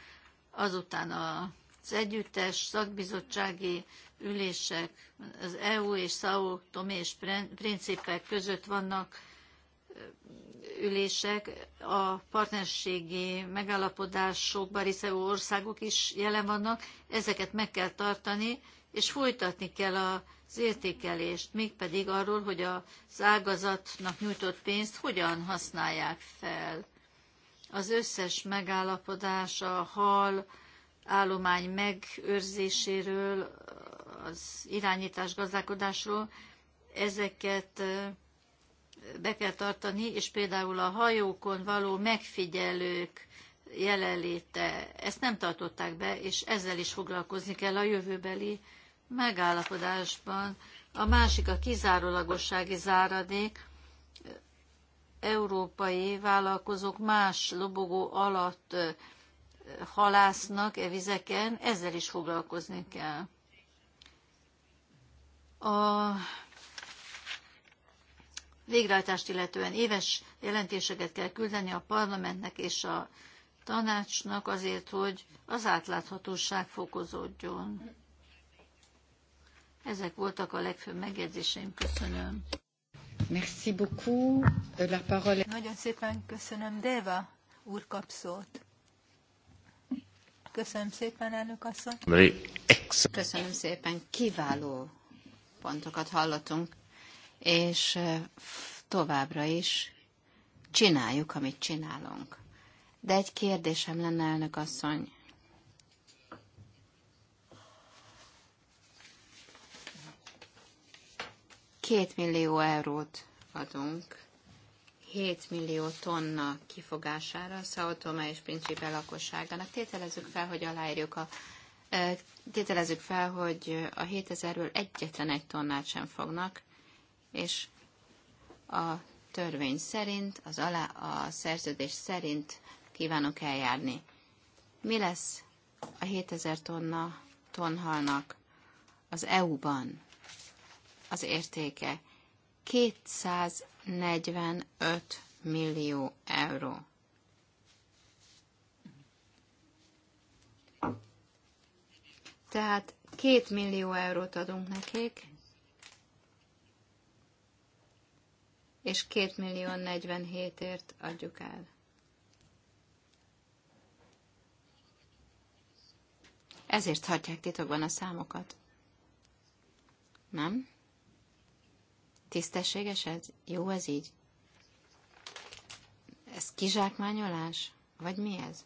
azután az együttes szakbizottsági ülések, az EU és Sao Tomé és Principek között vannak ülések, a partnerségi megállapodásokban részevő országok is jelen vannak, ezeket meg kell tartani, és folytatni kell az értékelést, mégpedig arról, hogy az ágazatnak nyújtott pénzt hogyan használják fel. Az összes megállapodás a hal állomány megőrzéséről, az irányítás gazdálkodásról, ezeket be kell tartani, és például a hajókon való megfigyelők jelenléte, ezt nem tartották be, és ezzel is foglalkozni kell a jövőbeli megállapodásban. A másik a kizárólagossági záradék, európai vállalkozók más lobogó alatt halásznak e vizeken, ezzel is foglalkozni kell. A végrehajtást illetően éves jelentéseket kell küldeni a parlamentnek és a tanácsnak azért, hogy az átláthatóság fokozódjon. Ezek voltak a legfőbb megjegyzéseim. Köszönöm. Merci beaucoup. La parole... Nagyon szépen köszönöm. Deva úr kapszót. Köszönöm szépen, elnök asszony. Köszönöm szépen. Kiváló pontokat hallottunk és továbbra is csináljuk, amit csinálunk. De egy kérdésem lenne, elnök asszony. Két millió eurót adunk 7 millió tonna kifogására a Szautoma és Principe lakosságának. Tételezzük fel, hogy aláírjuk a Tételezzük fel, hogy a 7000-ről egyetlen egy tonnát sem fognak, és a törvény szerint, az alá, a szerződés szerint kívánok eljárni. Mi lesz a 7000 tonna tonhalnak az EU-ban az értéke? 245 millió euró. Tehát 2 millió eurót adunk nekik, és 2 millió 47 ért adjuk el. Ezért hagyják titokban a számokat. Nem? Tisztességes ez? Jó ez így? Ez kizsákmányolás? Vagy mi ez?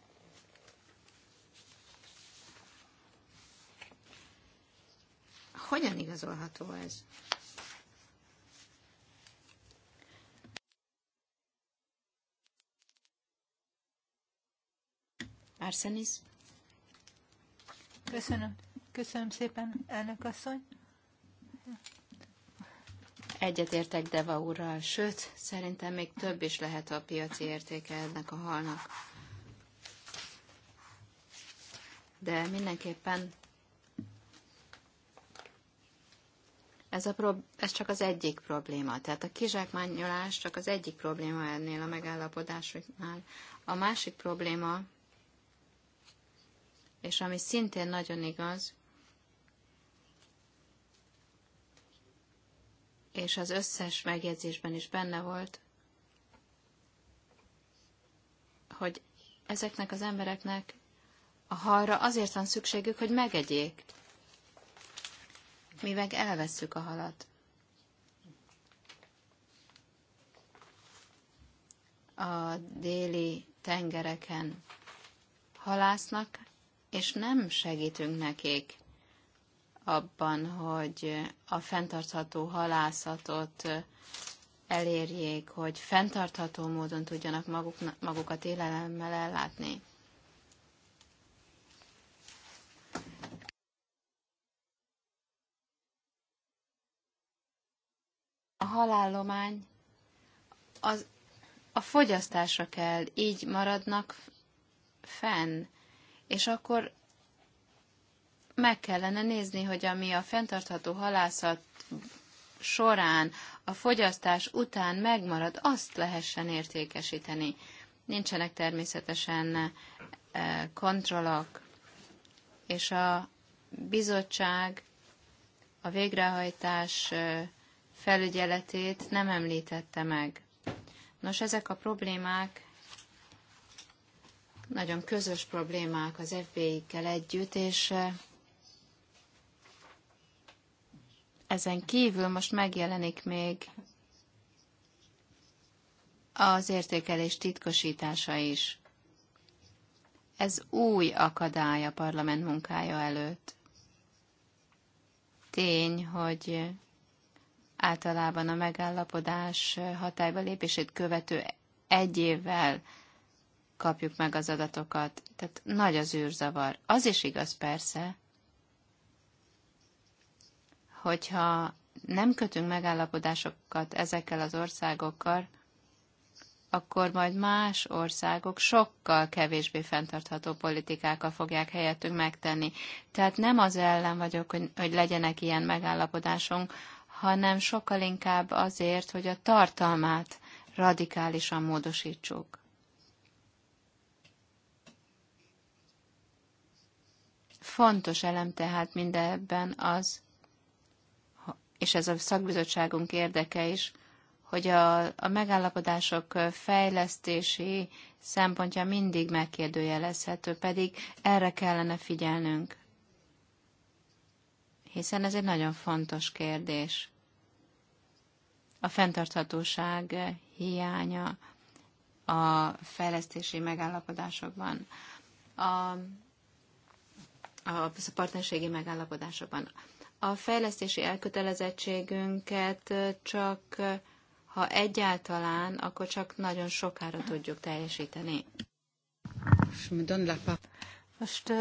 Hogyan igazolható ez? Arsenis. Köszönöm. Köszönöm szépen, elnök asszony. Egyetértek Deva úrral, sőt, szerintem még több is lehet a piaci értéke ennek a halnak. De mindenképpen ez, a prob- ez csak az egyik probléma. Tehát a kizsákmányolás csak az egyik probléma ennél a megállapodásnál. A másik probléma és ami szintén nagyon igaz, és az összes megjegyzésben is benne volt, hogy ezeknek az embereknek a halra azért van szükségük, hogy megegyék. Mi meg elvesszük a halat. A déli tengereken halásznak, és nem segítünk nekik abban, hogy a fenntartható halászatot elérjék, hogy fenntartható módon tudjanak maguk, magukat élelemmel ellátni. A halállomány az a fogyasztásra kell, így maradnak fenn és akkor meg kellene nézni, hogy ami a fenntartható halászat során, a fogyasztás után megmarad, azt lehessen értékesíteni. Nincsenek természetesen eh, kontrollak, és a bizottság a végrehajtás eh, felügyeletét nem említette meg. Nos, ezek a problémák nagyon közös problémák az FBI-kkel együtt, és ezen kívül most megjelenik még az értékelés titkosítása is. Ez új akadály a parlament munkája előtt. Tény, hogy általában a megállapodás hatályba lépését követő egy évvel kapjuk meg az adatokat. Tehát nagy az űrzavar. Az is igaz persze, hogyha nem kötünk megállapodásokat ezekkel az országokkal, akkor majd más országok sokkal kevésbé fenntartható politikákkal fogják helyettünk megtenni. Tehát nem az ellen vagyok, hogy, hogy legyenek ilyen megállapodásunk, hanem sokkal inkább azért, hogy a tartalmát radikálisan módosítsuk. Fontos elem tehát mindebben az, és ez a szakbizottságunk érdeke is, hogy a, a megállapodások fejlesztési szempontja mindig megkérdőjelezhető, pedig erre kellene figyelnünk. Hiszen ez egy nagyon fontos kérdés. A fenntarthatóság hiánya a fejlesztési megállapodásokban. A a partnerségi megállapodásokban. A fejlesztési elkötelezettségünket csak, ha egyáltalán, akkor csak nagyon sokára tudjuk teljesíteni. Most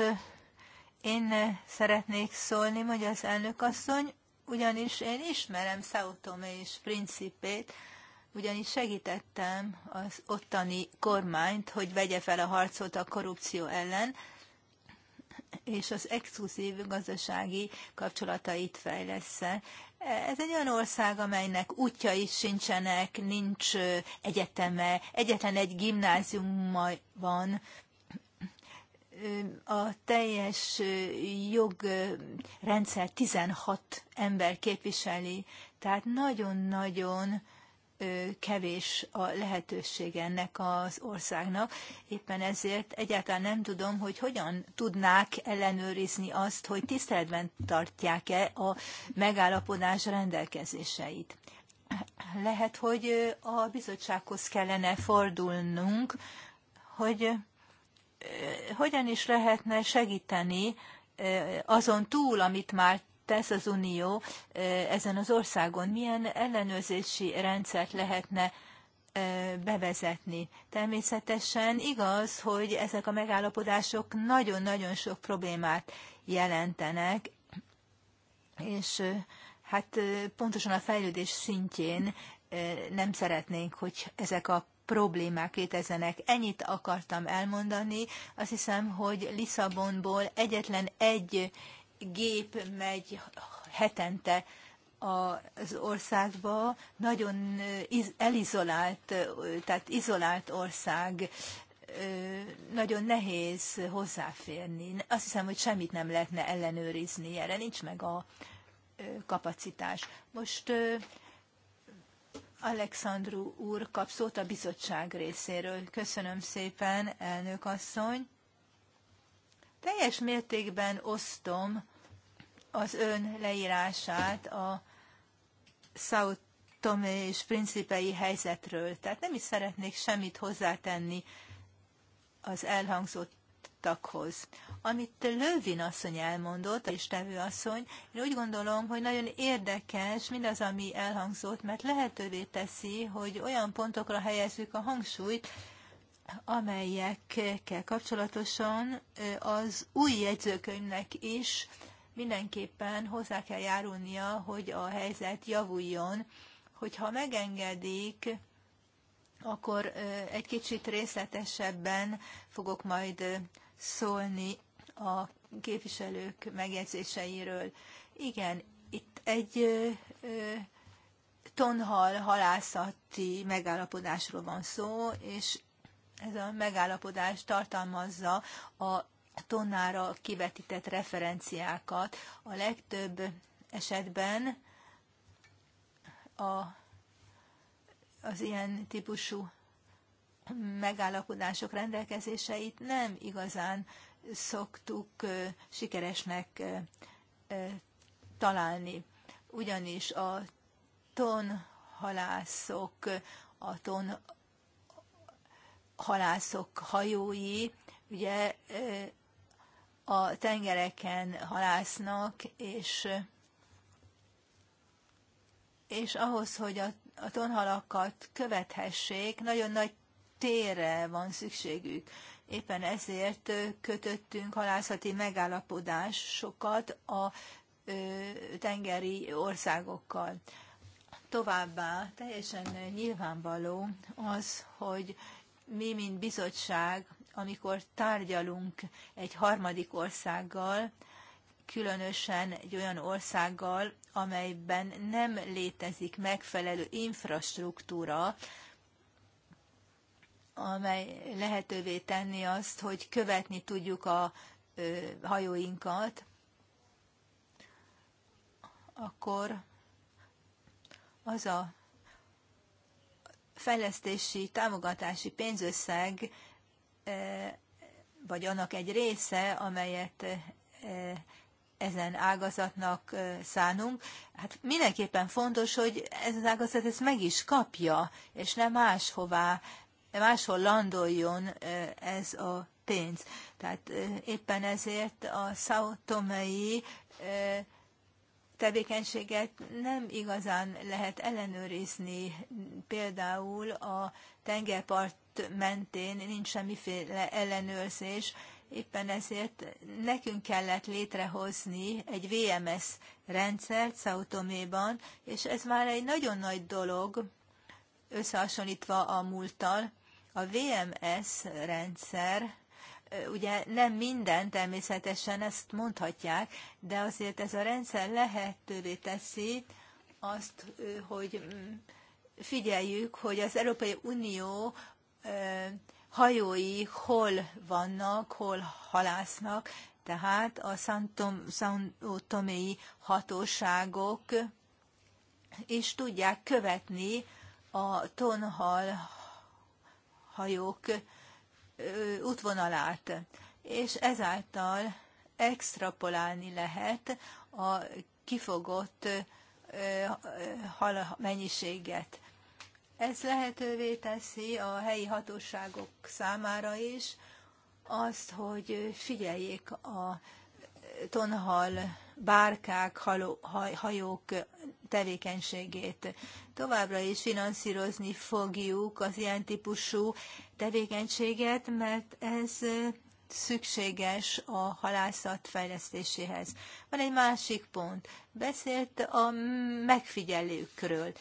én szeretnék szólni, hogy az elnök asszony, ugyanis én ismerem Sao és Principét, ugyanis segítettem az ottani kormányt, hogy vegye fel a harcot a korrupció ellen, és az exkluzív gazdasági kapcsolatait fejlesz-e. Ez egy olyan ország, amelynek is sincsenek, nincs egyeteme, egyetlen egy gimnázium van, a teljes jogrendszer 16 ember képviseli, tehát nagyon-nagyon kevés a lehetőség ennek az országnak. Éppen ezért egyáltalán nem tudom, hogy hogyan tudnák ellenőrizni azt, hogy tiszteletben tartják-e a megállapodás rendelkezéseit. Lehet, hogy a bizottsághoz kellene fordulnunk, hogy hogyan is lehetne segíteni azon túl, amit már tesz az Unió ezen az országon? Milyen ellenőrzési rendszert lehetne bevezetni. Természetesen igaz, hogy ezek a megállapodások nagyon-nagyon sok problémát jelentenek, és hát pontosan a fejlődés szintjén nem szeretnénk, hogy ezek a problémák létezenek. Ennyit akartam elmondani. Azt hiszem, hogy Lisszabonból egyetlen egy gép megy hetente az országba, nagyon elizolált, tehát izolált ország, nagyon nehéz hozzáférni. Azt hiszem, hogy semmit nem lehetne ellenőrizni, erre nincs meg a kapacitás. Most Alexandru úr kap szót a bizottság részéről. Köszönöm szépen, elnök asszony. Teljes mértékben osztom az ön leírását a Sao Tomé és principei helyzetről. Tehát nem is szeretnék semmit hozzátenni az elhangzottakhoz. Amit Lövin asszony elmondott, és tevő asszony, én úgy gondolom, hogy nagyon érdekes mindaz, ami elhangzott, mert lehetővé teszi, hogy olyan pontokra helyezzük a hangsúlyt, amelyekkel kapcsolatosan az új jegyzőkönyvnek is mindenképpen hozzá kell járulnia, hogy a helyzet javuljon. Hogyha megengedik, akkor egy kicsit részletesebben fogok majd szólni a képviselők megjegyzéseiről. Igen, itt egy tonhal halászati megállapodásról van szó, és ez a megállapodás tartalmazza a tonnára kivetített referenciákat. A legtöbb esetben a, az ilyen típusú megállapodások rendelkezéseit nem igazán szoktuk sikeresnek találni. Ugyanis a tonhalászok, a tonhalászok hajói ugye a tengereken halásznak, és, és ahhoz, hogy a, a tonhalakat követhessék, nagyon nagy térre van szükségük. Éppen ezért kötöttünk halászati megállapodásokat a ö, tengeri országokkal. Továbbá teljesen nyilvánvaló az, hogy mi, mint bizottság amikor tárgyalunk egy harmadik országgal, különösen egy olyan országgal, amelyben nem létezik megfelelő infrastruktúra, amely lehetővé tenni azt, hogy követni tudjuk a hajóinkat, akkor az a fejlesztési támogatási pénzösszeg vagy annak egy része, amelyet ezen ágazatnak szánunk, hát mindenképpen fontos, hogy ez az ágazat ezt meg is kapja, és nem máshová, máshol landoljon ez a pénz. Tehát éppen ezért a Sao tevékenységet nem igazán lehet ellenőrizni, például a tengerpart mentén nincs semmiféle ellenőrzés, éppen ezért nekünk kellett létrehozni egy VMS rendszert Szautoméban, és ez már egy nagyon nagy dolog összehasonlítva a múlttal. A VMS rendszer ugye nem minden természetesen ezt mondhatják, de azért ez a rendszer lehetővé teszi azt, hogy mm, figyeljük, hogy az Európai Unió hajói hol vannak, hol halásznak, tehát a Szantoméi hatóságok és tudják követni a tonhal hajók útvonalát, és ezáltal extrapolálni lehet a kifogott hal mennyiséget. Ez lehetővé teszi a helyi hatóságok számára is azt, hogy figyeljék a tonhal bárkák, haló, hajók tevékenységét. Továbbra is finanszírozni fogjuk az ilyen típusú tevékenységet, mert ez szükséges a halászat fejlesztéséhez. Van egy másik pont. Beszélt a megfigyelőkről.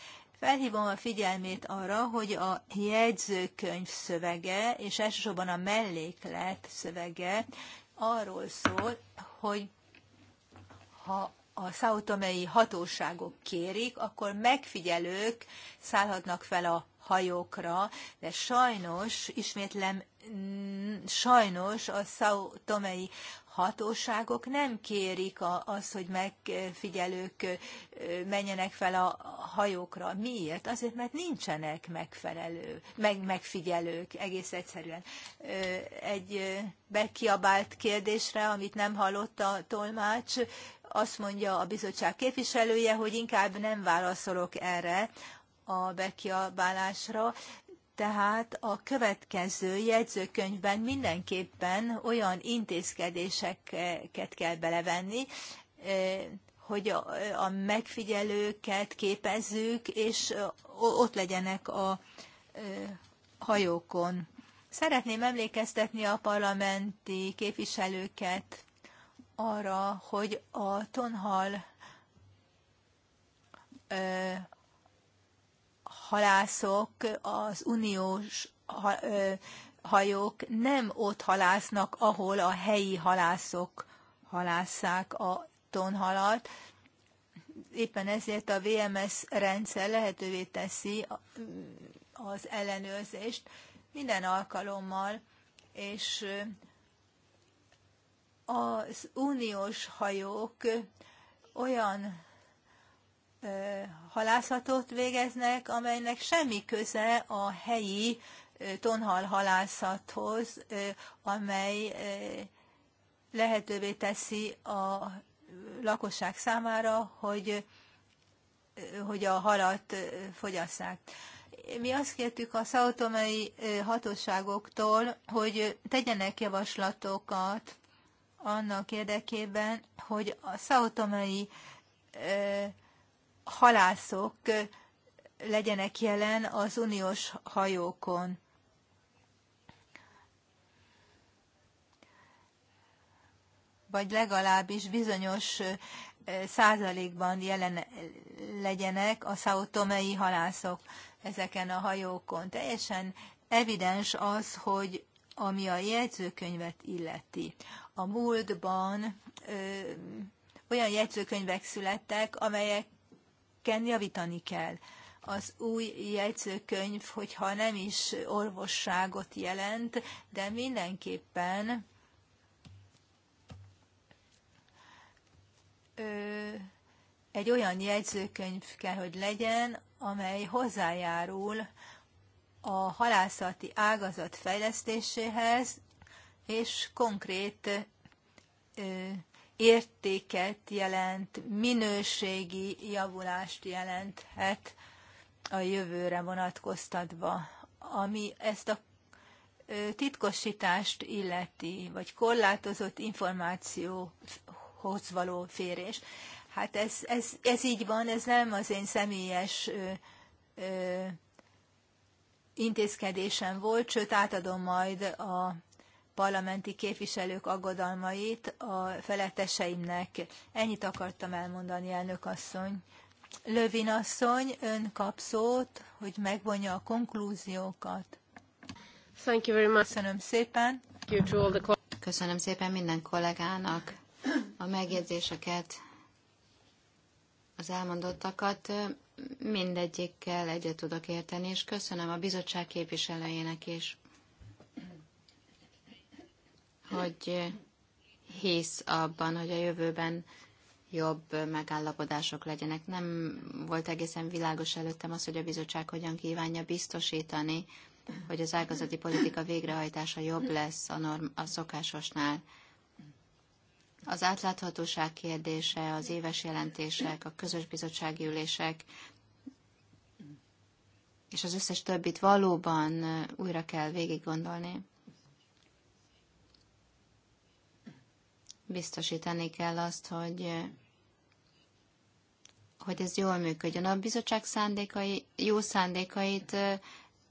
Felhívom a figyelmét arra, hogy a jegyzőkönyv szövege, és elsősorban a melléklet szövege arról szól, hogy ha a szautomei hatóságok kérik, akkor megfigyelők szállhatnak fel a hajókra, de sajnos, ismétlem, sajnos a szautomei hatóságok nem kérik az, hogy megfigyelők menjenek fel a hajókra. Miért? Azért, mert nincsenek megfelelő, meg, megfigyelők egész egyszerűen. Egy bekiabált kérdésre, amit nem hallott a tolmács, azt mondja a bizottság képviselője, hogy inkább nem válaszolok erre a bekiabálásra. Tehát a következő jegyzőkönyvben mindenképpen olyan intézkedéseket kell belevenni, eh, hogy a, megfigyelőket képezzük, és eh, ott legyenek a eh, hajókon. Szeretném emlékeztetni a parlamenti képviselőket arra, hogy a tonhal halászok, az uniós hajók nem ott halásznak, ahol a helyi halászok halásszák a tonhalat. Éppen ezért a VMS rendszer lehetővé teszi az ellenőrzést minden alkalommal, és az uniós hajók olyan halászatot végeznek, amelynek semmi köze a helyi tonhal halászathoz, amely lehetővé teszi a lakosság számára, hogy, hogy a halat fogyasszák. Mi azt kértük a szautomai hatóságoktól, hogy tegyenek javaslatokat annak érdekében, hogy a szautomai halászok legyenek jelen az uniós hajókon. Vagy legalábbis bizonyos százalékban jelen legyenek a szautomei halászok ezeken a hajókon. Teljesen evidens az, hogy ami a jegyzőkönyvet illeti. A múltban ö, olyan jegyzőkönyvek születtek, amelyek javítani kell. Az új jegyzőkönyv, hogyha nem is orvosságot jelent, de mindenképpen ö, egy olyan jegyzőkönyv kell, hogy legyen, amely hozzájárul a halászati ágazat fejlesztéséhez, és konkrét ö, értéket jelent, minőségi javulást jelenthet a jövőre vonatkoztatva, ami ezt a titkosítást illeti, vagy korlátozott információhoz való férés. Hát ez, ez, ez így van, ez nem az én személyes ö, ö, intézkedésem volt, sőt átadom majd a parlamenti képviselők aggodalmait a feletteseimnek. Ennyit akartam elmondani, elnök asszony. Lövin asszony, ön kap szót, hogy megvonja a konklúziókat. Thank you very much. Köszönöm szépen. Köszönöm szépen minden kollégának a megjegyzéseket, az elmondottakat. Mindegyikkel egyet tudok érteni, és köszönöm a bizottság képviselőjének is hogy hisz abban, hogy a jövőben jobb megállapodások legyenek. Nem volt egészen világos előttem az, hogy a bizottság hogyan kívánja biztosítani, hogy az ágazati politika végrehajtása jobb lesz a, norm, a szokásosnál. Az átláthatóság kérdése, az éves jelentések, a közös bizottsági ülések, és az összes többit valóban újra kell végig gondolni. biztosítani kell azt, hogy hogy ez jól működjön. A bizottság szándékai, jó szándékait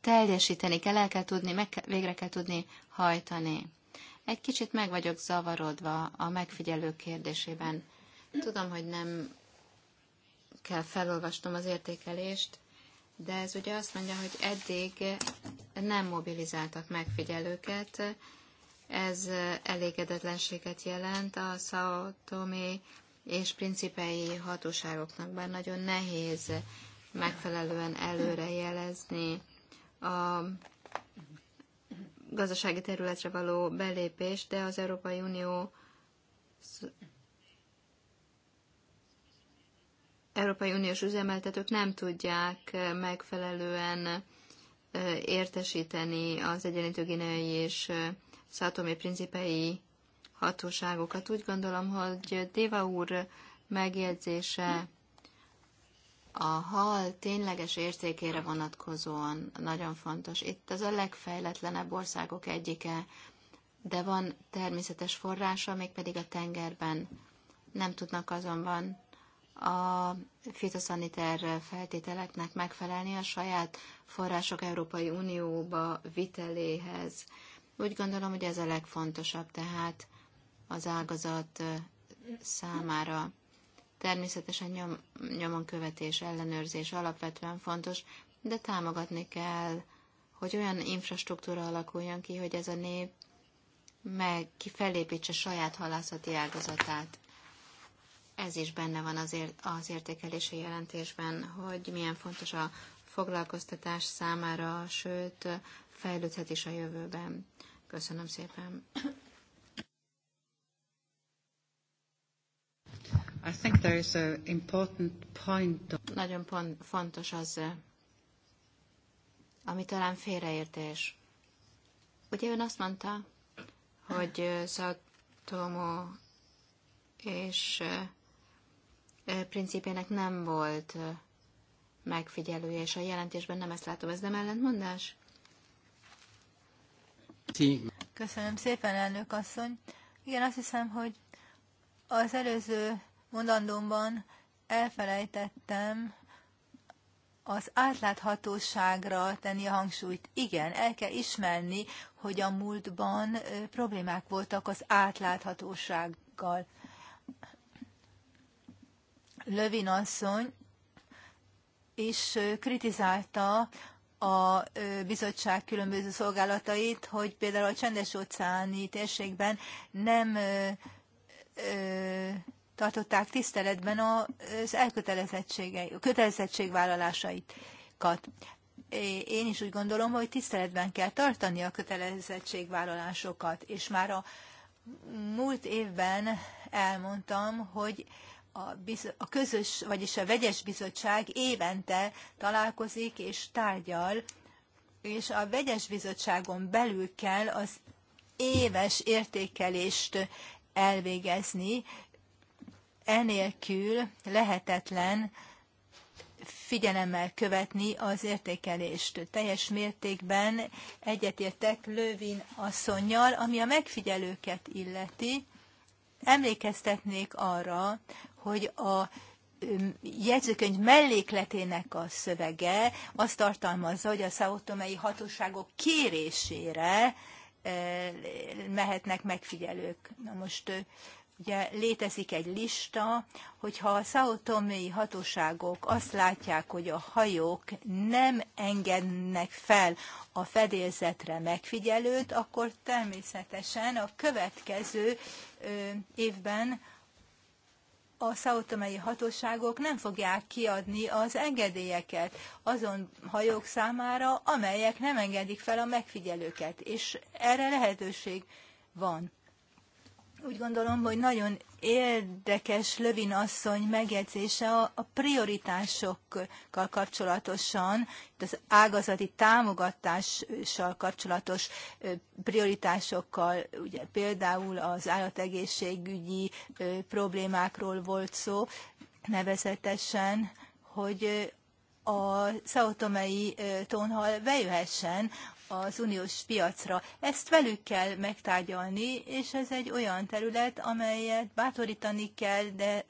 teljesíteni kell, el kell tudni, meg kell, végre kell tudni hajtani. Egy kicsit meg vagyok zavarodva a megfigyelő kérdésében. Tudom, hogy nem kell felolvasnom az értékelést, de ez ugye azt mondja, hogy eddig nem mobilizáltak megfigyelőket, ez elégedetlenséget jelent a Tomé és principei hatóságoknak, bár nagyon nehéz megfelelően előrejelezni a gazdasági területre való belépés, de az Európai Unió Európai Uniós üzemeltetők nem tudják megfelelően értesíteni az egyenlítő és Szátomé principei hatóságokat. Úgy gondolom, hogy Déva úr megjegyzése a hal tényleges értékére vonatkozóan nagyon fontos. Itt az a legfejletlenebb országok egyike, de van természetes forrása, mégpedig a tengerben. Nem tudnak azonban a fitoszaniter feltételeknek megfelelni a saját források Európai Unióba viteléhez. Úgy gondolom, hogy ez a legfontosabb tehát az ágazat számára. Természetesen nyom, nyomon követés, ellenőrzés alapvetően fontos, de támogatni kell, hogy olyan infrastruktúra alakuljon ki, hogy ez a nép meg kifelépítse saját halászati ágazatát. Ez is benne van az, ér- az értékelési jelentésben, hogy milyen fontos a foglalkoztatás számára, sőt, fejlődhet is a jövőben. Köszönöm szépen. I think there is a important point. Nagyon pont, fontos az, ami talán félreértés. Ugye ön azt mondta, hogy Szatomo és principének nem volt megfigyelője, és a jelentésben nem ezt látom. Ez nem ellentmondás? Köszönöm szépen, elnök asszony. Igen, azt hiszem, hogy az előző mondandómban elfelejtettem az átláthatóságra tenni a hangsúlyt. Igen, el kell ismerni, hogy a múltban problémák voltak az átláthatósággal. Lövin asszony is kritizálta a bizottság különböző szolgálatait, hogy például a csendes óceáni térségben nem tartották tiszteletben az elkötelezettségei, a kötelezettségvállalásaikat. Én is úgy gondolom, hogy tiszteletben kell tartani a kötelezettségvállalásokat, és már a múlt évben elmondtam, hogy a, a közös, vagyis a vegyes bizottság évente találkozik és tárgyal, és a vegyes bizottságon belül kell az éves értékelést elvégezni, enélkül lehetetlen figyelemmel követni az értékelést. Teljes mértékben egyetértek Lövin asszonynal, ami a megfigyelőket illeti. Emlékeztetnék arra, hogy a jegyzőkönyv mellékletének a szövege azt tartalmazza, hogy a szaotomei hatóságok kérésére mehetnek megfigyelők. Na most ugye létezik egy lista, hogyha a szaotomei hatóságok azt látják, hogy a hajók nem engednek fel a fedélzetre megfigyelőt, akkor természetesen a következő évben a szautomai hatóságok nem fogják kiadni az engedélyeket azon hajók számára, amelyek nem engedik fel a megfigyelőket, és erre lehetőség van. Úgy gondolom, hogy nagyon érdekes Lövin asszony megjegyzése a prioritásokkal kapcsolatosan, az ágazati támogatással kapcsolatos prioritásokkal, ugye például az állategészségügyi problémákról volt szó, nevezetesen, hogy a szautomei tónhal bejöhessen az uniós piacra. Ezt velük kell megtárgyalni, és ez egy olyan terület, amelyet bátorítani kell, de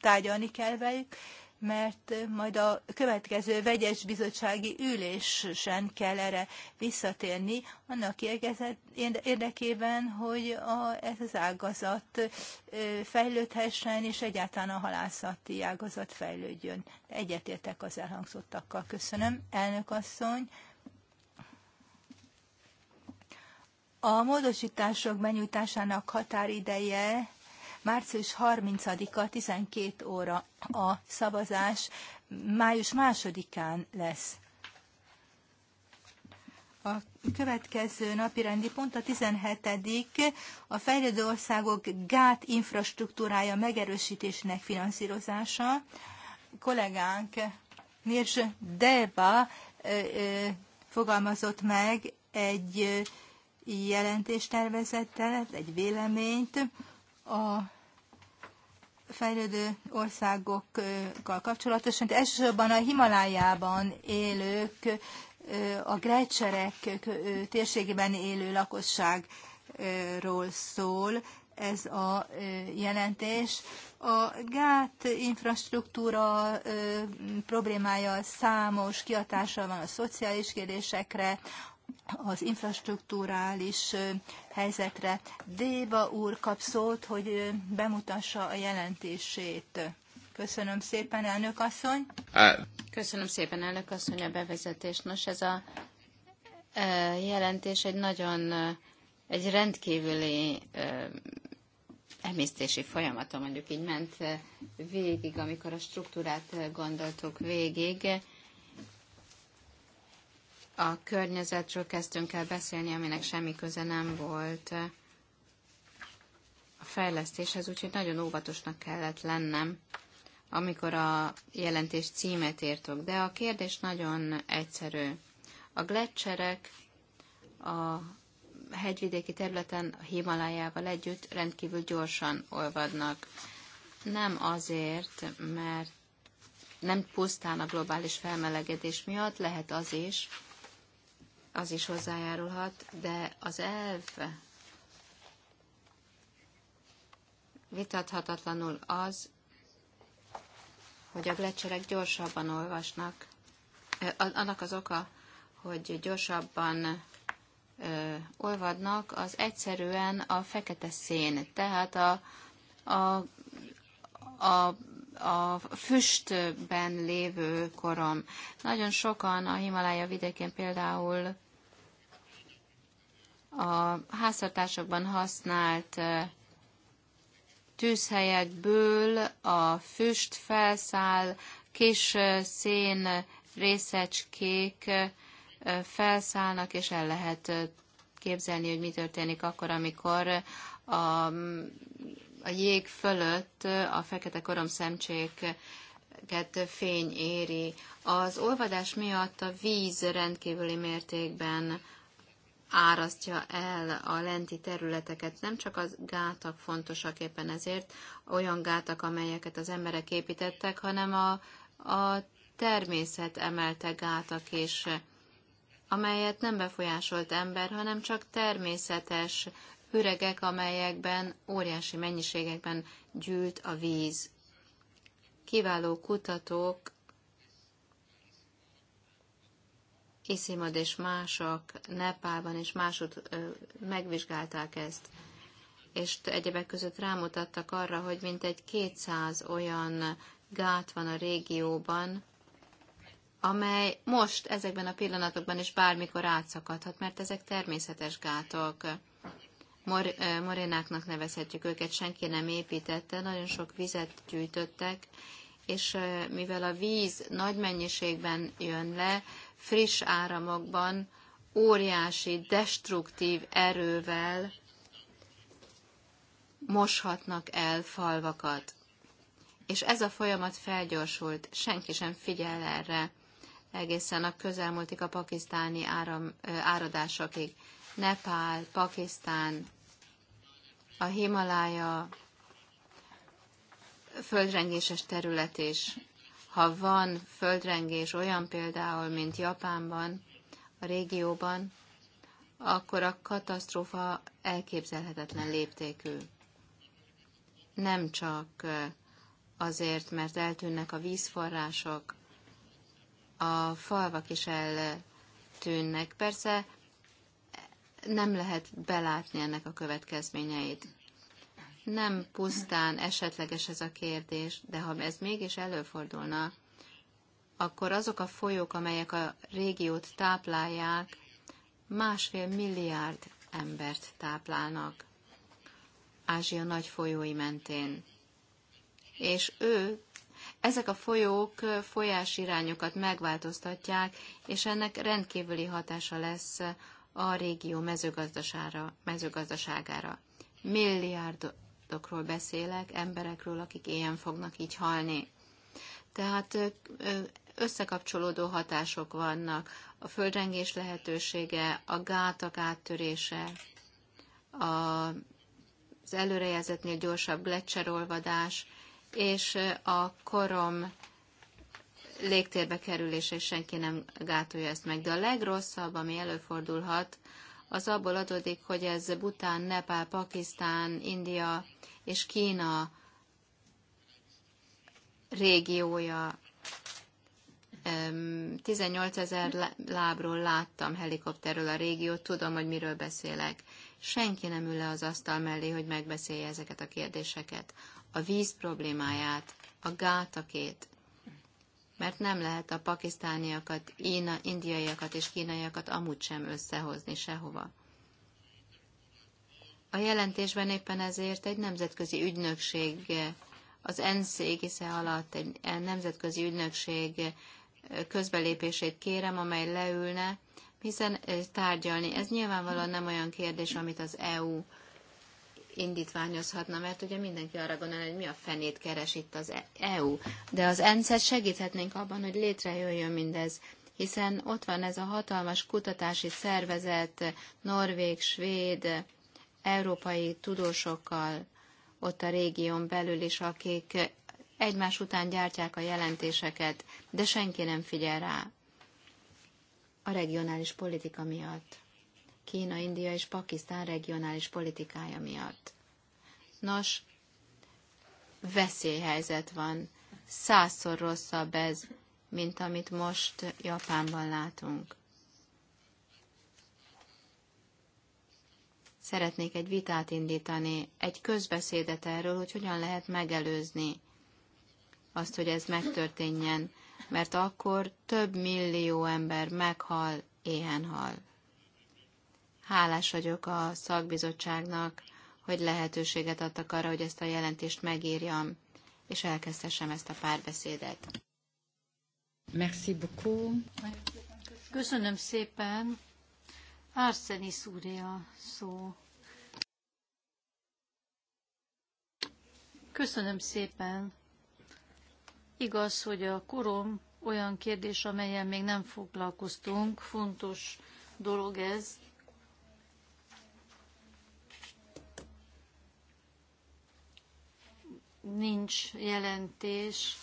tárgyalni kell velük, mert majd a következő vegyes bizottsági ülésen kell erre visszatérni, annak érdekében, hogy a, ez az ágazat fejlődhessen, és egyáltalán a halászati ágazat fejlődjön. Egyetértek az elhangzottakkal. Köszönöm, elnök asszony. A módosítások benyújtásának határideje március 30-a 12 óra. A szavazás május 2-án lesz. A következő napirendi pont a 17. a fejlődő országok gát infrastruktúrája megerősítésének finanszírozása. Kollégánk Mirzs Deva fogalmazott meg egy jelentéstervezettel, egy véleményt a fejlődő országokkal kapcsolatosan, de elsősorban a Himalájában élők, a grecserek térségében élő lakosságról szól ez a jelentés. A gát infrastruktúra problémája számos kiatással van a szociális kérdésekre, az infrastruktúrális helyzetre. Déva úr kap szót, hogy bemutassa a jelentését. Köszönöm szépen, elnök asszony. Köszönöm szépen, elnök asszony, a bevezetést. Nos, ez a jelentés egy nagyon, egy rendkívüli emésztési folyamaton mondjuk így ment végig, amikor a struktúrát gondoltuk végig a környezetről kezdtünk el beszélni, aminek semmi köze nem volt a fejlesztéshez, úgyhogy nagyon óvatosnak kellett lennem, amikor a jelentés címet írtok. De a kérdés nagyon egyszerű. A gletszerek a hegyvidéki területen a Himalájával együtt rendkívül gyorsan olvadnak. Nem azért, mert nem pusztán a globális felmelegedés miatt, lehet az is, az is hozzájárulhat, de az elv vitathatatlanul az, hogy a glecserek gyorsabban olvasnak. Annak az oka, hogy gyorsabban olvadnak, az egyszerűen a fekete szén, tehát a, a, a, a füstben lévő korom. Nagyon sokan a Himalája vidékén például a háztartásokban használt tűzhelyekből a füst felszáll, kis szén részecskék felszállnak, és el lehet képzelni, hogy mi történik akkor, amikor a, a jég fölött a fekete koromszemcsék fény éri. Az olvadás miatt a víz rendkívüli mértékben árasztja el a lenti területeket. Nem csak az gátak fontosak éppen ezért, olyan gátak, amelyeket az emberek építettek, hanem a, a természet emelte gátak és amelyet nem befolyásolt ember, hanem csak természetes üregek, amelyekben óriási mennyiségekben gyűlt a víz. Kiváló kutatók Iszimad és mások Nepában és másod megvizsgálták ezt, és egyebek között rámutattak arra, hogy mintegy 200 olyan gát van a régióban, amely most ezekben a pillanatokban is bármikor átszakadhat, mert ezek természetes gátok. Mor, morénáknak nevezhetjük őket, senki nem építette, nagyon sok vizet gyűjtöttek, és mivel a víz nagy mennyiségben jön le, friss áramokban óriási, destruktív erővel moshatnak el falvakat. És ez a folyamat felgyorsult, senki sem figyel erre egészen a közelmúltig a pakisztáni áram, áradásokig. Nepál, Pakisztán, a Himalája földrengéses terület is ha van földrengés olyan például, mint Japánban, a régióban, akkor a katasztrófa elképzelhetetlen léptékű. Nem csak azért, mert eltűnnek a vízforrások, a falvak is eltűnnek. Persze nem lehet belátni ennek a következményeit nem pusztán esetleges ez a kérdés, de ha ez mégis előfordulna, akkor azok a folyók, amelyek a régiót táplálják, másfél milliárd embert táplálnak Ázsia nagy folyói mentén. És ő, ezek a folyók folyás irányokat megváltoztatják, és ennek rendkívüli hatása lesz a régió mezőgazdaságára. Milliárd, halottakról beszélek, emberekről, akik ilyen fognak így halni. Tehát összekapcsolódó hatások vannak. A földrengés lehetősége, a gátak áttörése, a, az előrejelzetnél gyorsabb gletszerolvadás, és a korom légtérbe kerülése, és senki nem gátolja ezt meg. De a legrosszabb, ami előfordulhat, az abból adódik, hogy ez Bután, Nepál, Pakisztán, India és Kína régiója. 18 ezer lábról láttam helikopterről a régiót, tudom, hogy miről beszélek. Senki nem ül le az asztal mellé, hogy megbeszélje ezeket a kérdéseket. A víz problémáját, a gátakét, mert nem lehet a pakisztániakat, ína, indiaiakat és kínaiakat amúgy sem összehozni sehova. A jelentésben éppen ezért egy nemzetközi ügynökség, az ENSZ égisze alatt egy nemzetközi ügynökség közbelépését kérem, amely leülne, hiszen tárgyalni. Ez nyilvánvalóan nem olyan kérdés, amit az EU indítványozhatna, mert ugye mindenki arra gondol, hogy mi a fenét keres itt az EU. De az ENSZ-et segíthetnénk abban, hogy létrejöjjön mindez, hiszen ott van ez a hatalmas kutatási szervezet, norvég, svéd, európai tudósokkal ott a régión belül is, akik egymás után gyártják a jelentéseket, de senki nem figyel rá a regionális politika miatt. Kína, India és Pakisztán regionális politikája miatt. Nos, veszélyhelyzet van. Százszor rosszabb ez, mint amit most Japánban látunk. Szeretnék egy vitát indítani, egy közbeszédet erről, hogy hogyan lehet megelőzni azt, hogy ez megtörténjen, mert akkor több millió ember meghal, éhen hal. Hálás vagyok a szakbizottságnak, hogy lehetőséget adtak arra, hogy ezt a jelentést megírjam, és elkezdhessem ezt a párbeszédet. Merci beaucoup. Köszönöm szépen. Arsenis úré a szó. Köszönöm szépen. Igaz, hogy a korom olyan kérdés, amelyen még nem foglalkoztunk. Fontos dolog ez, nincs jelentés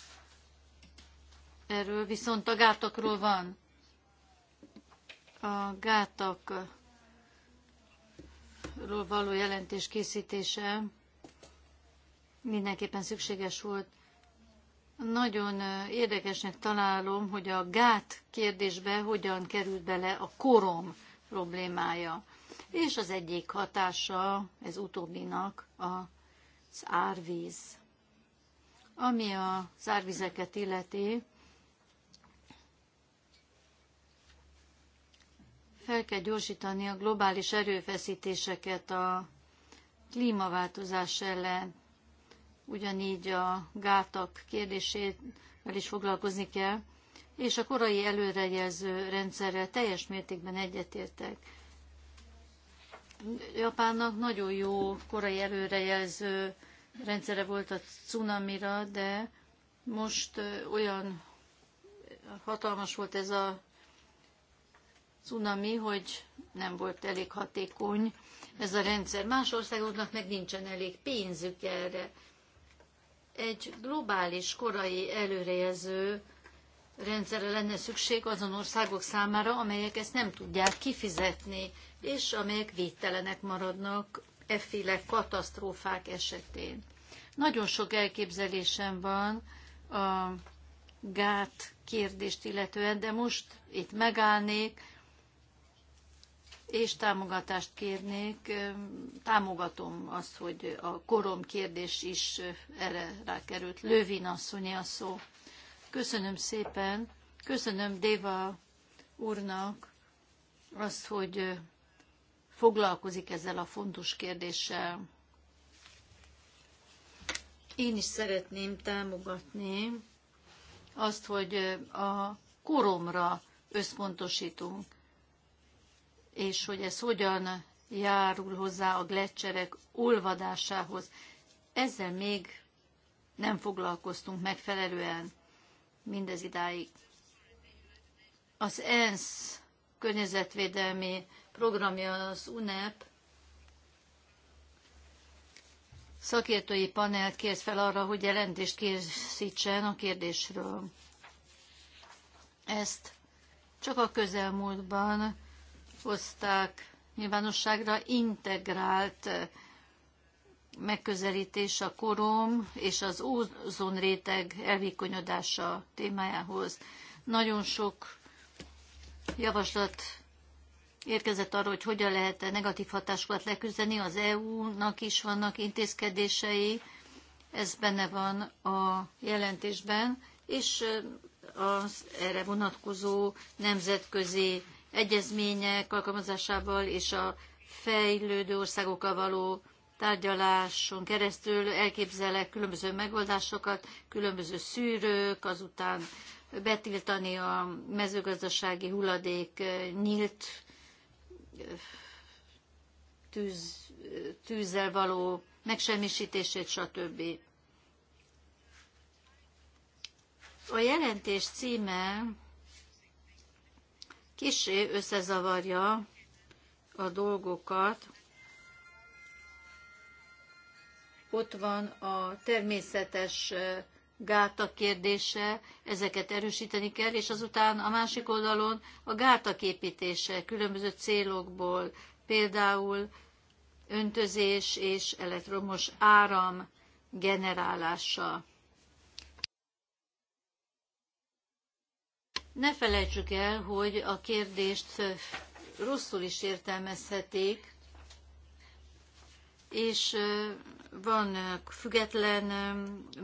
erről, viszont a gátakról van. A gátakról való jelentés készítése mindenképpen szükséges volt. Nagyon érdekesnek találom, hogy a gát kérdésbe hogyan került bele a korom problémája. És az egyik hatása ez utóbbinak az árvíz ami a zárvizeket illeti, fel kell gyorsítani a globális erőfeszítéseket a klímaváltozás ellen. Ugyanígy a gátak kérdésével is foglalkozni kell, és a korai előrejelző rendszerrel teljes mértékben egyetértek. Japánnak nagyon jó korai előrejelző rendszere volt a cunamira, de most olyan hatalmas volt ez a cunami, hogy nem volt elég hatékony ez a rendszer. Más országoknak meg nincsen elég pénzük erre. Egy globális, korai előrejelző rendszerre lenne szükség azon országok számára, amelyek ezt nem tudják kifizetni, és amelyek védtelenek maradnak efféle katasztrófák esetén. Nagyon sok elképzelésem van a gát kérdést illetően, de most itt megállnék, és támogatást kérnék. Támogatom azt, hogy a korom kérdés is erre rákerült. Lövin asszonyi a szó. Köszönöm szépen. Köszönöm Déva úrnak azt, hogy foglalkozik ezzel a fontos kérdéssel. Én is szeretném támogatni azt, hogy a koromra összpontosítunk, és hogy ez hogyan járul hozzá a gletszerek olvadásához. Ezzel még nem foglalkoztunk megfelelően mindez idáig. Az ENSZ környezetvédelmi programja az UNEP szakértői panelt kért fel arra, hogy jelentést készítsen a kérdésről. Ezt csak a közelmúltban hozták nyilvánosságra integrált megközelítés a korom és az ózonréteg elvékonyodása témájához. Nagyon sok javaslat érkezett arról, hogy hogyan lehet a negatív hatásokat leküzdeni. Az EU-nak is vannak intézkedései, ez benne van a jelentésben, és az erre vonatkozó nemzetközi egyezmények alkalmazásával és a fejlődő országokkal való tárgyaláson keresztül elképzelek különböző megoldásokat, különböző szűrők, azután betiltani a mezőgazdasági hulladék nyílt tűz, tűzzel való megsemmisítését, stb. A jelentés címe kisé összezavarja a dolgokat. Ott van a természetes gáta kérdése, ezeket erősíteni kell, és azután a másik oldalon a gátak építése különböző célokból, például öntözés és elektromos áram generálása. Ne felejtsük el, hogy a kérdést rosszul is értelmezhetik, és van független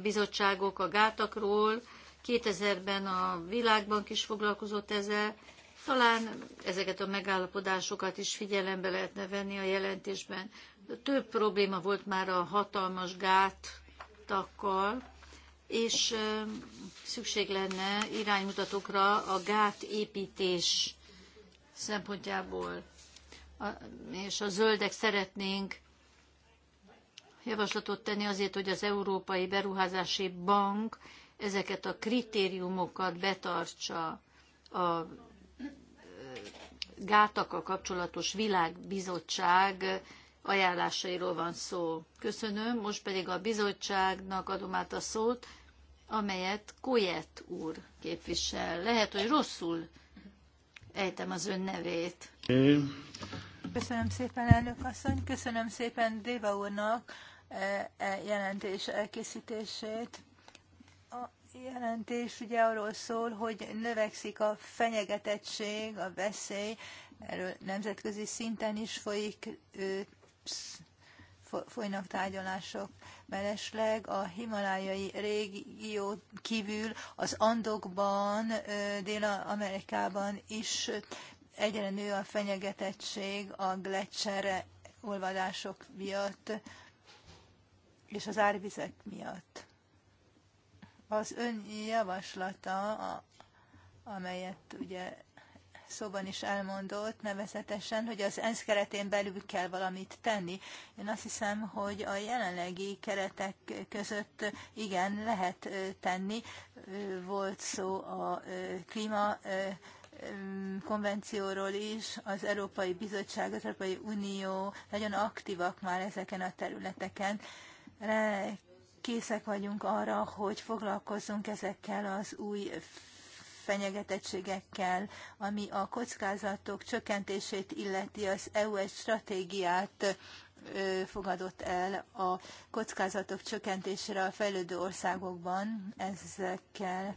bizottságok a gátakról, 2000-ben a Világbank is foglalkozott ezzel, talán ezeket a megállapodásokat is figyelembe lehetne venni a jelentésben. Több probléma volt már a hatalmas gátakkal, és szükség lenne iránymutatókra a gát építés szempontjából. és a zöldek szeretnénk javaslatot tenni azért, hogy az Európai Beruházási Bank ezeket a kritériumokat betartsa a gátakkal kapcsolatos világbizottság ajánlásairól van szó. Köszönöm, most pedig a bizottságnak adom át a szót, amelyet Kujet úr képvisel. Lehet, hogy rosszul ejtem az ön nevét. Köszönöm szépen, elnök asszony, köszönöm szépen Déva úrnak E, e, jelentés elkészítését. A jelentés ugye arról szól, hogy növekszik a fenyegetettség, a veszély, erről nemzetközi szinten is folyik, folynak tárgyalások. mellesleg. a himalájai régió kívül az Andokban, Dél-Amerikában is egyre nő a fenyegetettség a gletszere olvadások miatt és az árvizek miatt. Az ön javaslata, a, amelyet ugye szóban is elmondott, nevezetesen, hogy az ENSZ keretén belül kell valamit tenni. Én azt hiszem, hogy a jelenlegi keretek között igen, lehet tenni. Volt szó a klíma konvencióról is, az Európai Bizottság, az Európai Unió nagyon aktívak már ezeken a területeken készek vagyunk arra, hogy foglalkozzunk ezekkel az új fenyegetettségekkel, ami a kockázatok csökkentését illeti, az EU egy stratégiát fogadott el a kockázatok csökkentésére a fejlődő országokban ezekkel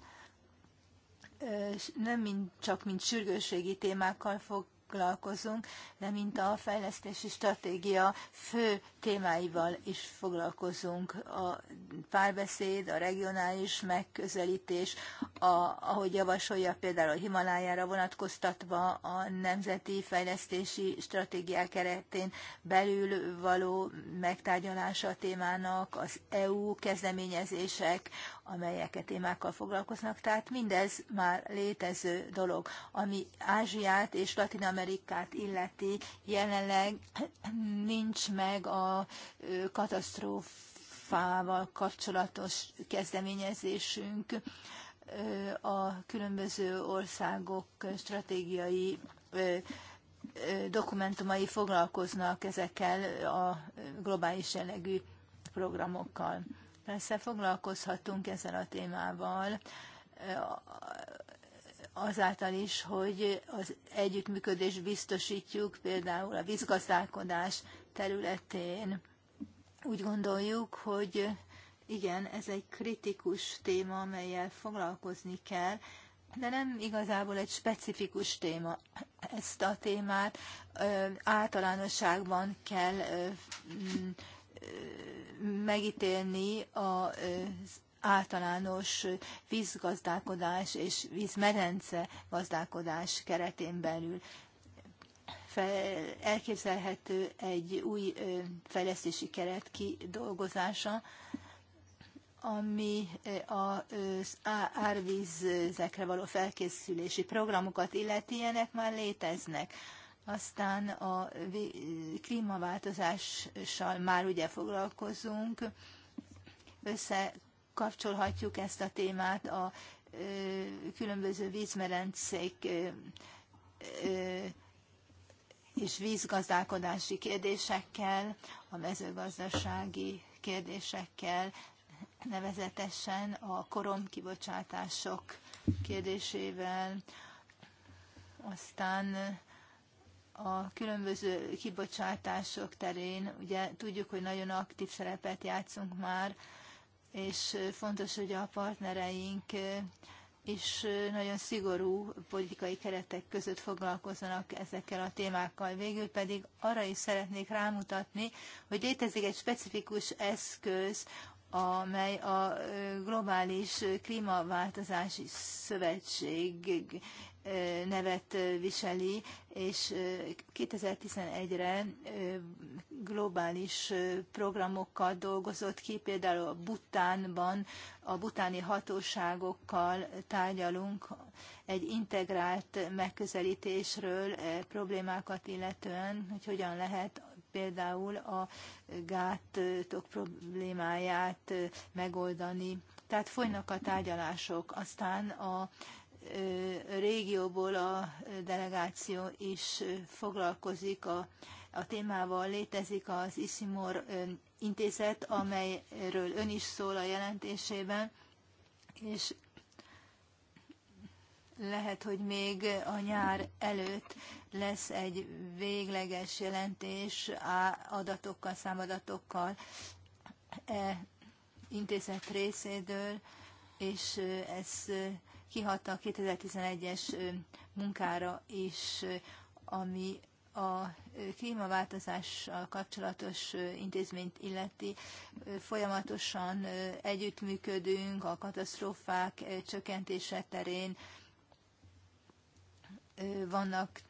nem mind, csak mint sürgősségi témákkal fog, foglalkozunk, de mint a fejlesztési stratégia fő témáival is foglalkozunk. A párbeszéd, a regionális megközelítés, a, ahogy javasolja például a Himalájára vonatkoztatva a nemzeti fejlesztési stratégiák keretén belül való megtárgyalása a témának, az EU kezdeményezések, amelyeket témákkal foglalkoznak, tehát mindez már létező dolog. Ami Ázsiát és Latin Amerikát illeti, jelenleg nincs meg a katasztrófával kapcsolatos kezdeményezésünk a különböző országok stratégiai dokumentumai foglalkoznak ezekkel a globális jellegű programokkal. Persze foglalkozhatunk ezzel a témával, eh, azáltal is, hogy az együttműködést biztosítjuk például a vízgazdálkodás területén. Úgy gondoljuk, hogy igen, ez egy kritikus téma, amelyel foglalkozni kell, de nem igazából egy specifikus téma. Ezt a témát általánosságban kell ö, megítélni az általános vízgazdálkodás és vízmerence gazdálkodás keretén belül elképzelhető egy új fejlesztési keret kidolgozása, ami az árvízekre való felkészülési programokat illeti, ilyenek már léteznek. Aztán a klímaváltozással már ugye foglalkozunk, összekapcsolhatjuk ezt a témát a különböző vízmerencék és vízgazdálkodási kérdésekkel, a mezőgazdasági kérdésekkel, nevezetesen a koromkibocsátások kérdésével, aztán a különböző kibocsátások terén, ugye tudjuk, hogy nagyon aktív szerepet játszunk már, és fontos, hogy a partnereink és nagyon szigorú politikai keretek között foglalkozzanak ezekkel a témákkal. Végül pedig arra is szeretnék rámutatni, hogy létezik egy specifikus eszköz, amely a globális klímaváltozási szövetség nevet viseli, és 2011-re globális programokkal dolgozott ki, például a Butánban a butáni hatóságokkal tárgyalunk egy integrált megközelítésről problémákat illetően, hogy hogyan lehet például a gátok problémáját megoldani. Tehát folynak a tárgyalások. Aztán a régióból a delegáció is foglalkozik a, a témával. Létezik az Isimor intézet, amelyről ön is szól a jelentésében, és lehet, hogy még a nyár előtt lesz egy végleges jelentés adatokkal, számadatokkal e intézet részéről, és ez kihatta a 2011-es munkára is, ami a klímaváltozással kapcsolatos intézményt illeti. Folyamatosan együttműködünk a katasztrófák csökkentése terén. Vannak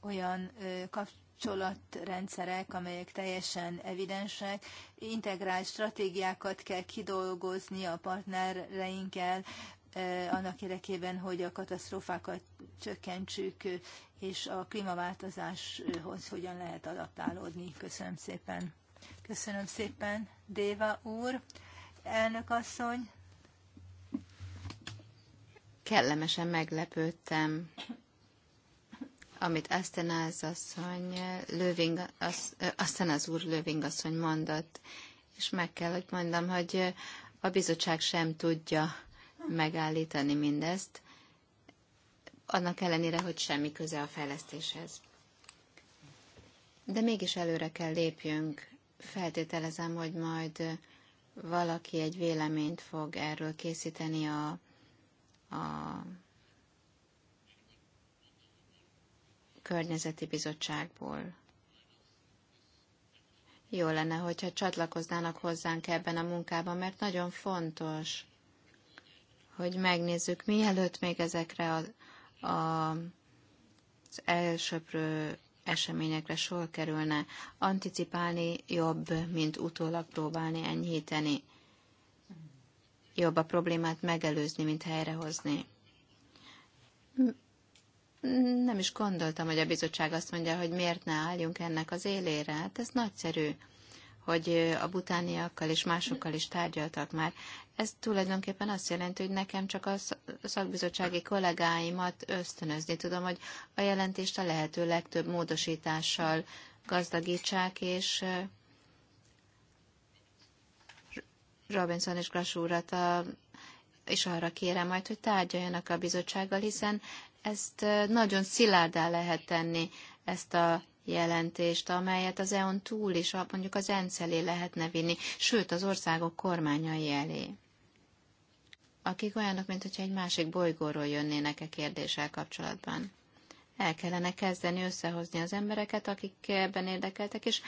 olyan kapcsolatrendszerek, amelyek teljesen evidensek. Integrált stratégiákat kell kidolgozni a partnereinkkel, Eh, annak érdekében, hogy a katasztrófákat csökkentsük, és a klímaváltozáshoz hogyan lehet adaptálódni. Köszönöm szépen. Köszönöm szépen, Déva úr. Elnök asszony. Kellemesen meglepődtem, amit az asszony, Löving, az Asztenáz úr Löving asszony mondott, és meg kell, hogy mondjam, hogy a bizottság sem tudja, megállítani mindezt, annak ellenére, hogy semmi köze a fejlesztéshez. De mégis előre kell lépjünk. Feltételezem, hogy majd valaki egy véleményt fog erről készíteni a, a környezeti bizottságból. Jó lenne, hogyha csatlakoznának hozzánk ebben a munkában, mert nagyon fontos hogy megnézzük, mielőtt még ezekre a, a, az elsőprő eseményekre sor kerülne, anticipálni jobb, mint utólag próbálni enyhíteni. Jobb a problémát megelőzni, mint helyrehozni. Nem is gondoltam, hogy a bizottság azt mondja, hogy miért ne álljunk ennek az élére. Hát ez nagyszerű, hogy a butániakkal és másokkal is tárgyaltak már. Ez tulajdonképpen azt jelenti, hogy nekem csak a szakbizottsági kollégáimat ösztönözni tudom, hogy a jelentést a lehető legtöbb módosítással gazdagítsák, és Robinson és Grass úrat is arra kérem majd, hogy tárgyaljanak a bizottsággal, hiszen ezt nagyon szilárdá lehet tenni, ezt a jelentést, amelyet az EON túl is, mondjuk az ENCE lehetne vinni, sőt az országok kormányai elé akik olyanok, mint hogyha egy másik bolygóról jönnének e kérdéssel kapcsolatban. El kellene kezdeni összehozni az embereket, akik ebben érdekeltek, és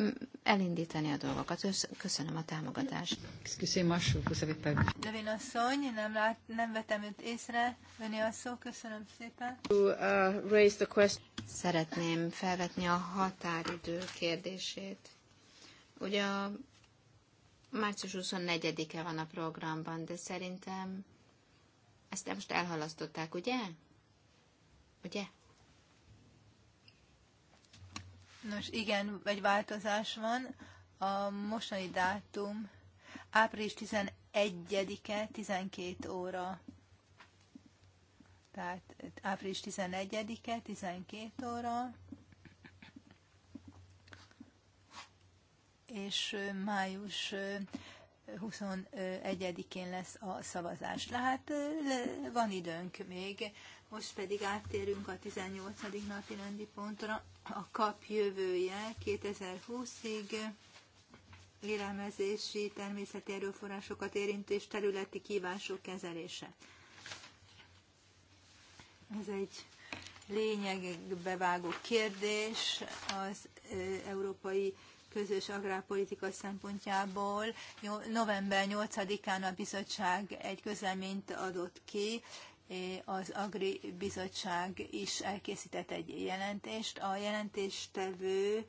mm, elindítani a dolgokat. Köszönöm a támogatást. Lövin asszony, nem, lát, nem vetem őt észre. Öni a szó, köszönöm szépen. Uh, Szeretném felvetni a határidő kérdését. Ugye a március 24-e van a programban, de szerintem ezt most elhalasztották, ugye? Ugye? Nos, igen, egy változás van. A mostani dátum április 11-e, 12 óra. Tehát április 11-e, 12 óra. és május 21-én lesz a szavazás. Tehát van időnk még. Most pedig áttérünk a 18. napi rendi pontra, a kap jövője 2020-ig élelmezési természeti erőforrásokat érintő és területi kívások kezelése. Ez egy lényegbe vágó kérdés az Európai közös agrárpolitika szempontjából. November 8-án a bizottság egy közleményt adott ki, az Agri Bizottság is elkészített egy jelentést. A jelentéstevő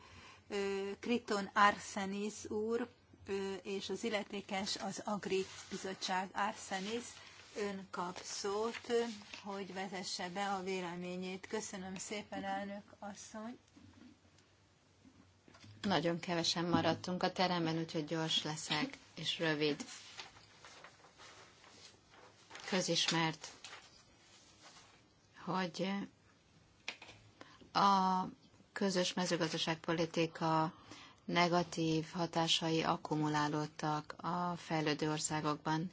Kriton Arsenis úr, és az illetékes az Agri Bizottság Arsenis ön kap szót, hogy vezesse be a véleményét. Köszönöm szépen, elnök asszony. Nagyon kevesen maradtunk a teremben, úgyhogy gyors leszek, és rövid. Közismert, hogy a közös mezőgazdaságpolitika negatív hatásai akkumulálódtak a fejlődő országokban.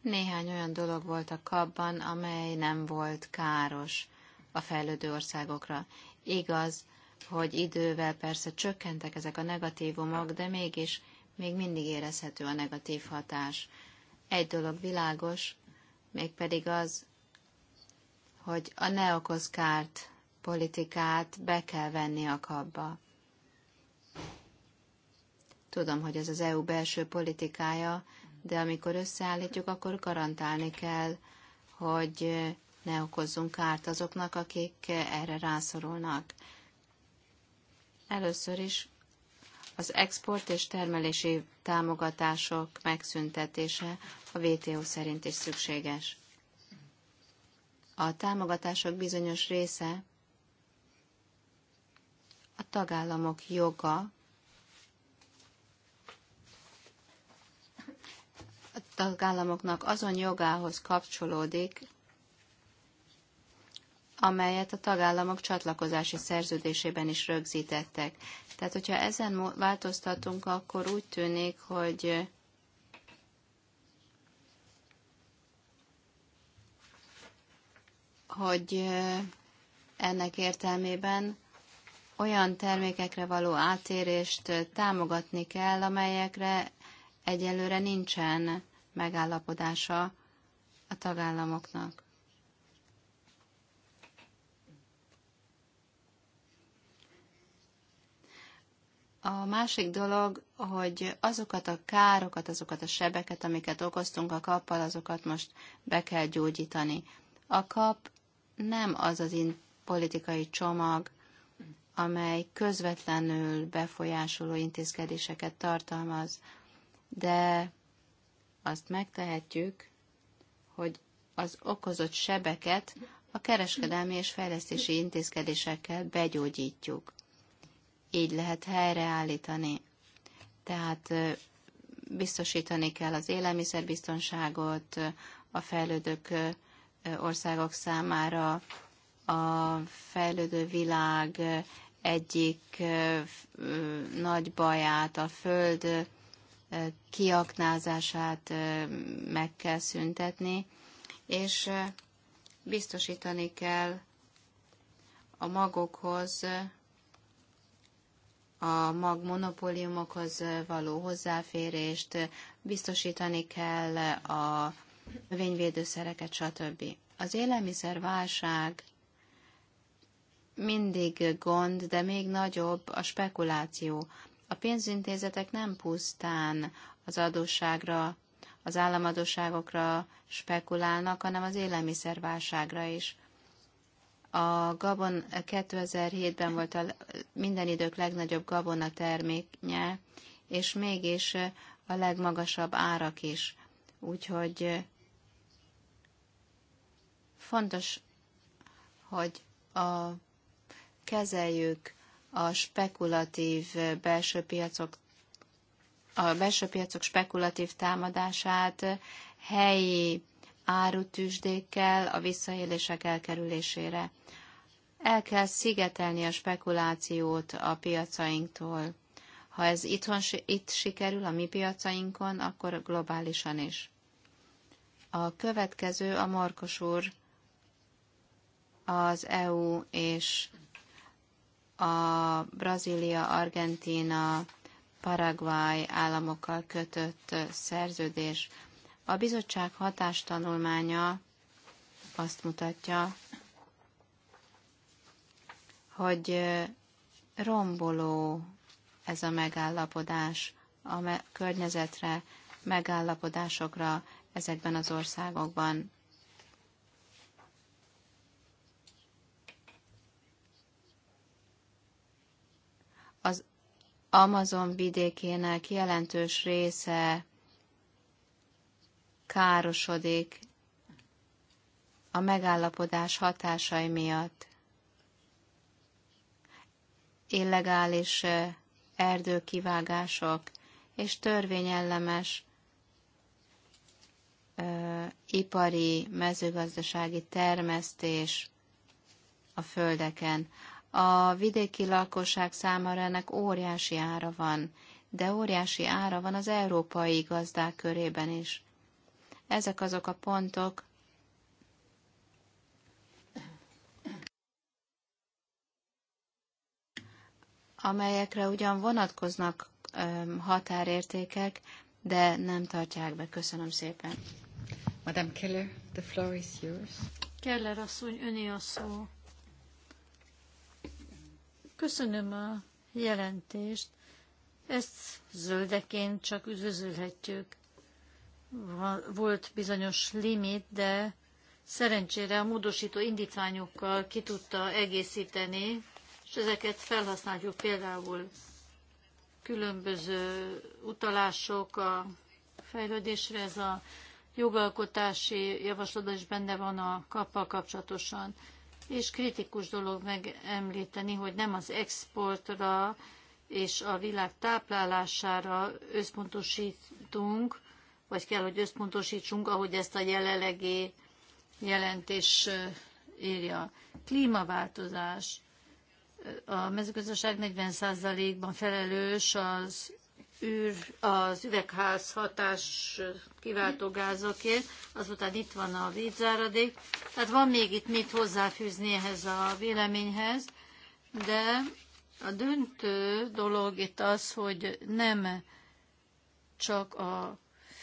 Néhány olyan dolog volt a kapban, amely nem volt káros a fejlődő országokra. Igaz, hogy idővel persze csökkentek ezek a negatívumok, de mégis még mindig érezhető a negatív hatás. Egy dolog világos, mégpedig az, hogy a ne okoz kárt politikát be kell venni a kabba. Tudom, hogy ez az EU belső politikája, de amikor összeállítjuk, akkor garantálni kell, hogy ne okozzunk kárt azoknak, akik erre rászorulnak. Először is az export és termelési támogatások megszüntetése a WTO szerint is szükséges. A támogatások bizonyos része a tagállamok joga, a tagállamoknak azon jogához kapcsolódik, amelyet a tagállamok csatlakozási szerződésében is rögzítettek. Tehát, hogyha ezen változtatunk, akkor úgy tűnik, hogy hogy ennek értelmében olyan termékekre való átérést támogatni kell, amelyekre egyelőre nincsen megállapodása a tagállamoknak. A másik dolog, hogy azokat a károkat, azokat a sebeket, amiket okoztunk a kappal, azokat most be kell gyógyítani. A kap nem az az in- politikai csomag, amely közvetlenül befolyásoló intézkedéseket tartalmaz, de azt megtehetjük, hogy az okozott sebeket a kereskedelmi és fejlesztési intézkedésekkel begyógyítjuk így lehet helyreállítani. Tehát biztosítani kell az élelmiszerbiztonságot a fejlődők országok számára, a fejlődő világ egyik nagy baját, a föld kiaknázását meg kell szüntetni, és biztosítani kell a magokhoz a magmonopóliumokhoz való hozzáférést, biztosítani kell a növényvédőszereket, stb. Az élelmiszerválság mindig gond, de még nagyobb a spekuláció. A pénzintézetek nem pusztán az adósságra, az államadóságokra spekulálnak, hanem az élelmiszerválságra is. A gabon 2007-ben volt a minden idők legnagyobb gabona terméknye, és mégis a legmagasabb árak is. Úgyhogy fontos, hogy a, kezeljük a spekulatív belső piacok a belső piacok spekulatív támadását helyi árutűzsdékkel a visszaélések elkerülésére. El kell szigetelni a spekulációt a piacainktól. Ha ez itthon, itt sikerül a mi piacainkon, akkor globálisan is. A következő a Markos úr, az EU és a Brazília, Argentína, Paraguay államokkal kötött szerződés. A bizottság hatástanulmánya azt mutatja, hogy romboló ez a megállapodás a me- környezetre, megállapodásokra ezekben az országokban. Az Amazon vidékének jelentős része károsodik a megállapodás hatásai miatt. Illegális erdőkivágások és törvényellemes ö, ipari, mezőgazdasági termesztés a földeken. A vidéki lakosság számára ennek óriási ára van, de óriási ára van az európai gazdák körében is. Ezek azok a pontok, amelyekre ugyan vonatkoznak határértékek, de nem tartják be. Köszönöm szépen. Madame Keller, the floor is yours. Keller asszony, öné a szó. Köszönöm a jelentést. Ezt zöldeként csak üdvözölhetjük volt bizonyos limit, de szerencsére a módosító indítványokkal ki tudta egészíteni, és ezeket felhasználjuk például különböző utalások a fejlődésre, ez a jogalkotási javaslat is benne van a kappal kapcsolatosan. És kritikus dolog megemlíteni, hogy nem az exportra és a világ táplálására összpontosítunk, vagy kell, hogy összpontosítsunk, ahogy ezt a jelenlegi jelentés írja. Klímaváltozás. A mezőgazdaság 40%-ban felelős az űr, az üvegház hatás kiváltó gázokért, azután itt van a vízáradék, tehát van még itt mit hozzáfűzni ehhez a véleményhez, de a döntő dolog itt az, hogy nem csak a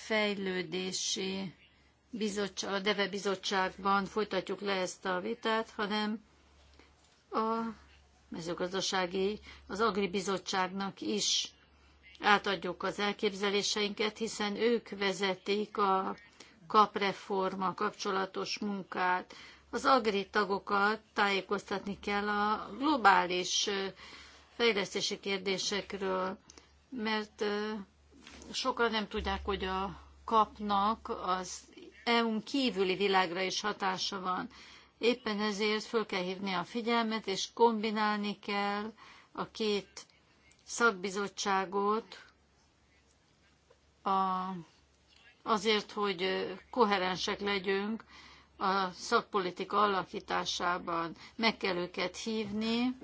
fejlődési bizottság, a DEVE bizottságban folytatjuk le ezt a vitát, hanem a mezőgazdasági, az Agri Bizottságnak is átadjuk az elképzeléseinket, hiszen ők vezetik a kapreforma kapcsolatos munkát. Az agri tagokat tájékoztatni kell a globális fejlesztési kérdésekről, mert sokan nem tudják, hogy a kapnak az EU-n kívüli világra is hatása van. Éppen ezért föl kell hívni a figyelmet, és kombinálni kell a két szakbizottságot a, azért, hogy koherensek legyünk a szakpolitika alakításában. Meg kell őket hívni,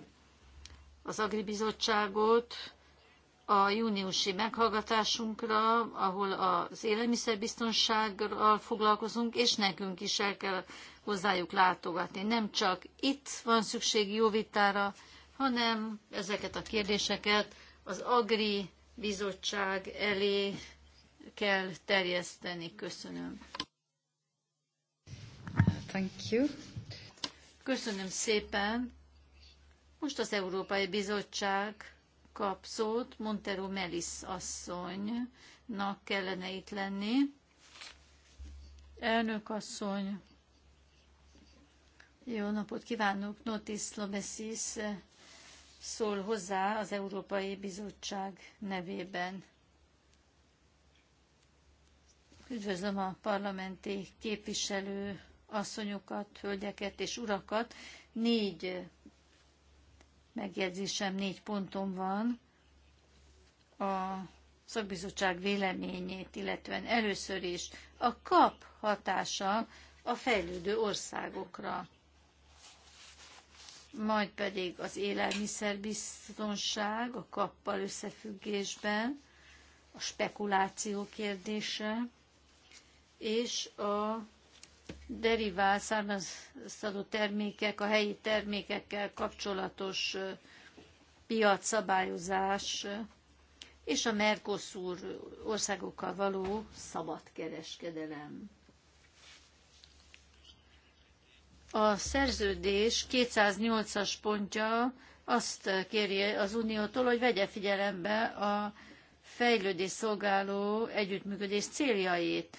az agribizottságot, a júniusi meghallgatásunkra, ahol az élelmiszerbiztonsággal foglalkozunk, és nekünk is el kell hozzájuk látogatni. Nem csak itt van szükség jó vitára, hanem ezeket a kérdéseket az Agri Bizottság elé kell terjeszteni. Köszönöm. Thank you. Köszönöm szépen. Most az Európai Bizottság kapszót, Montero Melis asszonynak kellene itt lenni. Elnök asszony, jó napot kívánok! Notis Lomesis szól hozzá az Európai Bizottság nevében. Üdvözlöm a parlamenti képviselő asszonyokat, hölgyeket és urakat. Négy megjegyzésem négy pontom van a szakbizottság véleményét, illetve először is a kap hatása a fejlődő országokra, majd pedig az élelmiszerbiztonság a kappal összefüggésben, a spekuláció kérdése, és a derivál származtató termékek, a helyi termékekkel kapcsolatos piacszabályozás és a Mercosur országokkal való szabadkereskedelem. A szerződés 208-as pontja azt kéri az Uniótól, hogy vegye figyelembe a fejlődés szolgáló együttműködés céljait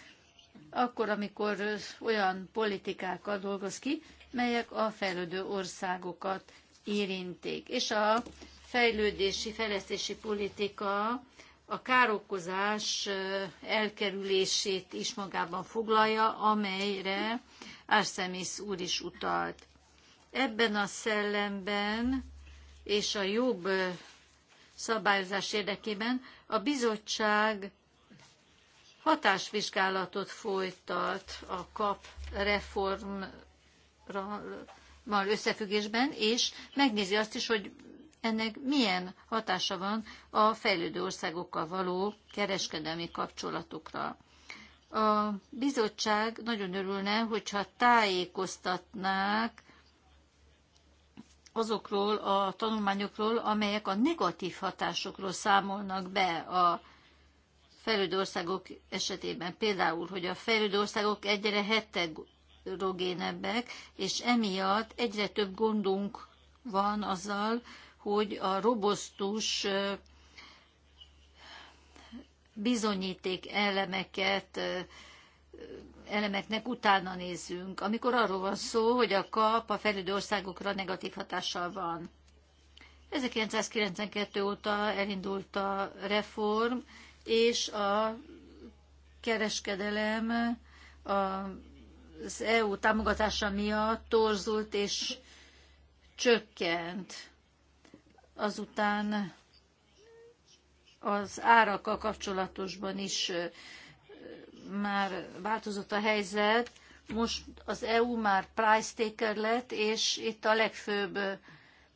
akkor, amikor olyan politikákkal dolgoz ki, melyek a fejlődő országokat érintik. És a fejlődési, fejlesztési politika a károkozás elkerülését is magában foglalja, amelyre Arsemis úr is utalt. Ebben a szellemben és a jobb szabályozás érdekében a bizottság hatásvizsgálatot folytat a kap reformmal összefüggésben, és megnézi azt is, hogy ennek milyen hatása van a fejlődő országokkal való kereskedelmi kapcsolatokra. A bizottság nagyon örülne, hogyha tájékoztatnák azokról a tanulmányokról, amelyek a negatív hatásokról számolnak be a fejlődő országok esetében. Például, hogy a fejlődő országok egyre heterogénebbek, és emiatt egyre több gondunk van azzal, hogy a robosztus bizonyíték elemeket, elemeknek utána nézzünk, amikor arról van szó, hogy a kap a fejlődő országokra negatív hatással van. 1992 óta elindult a reform, és a kereskedelem az EU támogatása miatt torzult és csökkent. Azután az árakkal kapcsolatosban is már változott a helyzet. Most az EU már price taker lett, és itt a legfőbb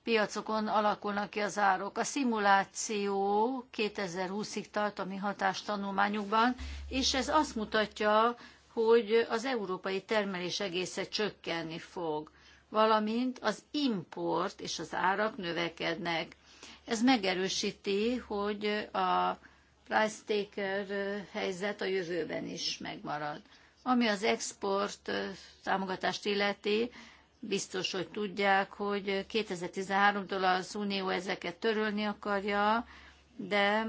piacokon alakulnak ki az árok. A szimuláció 2020-ig tart a mi hatástanulmányukban, és ez azt mutatja, hogy az európai termelés egésze csökkenni fog, valamint az import és az árak növekednek. Ez megerősíti, hogy a price taker helyzet a jövőben is megmarad. Ami az export támogatást illeti, biztos, hogy tudják, hogy 2013-tól az Unió ezeket törölni akarja, de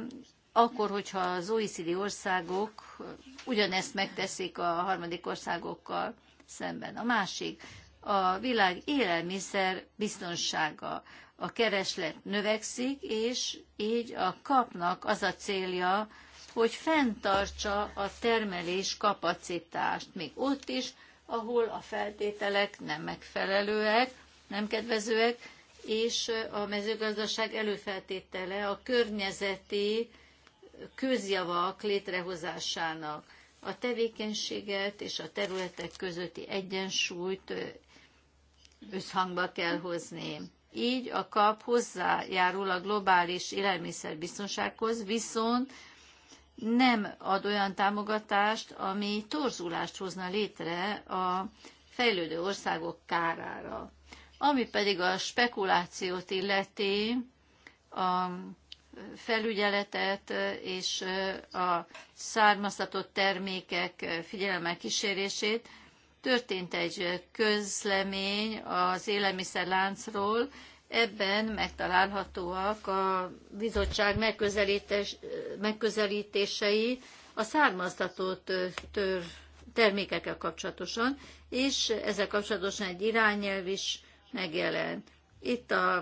akkor, hogyha az OECD országok ugyanezt megteszik a harmadik országokkal szemben. A másik, a világ élelmiszer biztonsága. A kereslet növekszik, és így a kapnak az a célja, hogy fenntartsa a termelés kapacitást, még ott is, ahol a feltételek nem megfelelőek, nem kedvezőek, és a mezőgazdaság előfeltétele a környezeti közjavak létrehozásának. A tevékenységet és a területek közötti egyensúlyt összhangba kell hozni. Így a kap hozzájárul a globális élelmiszerbiztonsághoz, viszont nem ad olyan támogatást, ami torzulást hozna létre a fejlődő országok kárára. Ami pedig a spekulációt illeti, a felügyeletet és a származtatott termékek figyelemmel kísérését, történt egy közlemény az élelmiszerláncról, Ebben megtalálhatóak a bizottság megközelítés, megközelítései a származtatott tör, termékekkel kapcsolatosan, és ezzel kapcsolatosan egy irányelv is megjelent. Itt a,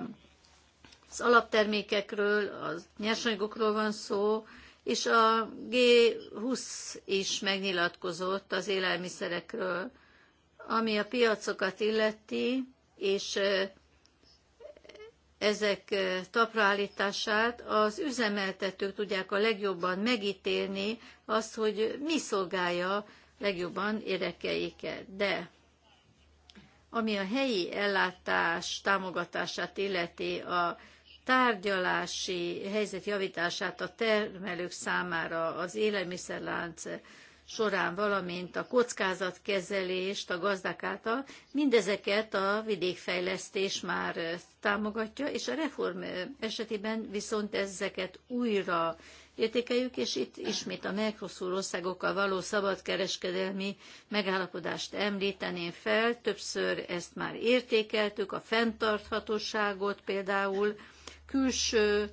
az alaptermékekről, a nyersanyagokról van szó, és a G20 is megnyilatkozott az élelmiszerekről, ami a piacokat illeti, és ezek tapraállítását, az üzemeltetők tudják a legjobban megítélni azt, hogy mi szolgálja legjobban érdekeiket. De ami a helyi ellátás támogatását illeti, a tárgyalási helyzet javítását a termelők számára, az élelmiszerlánc során, valamint a kockázatkezelést a gazdák által, mindezeket a vidékfejlesztés már támogatja, és a reform esetében viszont ezeket újra értékeljük, és itt ismét a Mercosur országokkal való szabadkereskedelmi megállapodást említeném fel. Többször ezt már értékeltük, a fenntarthatóságot például külső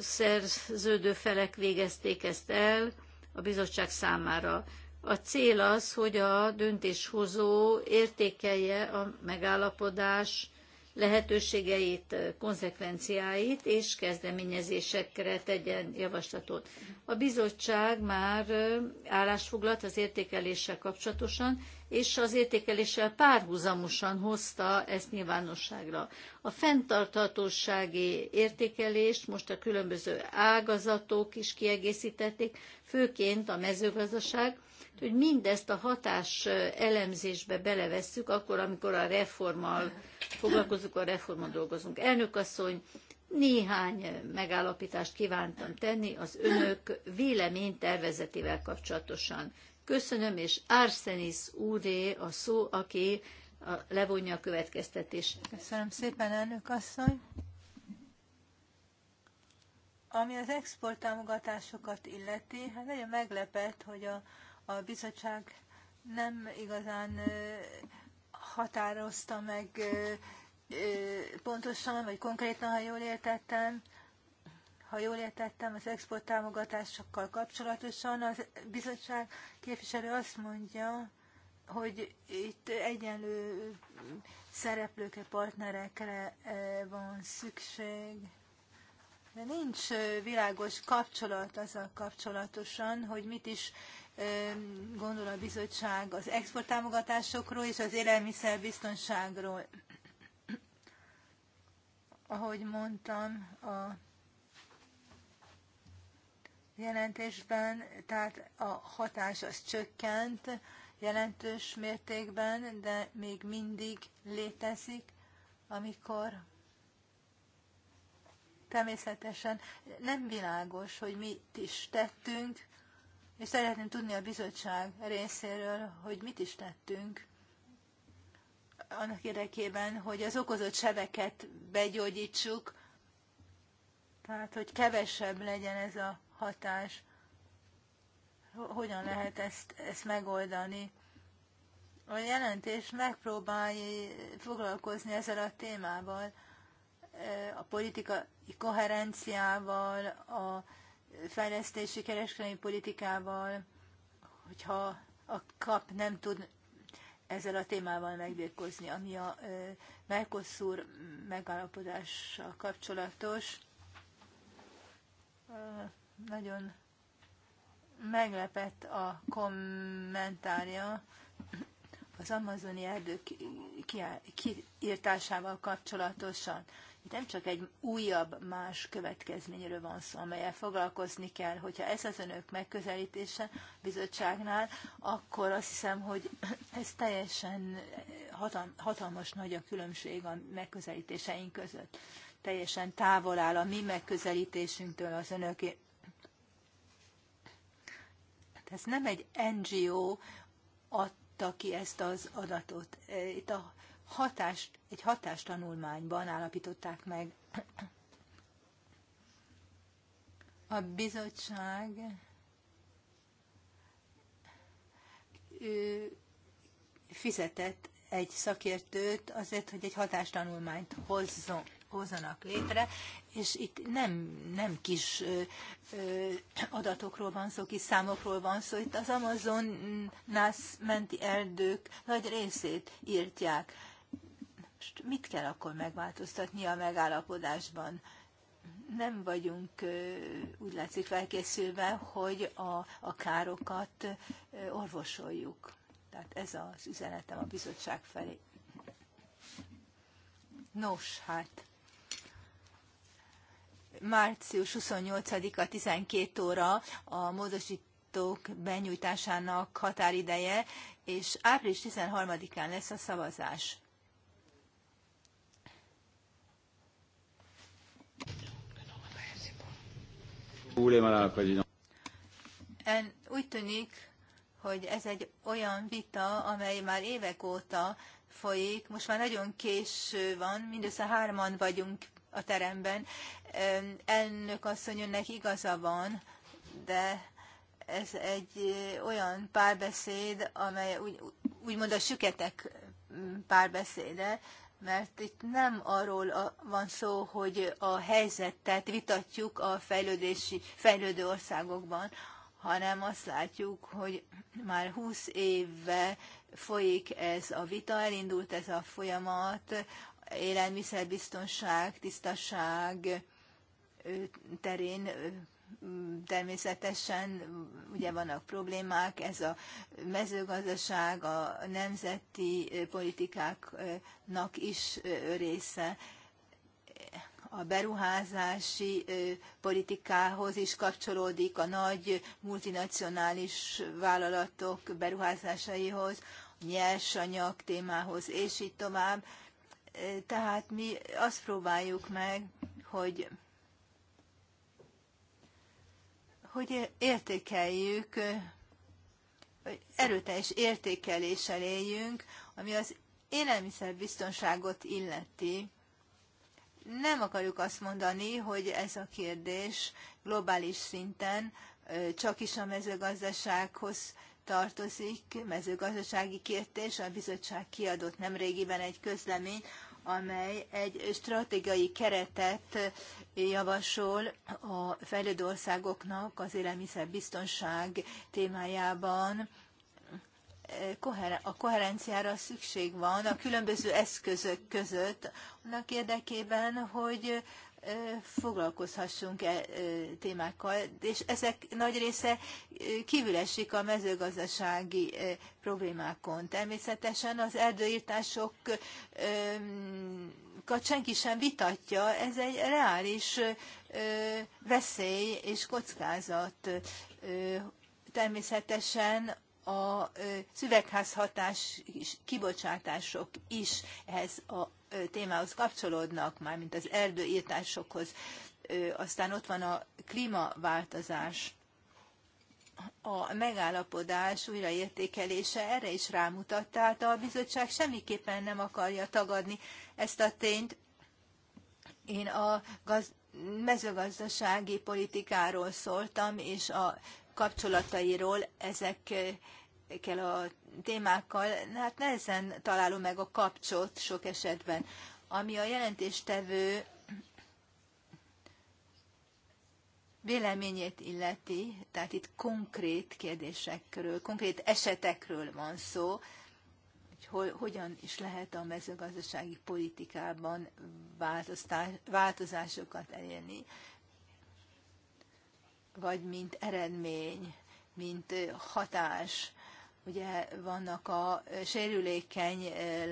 szerződő felek végezték ezt el, a bizottság számára. A cél az, hogy a döntéshozó értékelje a megállapodás lehetőségeit, konzekvenciáit és kezdeményezésekre tegyen javaslatot. A bizottság már állásfoglalt az értékeléssel kapcsolatosan, és az értékeléssel párhuzamosan hozta ezt nyilvánosságra. A fenntarthatósági értékelést most a különböző ágazatok is kiegészítették, főként a mezőgazdaság, hogy mindezt a hatás elemzésbe belevesszük, akkor, amikor a reformmal foglalkozunk, a reformmal dolgozunk. Elnök asszony, néhány megállapítást kívántam tenni az önök véleménytervezetével kapcsolatosan. Köszönöm, és Arsenis úré a szó, aki a, levonja a következtetés. Köszönöm szépen, elnök asszony. Ami az export támogatásokat illeti, hát nagyon meglepett, hogy a, a bizottság nem igazán határozta meg pontosan, vagy konkrétan, ha jól értettem, ha jól értettem, az export támogatásokkal kapcsolatosan a bizottság képviselő azt mondja, hogy itt egyenlő szereplőkre, partnerekre eh, van szükség. De nincs eh, világos kapcsolat azzal kapcsolatosan, hogy mit is eh, gondol a bizottság az támogatásokról és az élelmiszerbiztonságról. Ahogy mondtam, a jelentésben, tehát a hatás az csökkent jelentős mértékben, de még mindig létezik, amikor természetesen nem világos, hogy mit is tettünk, és szeretném tudni a bizottság részéről, hogy mit is tettünk annak érdekében, hogy az okozott sebeket begyógyítsuk, tehát hogy kevesebb legyen ez a hatás, hogyan lehet ezt, ezt megoldani. A jelentés megpróbálja foglalkozni ezzel a témával, e, a politikai koherenciával, a fejlesztési kereskedelmi politikával, hogyha a kap nem tud ezzel a témával megbírkozni, ami a e, Mercosur megállapodással kapcsolatos. E, nagyon meglepett a kommentárja az amazoni erdők kiírtásával kapcsolatosan. Itt nem csak egy újabb más következményről van szó, amelyel foglalkozni kell. Hogyha ez az önök megközelítése bizottságnál, akkor azt hiszem, hogy ez teljesen hatal- hatalmas nagy a különbség a megközelítéseink között. Teljesen távol áll a mi megközelítésünktől az önök ez nem egy NGO adta ki ezt az adatot. E, itt a hatás, egy hatástanulmányban állapították meg. A bizottság ő fizetett egy szakértőt azért, hogy egy hatástanulmányt hozzon hozzanak létre, és itt nem, nem kis ö, adatokról van szó, kis számokról van szó, itt az Amazonnál menti erdők nagy részét írtják. Most mit kell akkor megváltoztatni a megállapodásban? nem vagyunk úgy látszik felkészülve, hogy a, a károkat orvosoljuk. Tehát ez az üzenetem a bizottság felé. Nos, hát március 28-a 12 óra a módosítók benyújtásának határideje, és április 13-án lesz a szavazás. En, úgy tűnik, hogy ez egy olyan vita, amely már évek óta folyik. Most már nagyon késő van, mindössze hárman vagyunk a teremben. Elnök asszony, önnek igaza van, de ez egy olyan párbeszéd, amely úgy, úgymond a süketek mm, párbeszéde, mert itt nem arról a, van szó, hogy a helyzetet vitatjuk a fejlődési, fejlődő országokban, hanem azt látjuk, hogy már 20 éve folyik ez a vita, elindult ez a folyamat élelmiszerbiztonság, tisztaság terén természetesen ugye vannak problémák, ez a mezőgazdaság a nemzeti politikáknak is része a beruházási politikához is kapcsolódik, a nagy multinacionális vállalatok beruházásaihoz, nyersanyag témához, és így tovább. Tehát mi azt próbáljuk meg, hogy hogy értékeljük, hogy erőteljes értékeléssel éljünk, ami az élelmiszerbiztonságot illeti. Nem akarjuk azt mondani, hogy ez a kérdés globális szinten csak is a mezőgazdasághoz tartozik, mezőgazdasági kérdés, a bizottság kiadott nemrégiben egy közlemény, amely egy stratégiai keretet javasol a fejlődő országoknak az élelmiszerbiztonság témájában. A koherenciára szükség van a különböző eszközök között, annak érdekében, hogy foglalkozhassunk -e témákkal, és ezek nagy része esik a mezőgazdasági problémákon. Természetesen az erdőírtásokat senki sem vitatja, ez egy reális veszély és kockázat. Természetesen a szüvegházhatás kibocsátások is ehhez a témához kapcsolódnak, már mint az erdőírtásokhoz. Aztán ott van a klímaváltozás, a megállapodás újraértékelése erre is rámutat, tehát a bizottság semmiképpen nem akarja tagadni ezt a tényt. Én a gaz- mezőgazdasági politikáról szóltam, és a kapcsolatairól ezek ezekkel a témákkal, hát nehezen találom meg a kapcsot sok esetben. Ami a jelentéstevő véleményét illeti, tehát itt konkrét kérdésekről, konkrét esetekről van szó, hogy hol, hogyan is lehet a mezőgazdasági politikában változásokat elérni, vagy mint eredmény, mint hatás Ugye vannak a sérülékeny eh,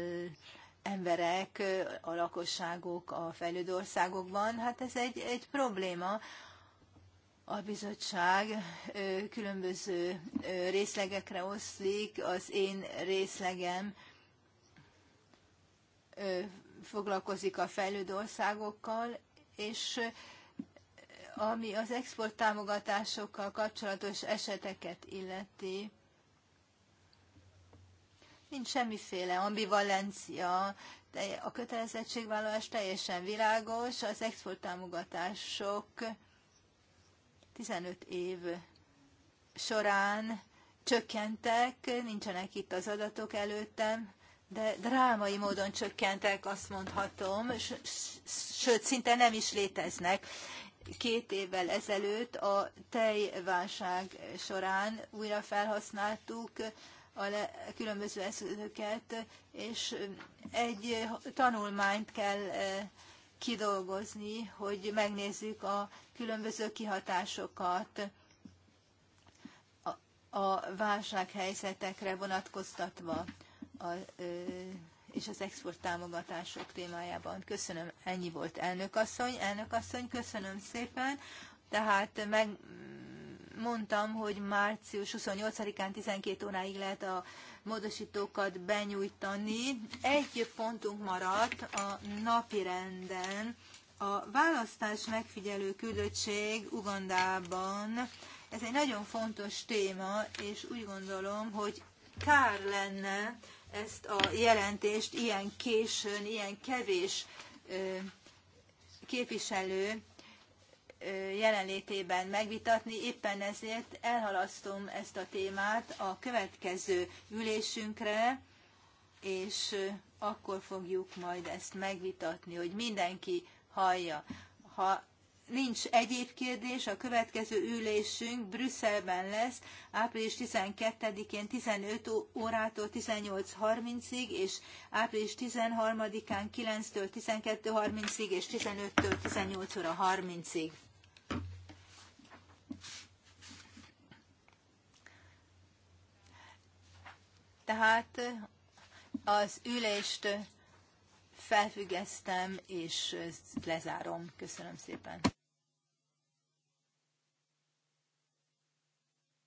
emberek, a lakosságok a fejlődő országokban, hát ez egy, egy probléma. A bizottság eh, különböző eh, részlegekre oszlik, az én részlegem foglalkozik a fejlődő országokkal, és ami az export támogatásokkal kapcsolatos eseteket illeti, Nincs semmiféle ambivalencia, de a kötelezettségvállalás teljesen világos, az támogatások 15 év során csökkentek, nincsenek itt az adatok előttem, de drámai módon csökkentek, azt mondhatom, sőt, szinte nem is léteznek. Két évvel ezelőtt a tejválság során újra felhasználtuk a különböző eszközöket, és egy tanulmányt kell e, kidolgozni, hogy megnézzük a különböző kihatásokat a válsághelyzetekre vonatkoztatva a, e, és az export támogatások témájában. Köszönöm, ennyi volt elnök asszony. Elnök asszony, köszönöm szépen. Tehát meg, mondtam, hogy március 28-án 12 óráig lehet a módosítókat benyújtani. Egy pontunk maradt a napi renden. A választás megfigyelő küldöttség Ugandában. Ez egy nagyon fontos téma, és úgy gondolom, hogy kár lenne ezt a jelentést ilyen későn, ilyen kevés képviselő jelenlétében megvitatni, éppen ezért elhalasztom ezt a témát a következő ülésünkre, és akkor fogjuk majd ezt megvitatni, hogy mindenki hallja. Ha nincs egyéb kérdés, a következő ülésünk Brüsszelben lesz, április 12-én 15 órától 18.30-ig, és április 13-án 9-től 12.30-ig, és 15-től 18 óra 30-ig. Tehát az ülést felfüggesztem és lezárom. Köszönöm szépen.